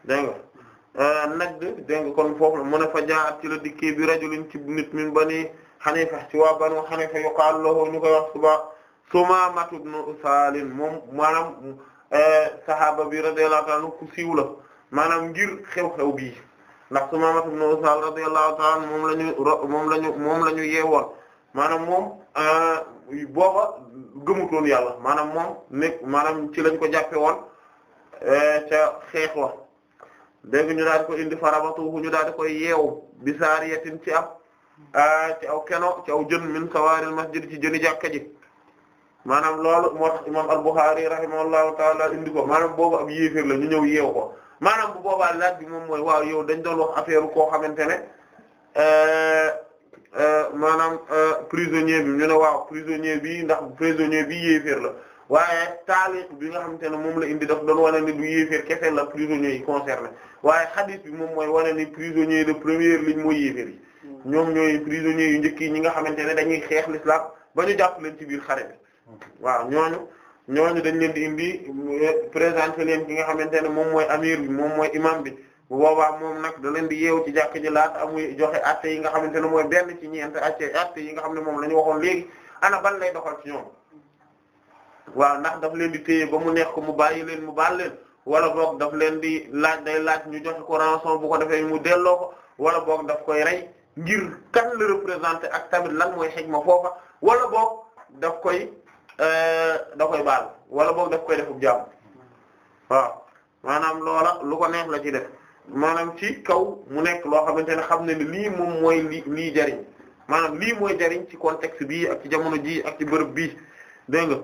dégg nga Najd dégg nga kon foofu la mu ne fa jaar ci la dikkee bi rajulin ci nit min bani Hanifa ci waa banu Hanifa yuqaalu lahu ñu koy wax suba Sumaama ibn Usaalin moom maanaam eh, sahaaba bi radiyallahu anhu ku siiw la maanaam ngir xew-xew bi ndax Sumaama ibn Usaal radiyallahu ta'ala anhu moom la ñu moom la moom la ñu yeewoon maanaam moom euh, booba gëmutoon yàlla maanaam moom nekk maanaam ci lañ ko jàppe woon euh, ca xeex wa dégg ñu daal ko indi farabatuhu ñu daal di koy yeew bi saariyatin ci ab euh, ci aw keno ci aw jën min sawaaril masjid ci jëni jàkka ji maanaam loolu moo tax imam al-Bukhari rahimahullahu ta'ala indi ko maanaam boobu ab yéeféer la ñu ñëw yeew ko maanaam bu boobaal laaj bi moom mooy waaw yow dañ doon wax affaire koo xamante ne euh, euh, maanaam euh, prisonnier bi ñu ne waaw prisonnier bi ndax prisonnier bi yéeféer la waaye taaliq bi nga xamante ne moom la indi daf doon wane ni du yéeféer kese la prisonnier yi concerné waaye hadith bi moom mooy wane ni prisonnier de première ligne mooy yéeféer yi ñoom ñooy prisonnier yu njëkk yi ñi nga xamante ne dañuy xeex l'islam ba ñu jàpp leen ci biir xare bi waaw ñooñu dañ leen di indi eh, présenté leen ki nga xamante ne moom mooy amir bi moom mooy imam bi bu boobaa moom nag da leen di yeew ci jàkk ji laata amuy joxe atte yi nga xamante ne mooy benn ci ñeent atte atte yi nga xam ne moom la ñu waxoon léegi ana ban lay doxal ci ñoom waaw ndax daf leen di téye ba mu neex ko mu bàyyi leen mu baal leen wala boog daf leen di laaj day laaj ñu joxe ko rançon bu ko defee mu delloo ko wala boog daf koy rey ngir kan la représenté ak tamit lan mooy ma foofa wala boog daf koy Eh, da koy baal wala boog def koy def jàmm waaw maanaam loola lu ko neex la ci def maanaam ci kaw mu nekk loo xamante ne xam ne ne lii moom mooy li lii jariñ maanaam lii mooy jariñ ci contexte bi ak ci jamono ji ak ci bërëb bii dégg nga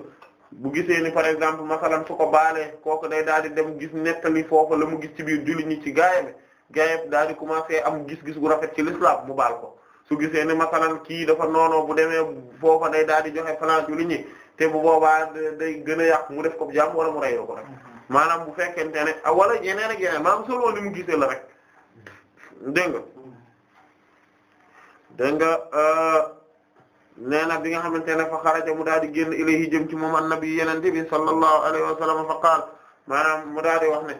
bu gisee ni par exemple masalan su ko baalee kooku day daal dem gis nettali foofu la mu gis ci biir jullit ñi ci gaayame gaayam daal di commencé am gis-gis gu rafet ci l'islam mu baal ko su gisee ne masalan kii dafa noonoo bu demee foofa day daal di joxe plan jullit ñi te bu boobaa day gën a yàq mu def ko jàmm wala mu reyoo ko rek mm-hmm. maanaam bu fekkente ne ah wala yeneen ak yeneen maam solo li mu gisee la rek dégg nga dégg euh, na bi nga xamante ne fa xaraja mu daal di génn ilayhi jëm ci moom annabi yeneen bi sallallahu alayhi wa sallam fa qaal maanaam mu daal di wax ne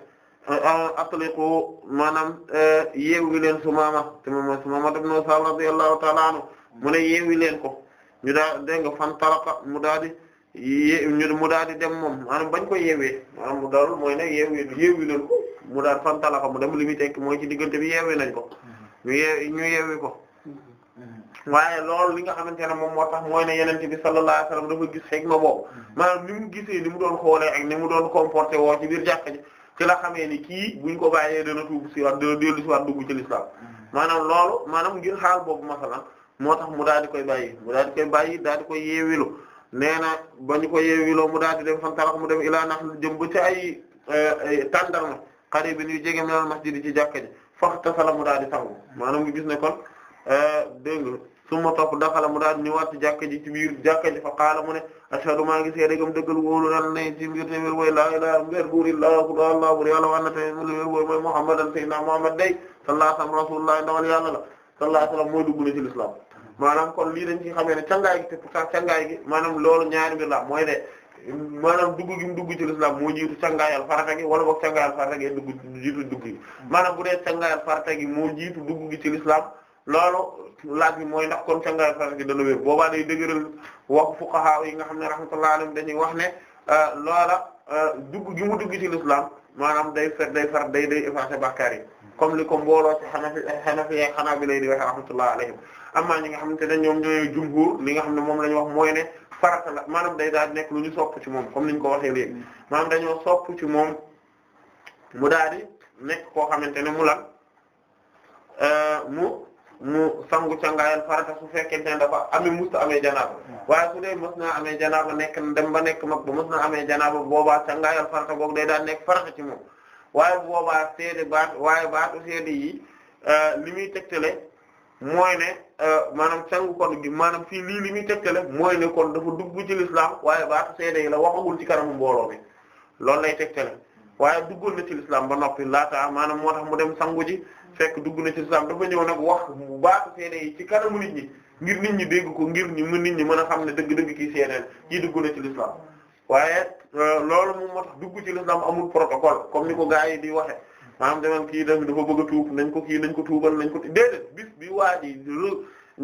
ah, atliqu maanaam euh, yeewi leen Sumaama te moom Sumaama ibn Sa'd radiyallahu ta'ala anhu mu ne yeewi leen ko ñu daal dégg fan talaka mu daal ñu mu daal di dem moom maanaam bañ ko yeewee maanaam mu daal mooy ne yeewee yeewi leen ko mu daal fantalaka mu dem li muy tekki mooy ci diggante bi yeewee nañ ko mm-hmm. ñu yeew ñu yeewee ko mm-hmm. Mm-hmm. waaye loolu li nga xamante ne moom moo tax mooy ne yenente bi sallallahu alayhi wasallam dafa gis xeeg ma boobu maanaam ni mu gisee ni mu doon xoolee ak ni mu doon comporté woo ci biir jàkka ji ci la xamee ni kii buñ ko bàyyee dana tuub ci waat dana dellu ci waat dugg ci l'islam maanaam loolu maanaam ngir xaal boobu masalan moo tax mu daal di koy bàyyi mu daal di koy bàyyi daal di koy yeewilu nee na ba ñu ko yeewiloo mu daal di dem fantarax mu dem ilaa nax jëm ba ci ay tàndarma xarib bi ñuy jege minal masjid yi ci jàkka ji faxtasala mu daal di sangu maanaam nga gis ne kon dégg nga suma topp daxala mu daal di ñëwaat ci jàkka ji ci biir jàkka ji fa qaala mu ne ashhadu maa ngi seede gam dëggal wóolu nan na ci mbir téwér wooy laa ilaa mbir buur illaa ku daa allah buur yàlla wanna tamit mul wér wooy mooy muhammadan sayyidina muhammad day sallallahu alayhi la sallallahu alayhi wa maanaam kon lii dañ ci xamee ne cangaay gi te pourtant gi maanaam loolu ñaari mbir la mooy de maanaam dugg gi mu dugg ci l'islam moo jiitu cangaayal farata gi wala boog cangaayal farata gi dugg jiitu dugg gi maanaam bu dee cangaayal farata gi moo jiitu dugg gi ci l'islam loolu laaj bi mooy ndax kon cangaayal farata gi dana wér boobaa day dëgëral waxu fuqaha yi nga xam ne rahmatullahi alayhim dañuy wax ne euh, loola euh, dugg gi mu dugg ci l'islam maanaam day far day far day day effacer bàkkaar yi comme li ko mbooloo ci Hanafi Hanafi Hanabila di wax rahmatullahi alayhim amaa ñi nga xam ne ñoom ñooy jumhur nga xam ne moom la wax mooy ne farata la maanaam day daal nekk lu ñu sopp ci moom comme ni ñu ko waxee léegi mm. maanaam dañoo sopp ci moom mu daal di nekk koo xamante ne mu lan euh, mu mu sangu cangaayal farata su fekkente ne dafa amee musta amee janaaba mm. waaye su dee mës naa amee janaaba nekk dem ba nekk mag ba mës naa amee janaaba boobaa cangaayal farata googu day daal nekk farata ci moom waaye boobaa seede baat waaye baatu seede yi euh, li muy tegtale mooy ne euh, maanaam sangu kon gi maanaam fii lii li muy tegtale mooy ne kon dafa dugg ci lislaam waaye baatu seede yi la waxagul ci kanamu mbooloo bi loolu lay tegtale waaye duggoon na ci lislaam ba noppi laata maanaam moo tax mu dem sangu ji fekk dugg na ci lislaam dafa ñëw nag wax baatu seede yi ci kanamu nit ñi ngir nit ñi dégg ko ngir ñu mën nit ñi mën a xam ne dëgg-dëgg kii seedeel kii dugg na ci lislaam waaye euh, loolu moom moo tax dugg ci lislaam amul protocole comme ni ko gaa yi di waxe maanaam danañ kii dafa bëgg a tuub nañ ko kii nañ ko tuubal nañ ko déedéet bis bi waa ji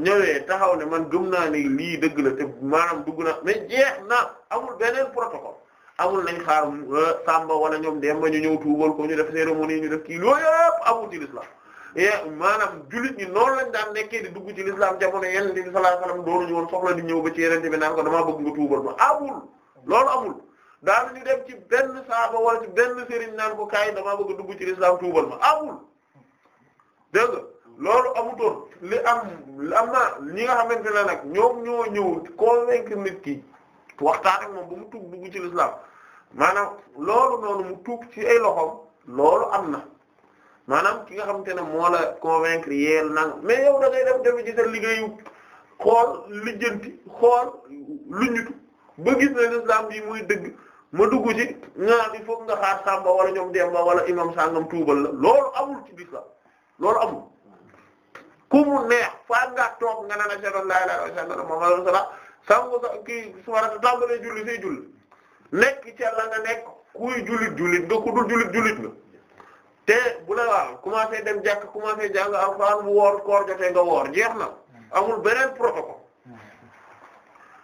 ñëwee taxaw ne man gëm naa ni lii dëgg la te maanaam dugg na mais jeex na amul beneen protocole amul nañ xaar euh, Samba wala ñoom Demba ñu ñëw tuubal ko ñu def cérémonie ñu def kii loolu yëpp amul ci l'islam et maanaam jullit ñi noonu lañ daan nekkee di dugg ci l'islam jamono yonent bi sallallahu alayhi wasallam doonuñu woon soxla di ñëw ba ci yonent bi naan ko damaa bëgg nga tuubal ma amul loolu amul. daal ñu dem ci benn saaba wala ci benn sëriñ naan ko kaay damaa bëgg a dugg ci lislaam tuubal ma amul dégg nga loolu amutoon li am am na ñi nga xamante ne nag ñoom ñoo ñëw convaincre nit ki waxtaan ak moom ba mu tuub dugg ci lislaam maanaam loolu noonu mu tuub ci ay loxoom loolu am na maanaam ki nga xamante ne moo la convaincre yeel nang mais yow da ngay dem defi ci sa liggéeyu xool lijjanti xool luñutu ba gis ne lislaam bi muy dëgg ma dugg ci ñaar il nga xaar Samba wala ñoom Demba wala imam sangam tuubal la loolu amul ci biir la loolu amul ku mu neex fa nga toog nga naan an la ilaha illallah muhammadur rasulullah su war a tàmbalee julli say julli nekk ca la nga nekk kuy jullit jullit nga ku dul jullit jullit nga te bu la waaw commencé dem jàkk commencé jàng alxuraan bu wor koor jotee nga woor jeex na amul beneen protocole hmm.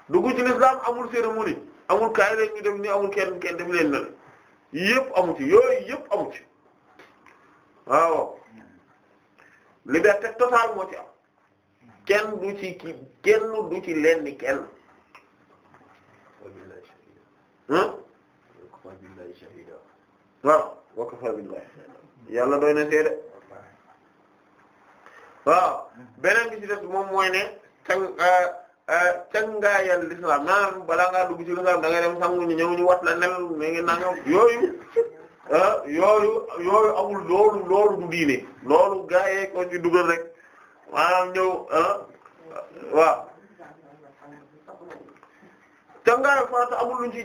dugg ci l'islam amul cérémonie. amul kaay leen ñu def nii amul kenn kenn def leen na yëpp amu ci yooyu yëpp amu ci waaw liberté totale moo ci am kenn du ci kenn du ci lenn kenn ah waaw wakafa billahi yàlla doy na seede waaw beneen bi ci def moom mooy ne euh, Eh, cangaayal l'islam maanaam balaa ngaa dugg ci l'islam da ngay dem sangu ñëw ñu wat la nel mi ngi nangam yooyu eh, yooyu yooyu amul loolu loolu du loolu gaayee ko ci dugal rek maanaam ñëw eh, waaw cangaayal farata amul luñ ciy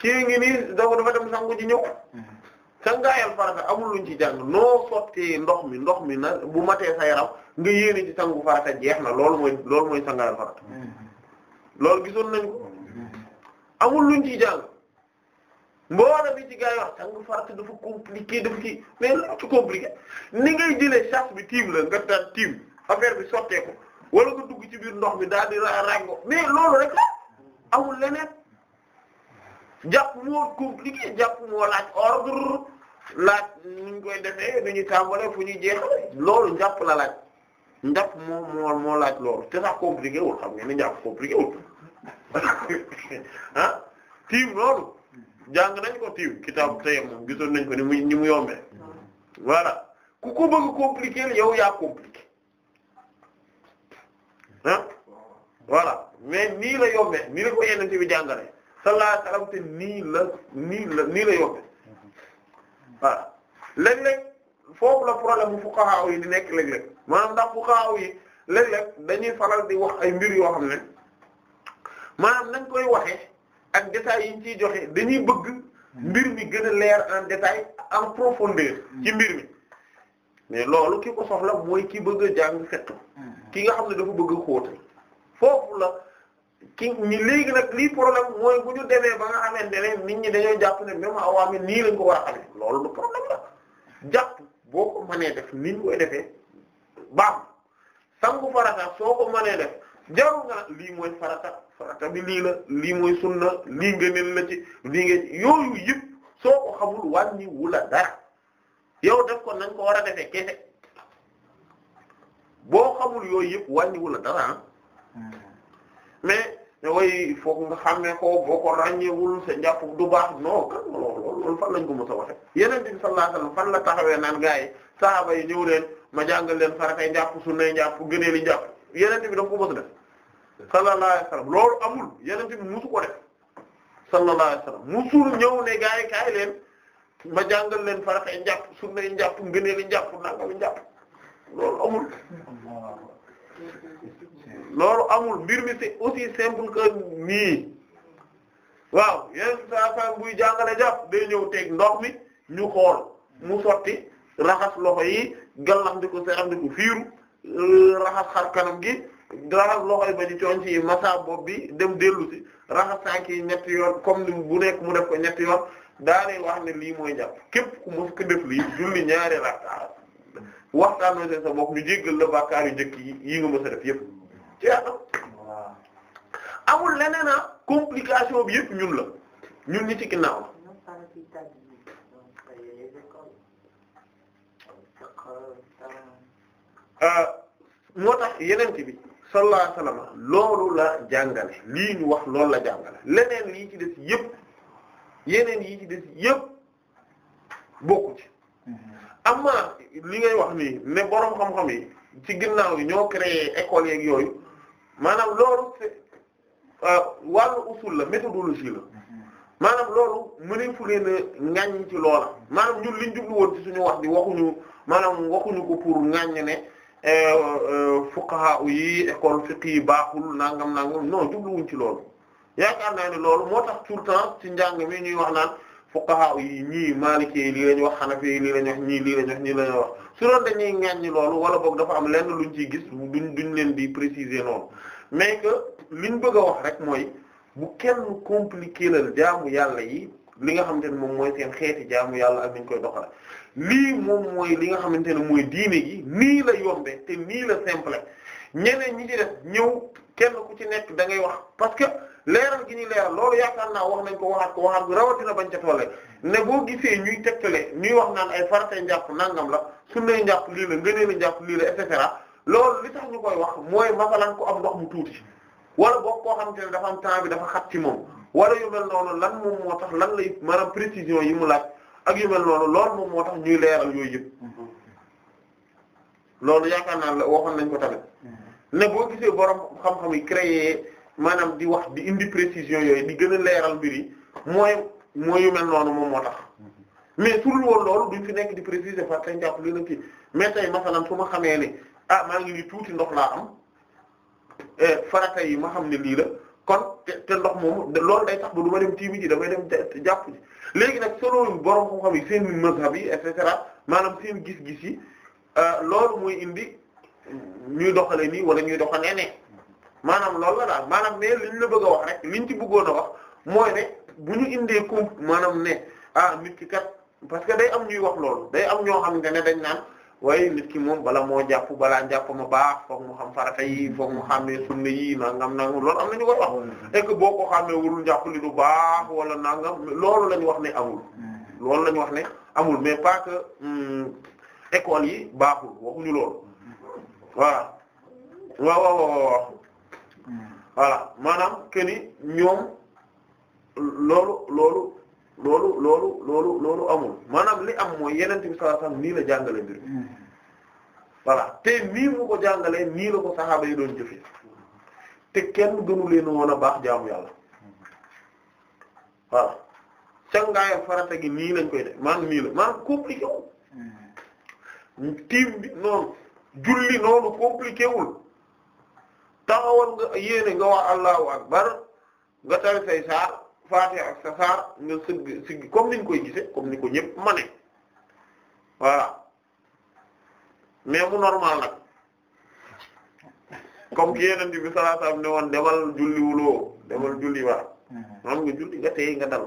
kii ngi nii dafa dafa dem sangu ci ñëw cangaayal farata amul luñ ci jàng noo sottee ndox mi ndox mi na bu matee sa nga yéene ci sangu farata jeex na loolu mooy loolu mooy sangaayal mm-hmm. loolu gisoon nañ ko mm-hmm. amul luñ ciy jàng mbooloo bi ci gaa yi wax sangu dafa compliqué dafa ci mais lu ni ngay jëlee chasse bi tiim la nga daan tiim bi sottee wala nga dugg ci biir ndox mi daal loolu rek la amul leneen jàpp moo compliqué jàpp moo laaj ordre laaj nuñ koy defee nu ñuy tàmbalee fu ñuy jeexalee loolu jàpp la laaj. njàpp moo moo moo laaj loolu te sax compliqué wul xam nga ni njàpp compliqué wul ah tiim loolu jàng nañ ko tiim kitaabu tayammum nañ ni mu ni mu yombee voilà ku ko bëgg compliqué yow yaa compliqué ah voilà mais nii la yombee nii la ko yeneen bi jàngale te nii la nii la nii foofu la problème bu fuqaha yi di nekk léeg-léeg maanaam ndax fuqaha yi léeg-léeg dañuy faral di wax ay mbir yoo xam ne maanaam nañ koy waxee ak détails yi ñu joxe dañuy bëgg mbir mi gën a leer en détail en mbir mi mais loolu ki ko soxla mooy ki bëgg a jàng mm-hmm. ki nga xam ne dafa bëgg a xóotal foofu la ki ñi nag lii problème mooy bu ñu demee ba nga xamante ne nit ñi dañoo jàpp ne même awaami nii lañ ko war a loolu du problème la jàpp boo ko mënee def ni ñu koy defee baax sangu farata soo ko mënee def jaru nga lii mooy farata farata bi lii la lii mooy sunna lii ngëneel la ci lii nga yooyu yëpp soo ko xamul wàññi wula dara yow def ko nañ ko war a defee kese boo xamul yooyu yëpp wàññi wula dara ah. hmm. mais ne way foog nga ko boo ko njàpp du baax non kan lool loolu fan lañ ko mos a waxe yeneen bi sallallahu alayhi wasallam fan taxawe naan gaay yi sahaaba yi ñëw leen ma jàngal leen faratay njàpp sunnay njàpp gënee li njàpp yeneen bi dafa ko mos a def sallallahu alayhi wasallam loolu amul yeneen bi musu ko def sallallahu wasallam musul ñëw ne kaay leen ma jàngal leen faratay njàpp sunnay njàpp gënee li njàpp nanga li njàpp loolu amul loolu amul mbir mi c'est aussi simple que nii waaw yenn saa saa buy jàngale jàpp day ñëw teg ndox mi ñu xool mu sotti raxas loxo yi gallax di ko seexam di ko fiiru euh, raxas xar kanam gi raxas loxo yi ba ci cooñ ci massa bopp bi dem dellu si raxas sànk yi ñetti yoon comme ni bu nekk mu def ko ñetti yoon daanay wax ne lii mooy jàpp képp ku mos ko def lii julli ñaari rakka waxtaanoo seen sa bopp ñu jéggal la bàkkaar yu njëkk yi nga mës a def yëpp jeex na amul leneen a complication bi yëpp ñun la ñun ñi ci ginnaaw la euh, moo tax yeneen ci bi sallallahu alayhi loolu la jàngale lii ñu wax loolu la jàngale leneen lii ci des yëpp yeneen yi ci des yëpp bokku ci amma li ngay wax nii ne boroom xam-xam yi ci ginnaaw yi ñoo créer ecole yeeg yooyu maanaam loolu euh, wàllu usul la méthodologie la maanaam loolu mëneefu leen a ŋaññ ci loola maanaam ñun liñ jublu woon ci suñu wax di waxuñu maanaam waxuñu ko pour ŋaññ ne euh, euh, fuqaha yi école fiqh yi baaxul nangam nangam non jubluwuñ ci loolu yaakaar naa ne loolu moo tax tout le temps ci njàng mi ñuy wax naan fuqaha yi ñii maliki yi lii lañu wax xanafi yi lii lañu wax ñii lii lañu wax ñii lañu wax su doon dañuy ŋaññi loolu wala boog dafa am lenn luñ ciy gis duñ duñ leen di préciser noonu mais que liñ bëgg a wax rek mooy bu kenn compliqué lal jaamu yàlla yi li nga xamante ne moom mooy seen xeeti jaamu yàlla ak niñ koy doxale lii moom mooy li nga xamante ne mooy diine gi nii la yombe te nii la simple ñeneen ñi ci def ñëw kenn ku ci nekk da ngay wax parce que leeral gi ñu leeral loolu yaakaar naa wax nañ ko waxaat ko waxaat ko rawatina bañ ca tolle ne boo gisee ñuy tegtale ñuy wax naan ay farate njàpp nangam la sunnay njàpp lii la ngëneel njàpp lii la et cetera loolu li tax ñu koy wax mooy masalan ko am ndox mu tuuti wala boog koo xamante ne dafa am temps bi dafa xat ci moom wala yu noonu lan moom moo tax lan lay maanaam précision yi mu laaj ak yu mel noonu loolu moom moo tax ñuy leeral yooyu yëpp mm-hmm. loolu yaakaar naa la waxoon nañ ko tamit mm-hmm. ne boo gisee borom xam yi créé maanaam di wax di indi yooyu di gën a leeral mbir yi mooy mooy yu mel noonu moom moo tax mm-hmm. mais su dul woon loolu duñ fi nekk di préciser parce que jàpp li na kii mais su ma xamee ni ah maa ngi nii tuuti ndox laa am eh, farata yi ma xam ne lii la kon te te ndox moomu lool day tax ba du dem tiimi ji damay dem jàpp ji léegi nag selon borom xam-xam yi seen mazhab bi et cetera maanaam seen gis-gis yi eh, loolu mooy indi ñuy doxale nii wala ñuy doxalee ne maanaam loolu la daal maanaam ne liñ la bëgg a wax rek liñ ci bëggoon a wax mooy ne bu ñu indee ko maanaam ne ah nit ki kat parce que day am ñuy wax loolu day am ñoo xamante ne dañ naan. waaye nit ki moom bala moo jàpp balaa njàpp ma baax foog mu xam farata yi mm-hmm. foog mu xàmmee sunna yi nangam nangam loolu am na ñu koy wax mm-hmm. et que boo ko xàmmee wurul njàpp li du baax wala nangam loolu lañu wax ne amul mm-hmm. loolu lañu wax ne amul mais pas mm, école yi baaxul waxuñu loolu voilà waaw waaw waaw voilà maanaam que ni ñoom loolu loolu loolu loolu loolu loolu amul maanaam li am mooy yeneen bi sallallahu alayhi nii la jàngale mbir mi voilà te nii ko jàngalee nii la ko saxaaba yi doon jëfee te kenn gënu leen woon a baax jaamu yàlla voilà cangaayal farata gi nii lañ koy def man nii la man compliqué wul tiim bi noonu julli noonu compliqué wul taxawal nga yéene nga wax allahu akbar nga tari say saar Fatiha ak sa saar nga sëgg sëgg comme niñ koy gise comme ni ko ñëpp mane voilà mais mu normal nag comme ki yeneen bi sallallahu alayhi wasallam ne woon demal julliwuloo demal julli waa maanaam mm-hmm. nga julli nga tey nga dal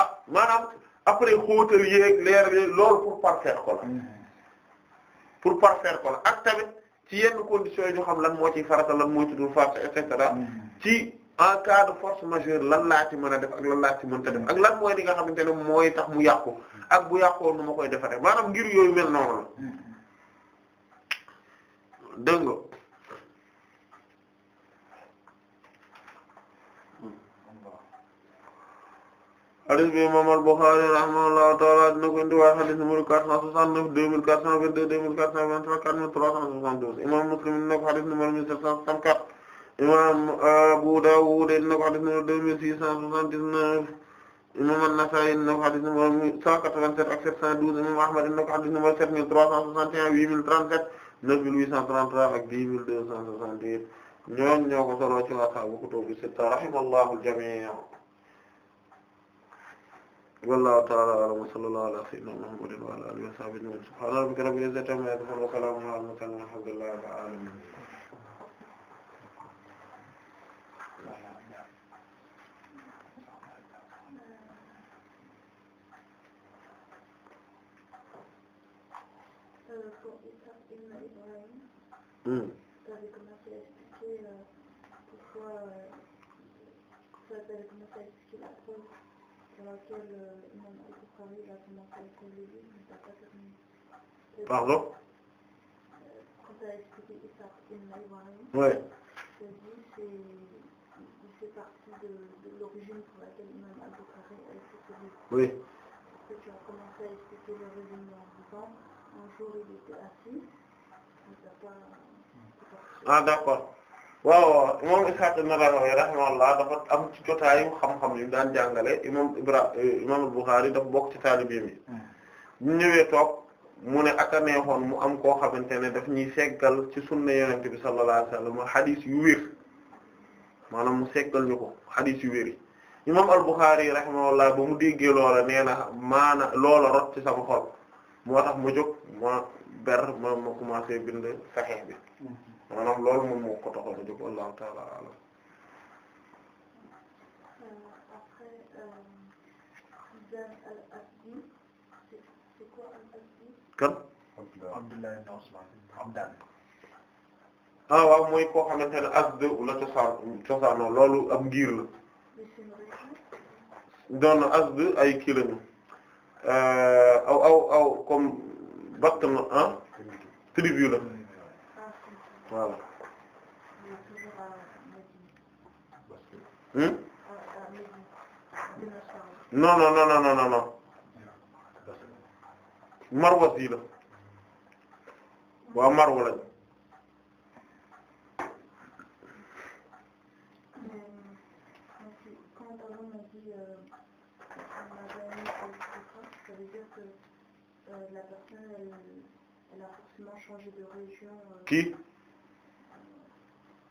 ah, ah, après xóotal yeeg leer loolu pour parfaire ko la mm-hmm. pour parfaire ko la ak tamit ci yenn conditions yi xam lan moo ci farata lan moo ci dul farata mm-hmm. ci en cas de force majeure lan laa ci mën a def ak lan laa ci mënta def ak lan mooy li nga xamante ne mooy tax mu yàqu ak bu yàqoon nu ma koy defaree maanaam ngir yooyu mel noonu la mm-hmm. dégg nga hadis bi imam al-Bukhari rahimahullahu ta'ala dina ko indi waaye hadis numéro 469 2422 2423 4372 imam Muslim dina ko hadis numéro 1764 imam euh, Abu Dawud dina ko hadis numéro 2679 imam An-Nasa'i dina ko hadis numéro 187 ak 712 imam Ahmad dina ko hadis numéro 7361 8037 9833 ak 10268 ñoom ñoo ko solo ci ashaabu kutubu sitta rahimallahu al-jami' wallahu ta'ala a'lam wa sallallahu ala sayyidina muhammadin wa ala alihi wa sahbihi ajma'in subhana rabbika rabbil izzati amma yasifun wa salamun ala al-mursalin walhamdulillahi rabbil alamin Hum. Vous avez commencé à expliquer pourquoi vous avez commencé à expliquer sur laquelle Imam al-Bukhari a commencé à coller le livre, mais n'a pas terminé. Euh, Pardon? Euh, quand tu as expliqué Ishaq ibn Ibrahim, ouais. Tu as dit c'est il fait partie de, de l'origine pour laquelle Imam al-Bukhari a écrit ce livre. Oui. Après, tu as commencé à expliquer l'origine en disant un jour il était assis, mais tu n'as pas. Ah d'accord. waaw moom Ishaq ibn Rahowi rahimahullah dafa am ci jotaayu xam-xam daan jàngale imam Ibra eh, imam Bukhari dafa bokk ci taalibeem hmm. yi ñu ñëwee toog mu ne ak a neexoon mu am koo xamante ne daf ñuy seggal ci sunna yonent bi sallallahu alayhi wasallam xadis yu wér maanaam mu seggal ñu ko xadis yu wér yi imam al-Bukhari rahimahullah ba mu déggee loola nee na maana loola rot ci sama xol moo tax ma jóg ma ber ma ma bind Sahih bi hmm. maanaam loolu moom moo ko taxoon a jóg wallahu ta'ala a'lam euh, kan Abdullah ibn Usman Abdan ah waaw mooy koo xamante ne asd la cosaan cosaanoo loolu ab ngir la doon ay kii lañu euh, aw aw aw comme bakk na ah waaw. non hmm? non non non non non marwa sii la waaw marwa lañ qui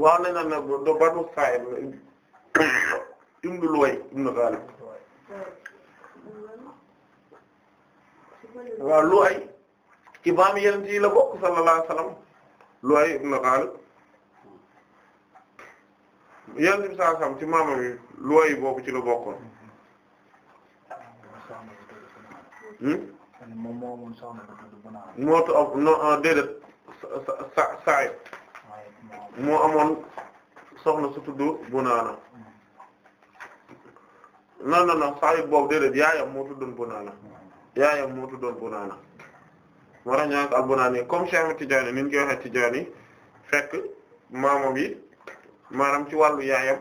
waaw nañ naan nag do banu Sa'id ibnu Luway ibnu Ghalib waaw Luway ci maam yeneen yi la bokk sallallahu alayhi wasallam Luway ibnu Ghalib yeneen bi saa sam ci maamam yi Luway boobu ci la bokkoon hmm? moo tax non déedéet Sa'id moo amoon soxna su tudd bu Bunaana non non non sahib boobu déedéet yaayam moo tuddoon Bunaana yaayam moo tuddoon Bunaana moo tax ñu naan ko al-Bunaani comme Cheikh Tidiane ni ñu koy waxee Tidiane fekk maamam yi maanaam ci wàllu yaayam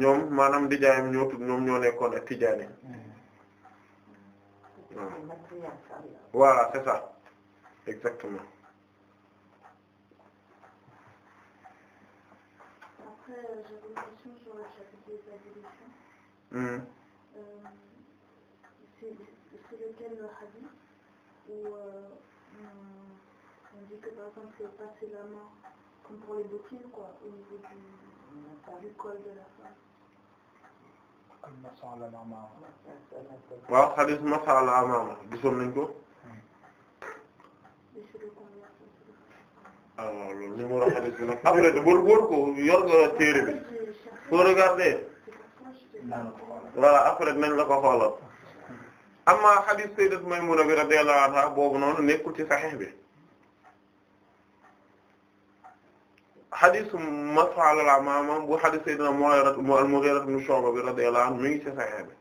ñoom maanaam ndijaayam ñoo tudd ñoom ñoo nekkoon ak Tidiane voilà c'est ça exactement c'est lequel le hadith où on dit que par exemple passer la main comme pour les bottines quoi au niveau du col de la femme. waaw hadith masala amaama gisoon nañ ko. Hmm. ah loolu numéro xadis bi nag après de bul wóor ko yor nga téere bi soo regarder voilà après nañ la ko xoolal amma xadis sayyidat Maymuna bi radiyallahu anha boobu noonu nekkul ci saxiix bi xadisu masalala mamam bu xadis sayyidina al-Mughira ibn Shu'ba bi radiyallahu anhu mi ngi ci saxiix bi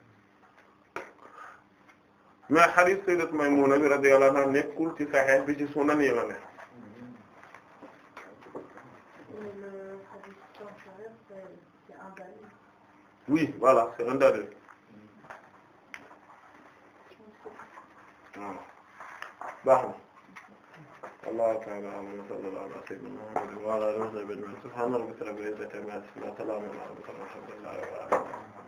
mais xadis sayyidat Maymuna bi radiyallahu anha nekkul ci saxiix bi ci sunan yi la ne Oui, voilà, c'est un daadé. Baax na. Allahu ta'ala a'lam wa sallallahu ala sayyidina Muhammad wa ala alihi wa sahbihi subhana rabbika rabbil izzati amma yasifun wa salamun ala al-mursalin walhamdulillahi rabbil alamin